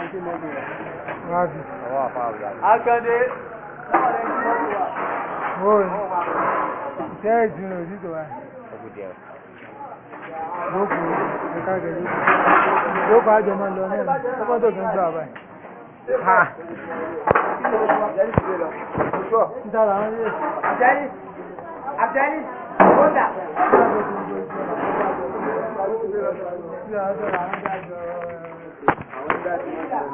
jù Rabi. Akande. Oye. Ṣé ìdùn rẹ̀ sí tòwá? Gbogbo ẹ̀ka gẹ̀rẹ́. Ìjókòó àjọ máa lọ náà. Tọ́mọ́tò tó ń gbà báyìí. Ha! Ń tàrà wọn yé. Àjẹ́yìn. Àjẹ́yìn. Kódà. Àwọn ìdájọ́ àwọn ìdájọ́.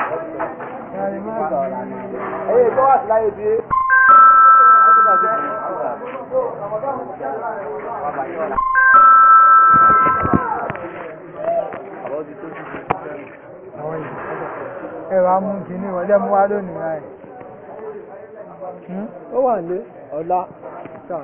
ẹ̀yẹ tó wà síláyé bí ẹ wàá mú kínní wọlé mú wá lónìí láì. Hmm? ó wà ní ọ̀la ṣáà.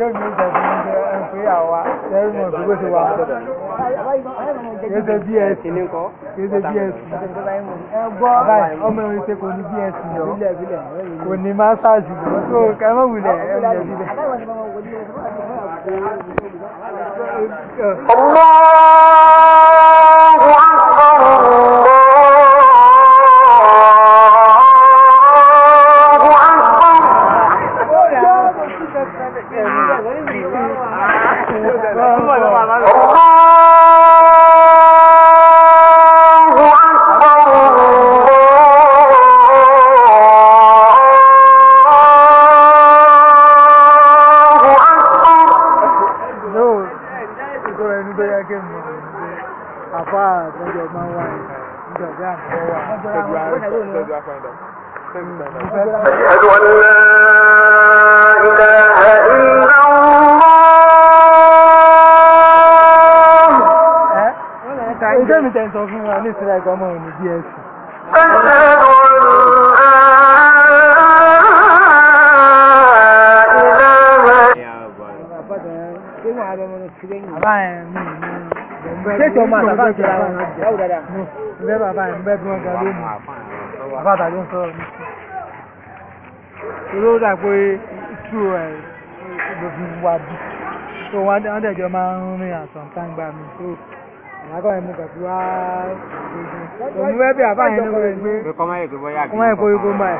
ọjọ́ mi ń tẹ̀sí ní ṣe ń pé àwa ẹ̀rù mọ̀ sí bó ṣe wà. Kéde BSc kéde BSc. Ẹgbọ́ ọmọ ìwé ṣe kò ní BSc yọ. Kò ní masters yọ. Tó kẹ mọ̀ wulẹ̀ ẹ̀rù jẹ̀ bílẹ̀. Allahu أشهد أن لا إله إلا الله Ìjẹ́ mi tẹ́ sọ fún wa ní ìsinmi ẹ̀kọ́ ọmọ òní bí ẹ̀sùn. Ṣé ìjọba àtàbà ìjọba àwọn ọ̀dọ́? Bẹ́ẹ̀ bàbá ẹ̀ ń bẹ́ẹ̀ bí wọ́n ga lónìí bàbá àtàjọ ń sọ̀rọ̀ ní sí ló dà pé tú ẹ̀ ìgbòfin wà bí so wọ́n dẹ̀jọ máa ń rìn àtàn táǹgbà mi so àkọ́ ẹ̀mú kàtí wá òun wẹ́ bí àbá yẹn lóore pé kọ́mọ́ ẹ̀kọ́ bóyá kí kọ́mọ́ ẹ̀kọ́ yóò máa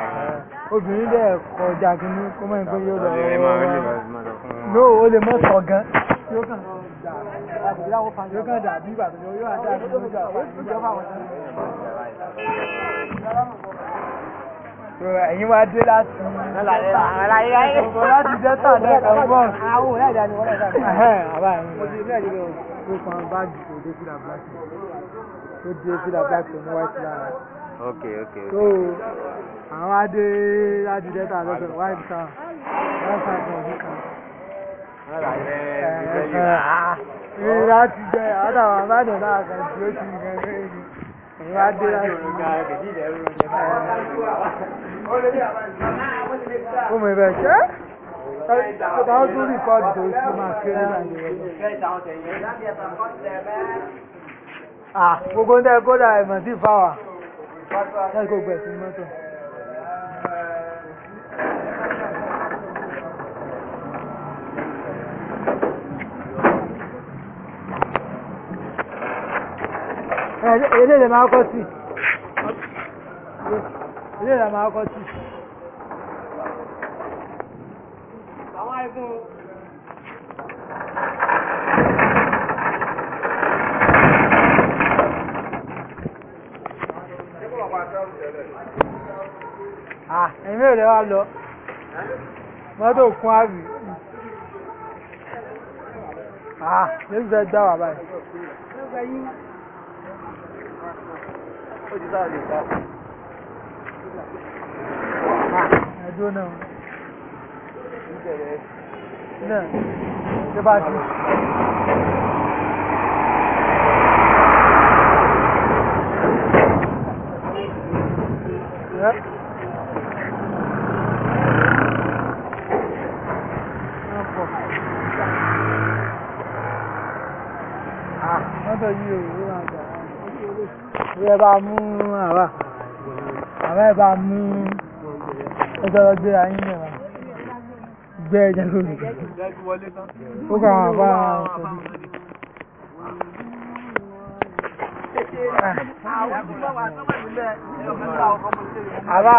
obìnrin dẹ̀ kọjá kínní kọ́mọ́ ẹ̀kọ́ yóò lọ no o lè mọ́ sọ gan yóò kàn dà bí ìgbà tó yóò àdá àdúgbò ìjọba àwọn ọ̀sán ẹ̀yin wá dé láti láti jẹ́ta náà kan bọ́. àwọn ọ̀rẹ́ ìdáni wọ́n rẹ̀ dáadáa. àbá ẹ̀yin mo ti rí ẹ̀yìn lọ tó kan báàgì tó dé fìlà black tó dé fìlà black tó ní white lára. ok ok ok. so àwọn adé láti jẹ́ta lọ́sọ̀ white kan white kan kan bí kan. ẹ̀ẹ́dẹ́gbẹ̀rún. ìrìn láti jẹ́ àtàwọn àbájọ náà kan tí ó ti gẹ̀ẹ́gẹ́ ìwà dé láti òun ga kèjì ìdẹ́rù oúnjẹ báyìí. ó mọ ibẹ̀ ṣe ọba ó tún rìkọ́dì tó sì máa kéré nàìjíríà. gbogbo ń dẹ́ kódà ẹ̀mọ̀ sí fáwà láti gbogbo ẹ̀sìn mọ́tò. eléyìí máa kọ́ sí eléyìí máa kọ́ sí. àwọn àìsàn ẹ̀mí ò lè wá lọ mọ́tò kún àbí ah lè ń fẹ́ gbá wà báyìí ó ti sáà lè bá. ẹ̀dùn náà. náà ṣé bá ti. Yep. How about you? ẹ bá mú àwa àwa ẹ bá mú ọjọ́rọ̀ gbé ayé ní ẹ̀wà gbé ẹ̀jẹ̀ lórí ó kà wọ́n bá àbá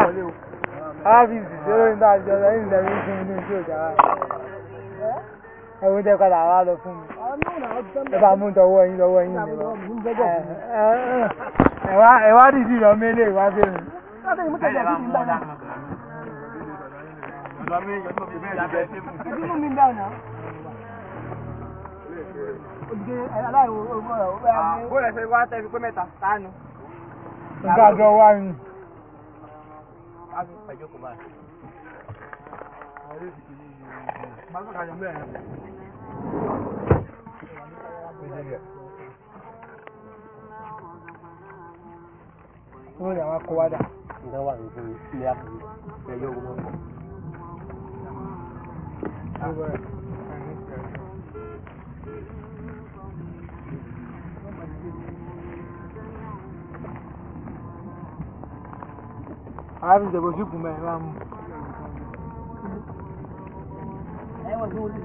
áfíìsì tí ó ń bá àjọ ẹ̀yìn lẹ́yìn fún mi ní ìṣó ìjàrá ẹ̀wọ̀n tẹ́ padà wá lọ fún mi ẹ bá mú tọwọ́ yín lọ́wọ́ yín ni ẹ̀wá ẹ̀wá dìdí lọ mélé ìwá bẹ́ẹ̀ Nígbà jọ wá ní. Thank you. wọ́n ní àwọn akọwádà. ǹjẹ́ wà ní ilé àbúrò ẹ yóò wọ́n mọ́. ààrùn ìjẹ̀bù kùn mẹ́rin máa mú. ààrùn ìjẹ̀bù sí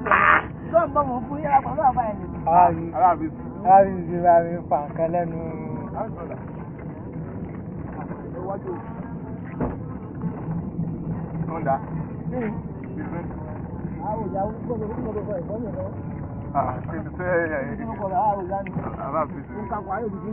máa ń fa nǹkan lẹ́nu iwájú ọ̀dà hmm. ìfẹ́. àwọn ìyá gbọ́dọ̀ gbọ́dọ̀ ẹ̀kọ́ mi lọ. Kìí sẹ́ ẹ̀yà yìí. Kìí sọ́kọ̀ àwọn ìyá mi. Aláàfíìsì. Nǹkan kan ayé òdìdí ń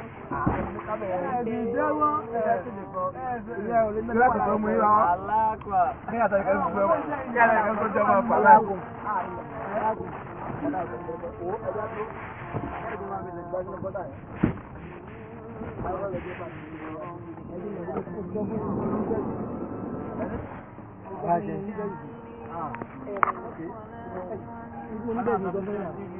ìjẹ́wọ́ ìyá òlé mẹ́ta mú ìwà aláàkùn ní àtàkẹ́ ìfẹ́ ní àtàkẹ́ tó jẹ́ máa pàlá àkùn. Gracias.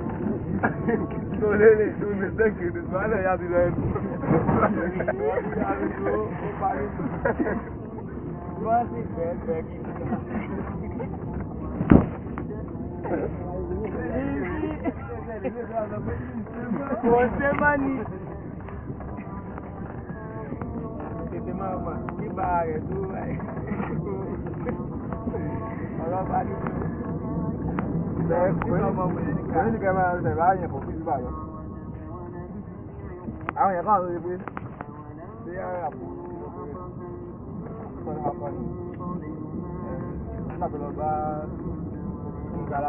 lórí lè tún lè tẹ́kì ní sọ́lẹ̀ yá ti lọ ẹnu. Kò ṣe má ní. Tètè máa mà níbà rẹ̀ tó ọlọ́ba nínú ìbẹ̀rẹ̀ nìkan máa rẹ̀ láàyè kò àwọn èèyàn kan pé ṣé ara kò sọ ní apá ni bá nǹkan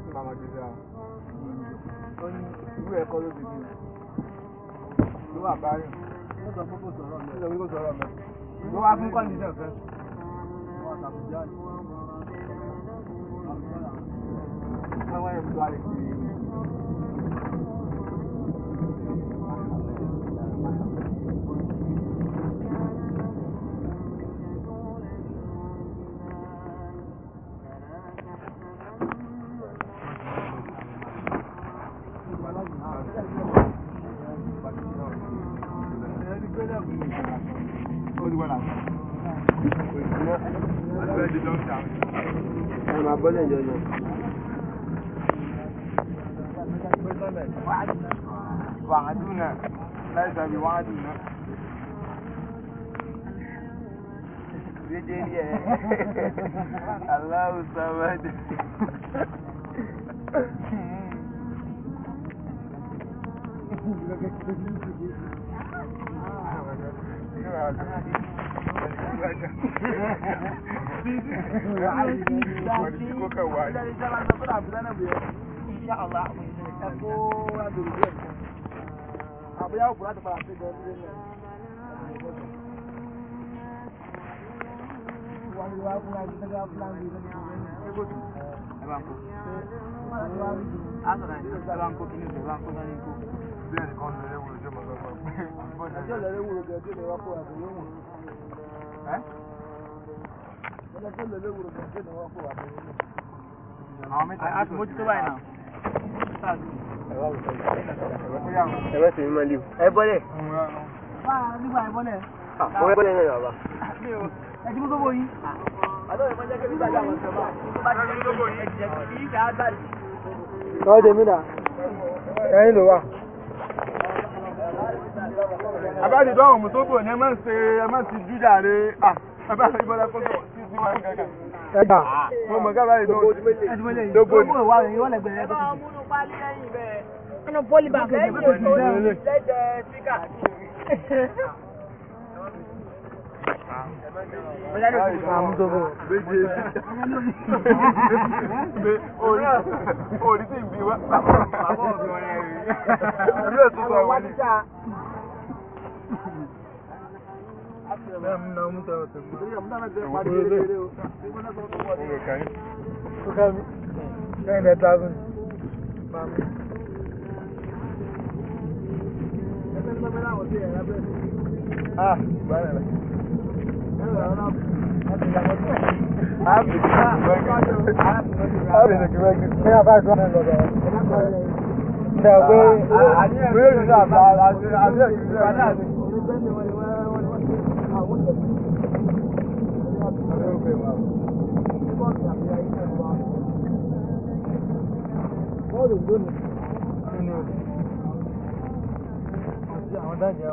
tí màmá ti sá ó ní irú ẹ̀kọ́ ló ti dùn ló wà bá rìn sọ fún kò sọ̀rọ̀ mẹ́ ló wá fún kọ́ndíṣàn kan. Hello, everybody. Allahu samad. Àbúyá òkú láti padà sí Ẹ bá sì ní máa lè. Ẹ bọ́lẹ̀. Bá a nígbà ẹ bọ́lẹ̀. Àwọn ah, ẹ bọ́lẹ̀ náà yà wá ẹtí mú sóbò yìí. Tọ́jú èmi dà, ẹyin ló wà. Àbájáde tó àwọn ọmọ tó bò ní ẹ máa ń ṣe ẹ máa ti jú jàre. Àbájáde ìbọ̀dá kó sọ̀rọ̀ sí sí wọn kankan. Ẹgbà. Mo mọ̀ ká báyìí lóòótọ́. Dógbò ni. Dógbò ni. Dógbò ni. Dógbò ni orí tí ń bí wá bàbá ọ̀dọ́ rẹ̀ rí orí ẹ̀ tó sọ wọlé. Ah, vale, vale. Àwọn dájẹ́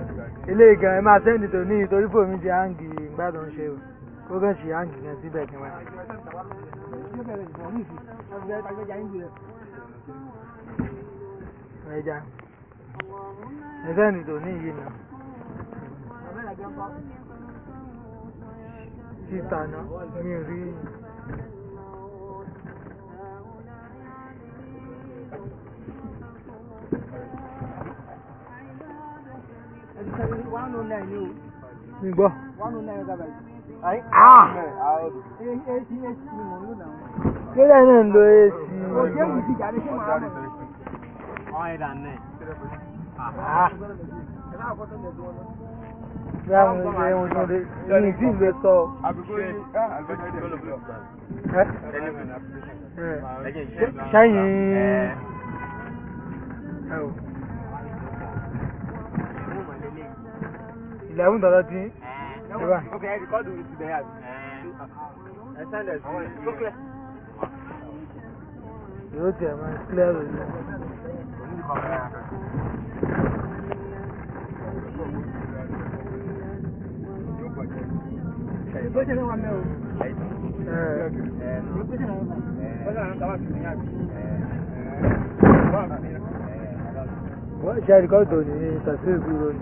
ilé ìgàn ẹ máa sẹ́ndì tó ní ìtorí fòmí ti áǹgì ìgbádùn ṣe o kó kàn ṣe áǹgì kan síbẹ̀ kí wọ́n. ẹja ẹ sẹ́ndì tó ní ìyí náà. síta náà mi rí. mi gbọ́. Ah! kílẹ̀ náà ń lo èsì. Bí a mú tó lé, ní ìdí ìwé sọ. Ṣẹ́yìn. eleven dọ̀dọ̀ tí. Eh. ok ẹ rìkọ́dù eh. ti bẹ̀rẹ̀ àbí. ẹ sẹ́ndẹ̀ sí i tó clear. yóò tẹ̀ máa clear rẹ̀ lọ. Ìgbésẹ̀ ló wà mẹ́ o. Ìgbésẹ̀ ló wà mẹ́ o. Bọ́lá àwọn kàwá sí ní àbí. Wọ́n ṣe àríkọ́ tó ní tàṣí ìgbúrò ni.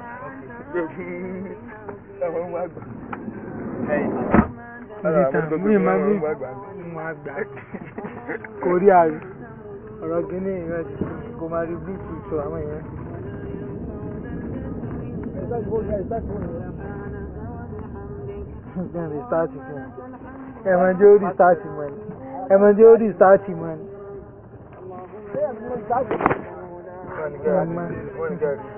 gbé fún àwọn ọmọ àgbà. Ìdìtàn mí máa ń mú àgbà kò rí àrí. Ọ̀rọ̀ gíní ìrìn àti kò máa rí bí kì í sọ àwọn èèyàn. Then restart again. Ẹ̀mọ̀ jẹ́ ó restart mọ́ ni. Ẹ̀mọ̀ jẹ́ ó restart mọ́ ni. Ẹ̀mọ̀.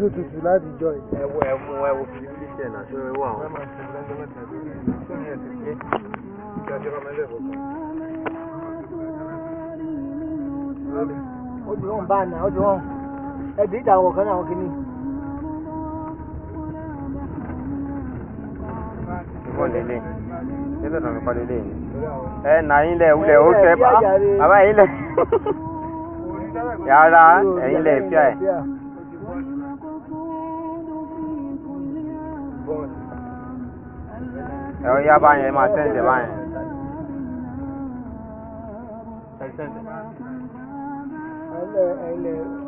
good tutù láti jọ joy ẹ ọ yá báyẹn máa tẹ̀sẹ̀ báyẹn. ẹ tẹ̀sẹ̀. ẹ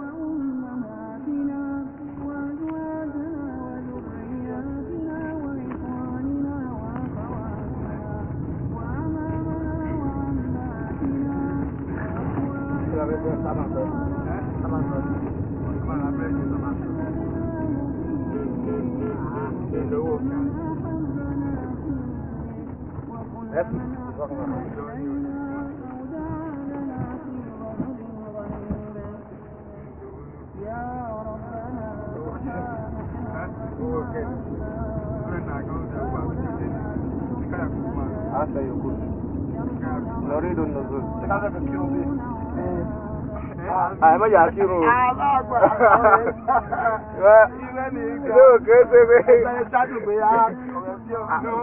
àìmọ́ yà á kírun o. alágbà ilé ní ìgbà ilé òkè bí ọ̀ bí bí ọ̀ mi ó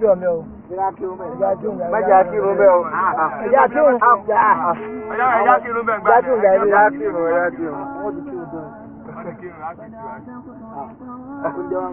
bí ọ̀ mi o. Ẹja kírun bẹ́ẹ̀. Ẹja o. Ẹja kírun. Ẹja kírun bẹ́ẹ̀ gbà. Ẹja kírun bẹ́ẹ̀. Ẹja kírun. Ẹja kírun. Wọ́n ti kírun bẹ́ẹ̀. Wọ́n ti kírun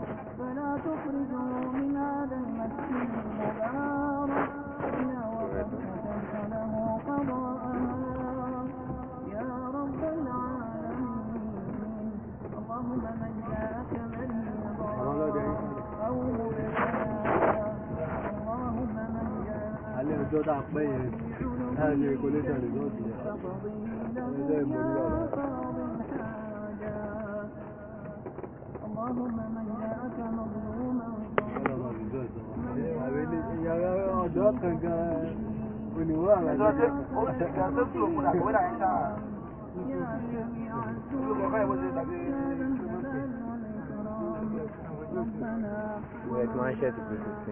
Soutak bayen Bren knè kounèt an partic Bund la win Apr Bè mmanchet spe sit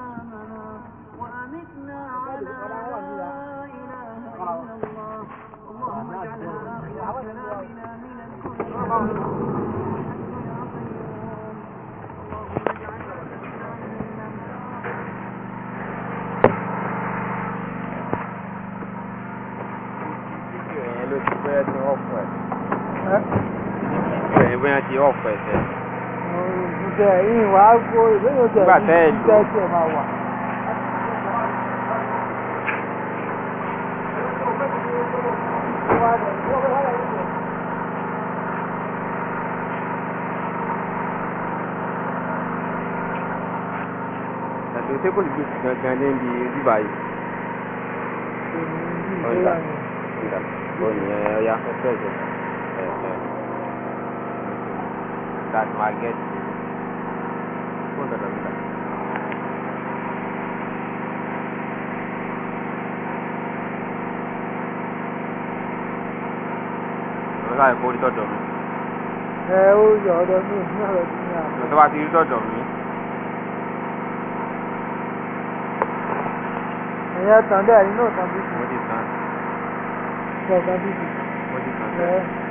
وعفوا بين وتعالى ṣé kò sí gangan níbi bíbá yìí. ọ̀dà ọ̀dà ònìyàn ọ̀yà ọ̀fẹ́ ẹ̀jẹ̀ ẹ̀jẹ̀ that my get ọ̀dà ọ̀dà. ọ̀dà ẹ̀kọ́ orí tọ̀dọ̀ mi. ẹ ó yọ ọ̀dọ̀ mi ní ọ̀rọ̀ tí mi à. ọ̀dọ̀ bá ti rí tọ̀dọ̀ mi. ìyẹn tàn bẹ́ẹ̀ nínú ìtàn bíbí. mo ti tàn. mo ti tàn bẹ́ẹ̀.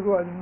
Gracias.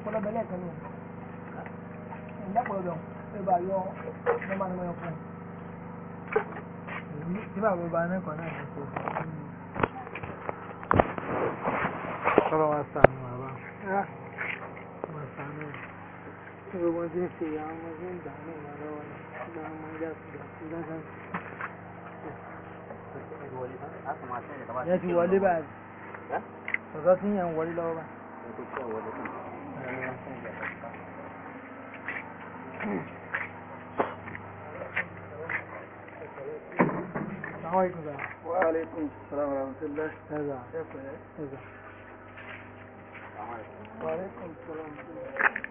ọ̀pọ̀lọpọ̀ lẹ́ẹ̀kan ni ìdápọ̀lọpọ̀ ẹ bá yọ ọmọ ọmọ ẹ̀kọ́ nígbà wo ba mẹ́kọ̀ọ́ náà ní kò sọ̀rọ̀ wa sànù àbá ah. wa sànù ẹ̀ gbogbo tí ń fi àwọn ọmọ tí ń dà ní ìrànlọ́wọ́ ní ìgbà ọmọ ìjà sí lásán yẹn ti wọlé báyìí ọ̀sán tí yẹn ń wọlé lọ́wọ́ báyìí. 嗯。然后，哈。wa alaykum salam rahmatullahi. 哈。wa alaykum salam.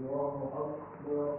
your, your,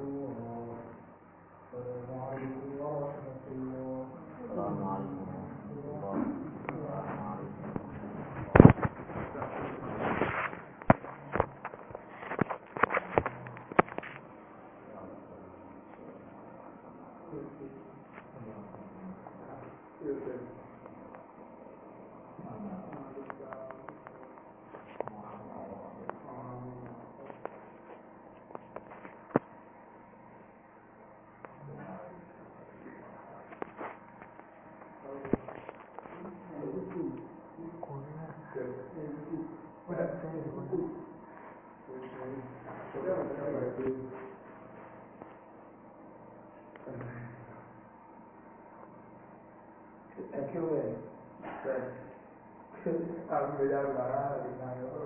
Oh. ẹ̀kí wẹ̀ rẹ̀ àgbèrè àgbàrá àdìgbàyọ̀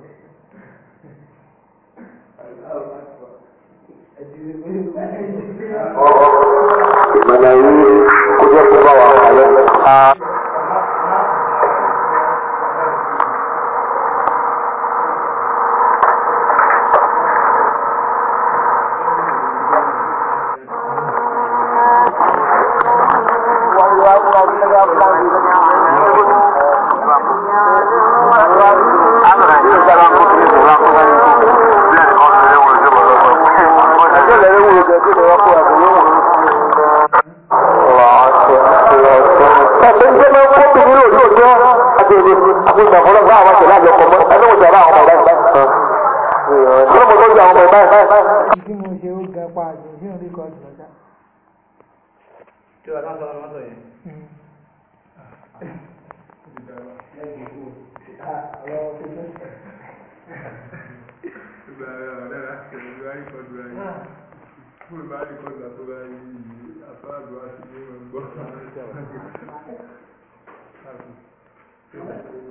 Ìmọ̀lẹ̀ yìí kó jẹ́ kó bá wà wà lẹ́nu.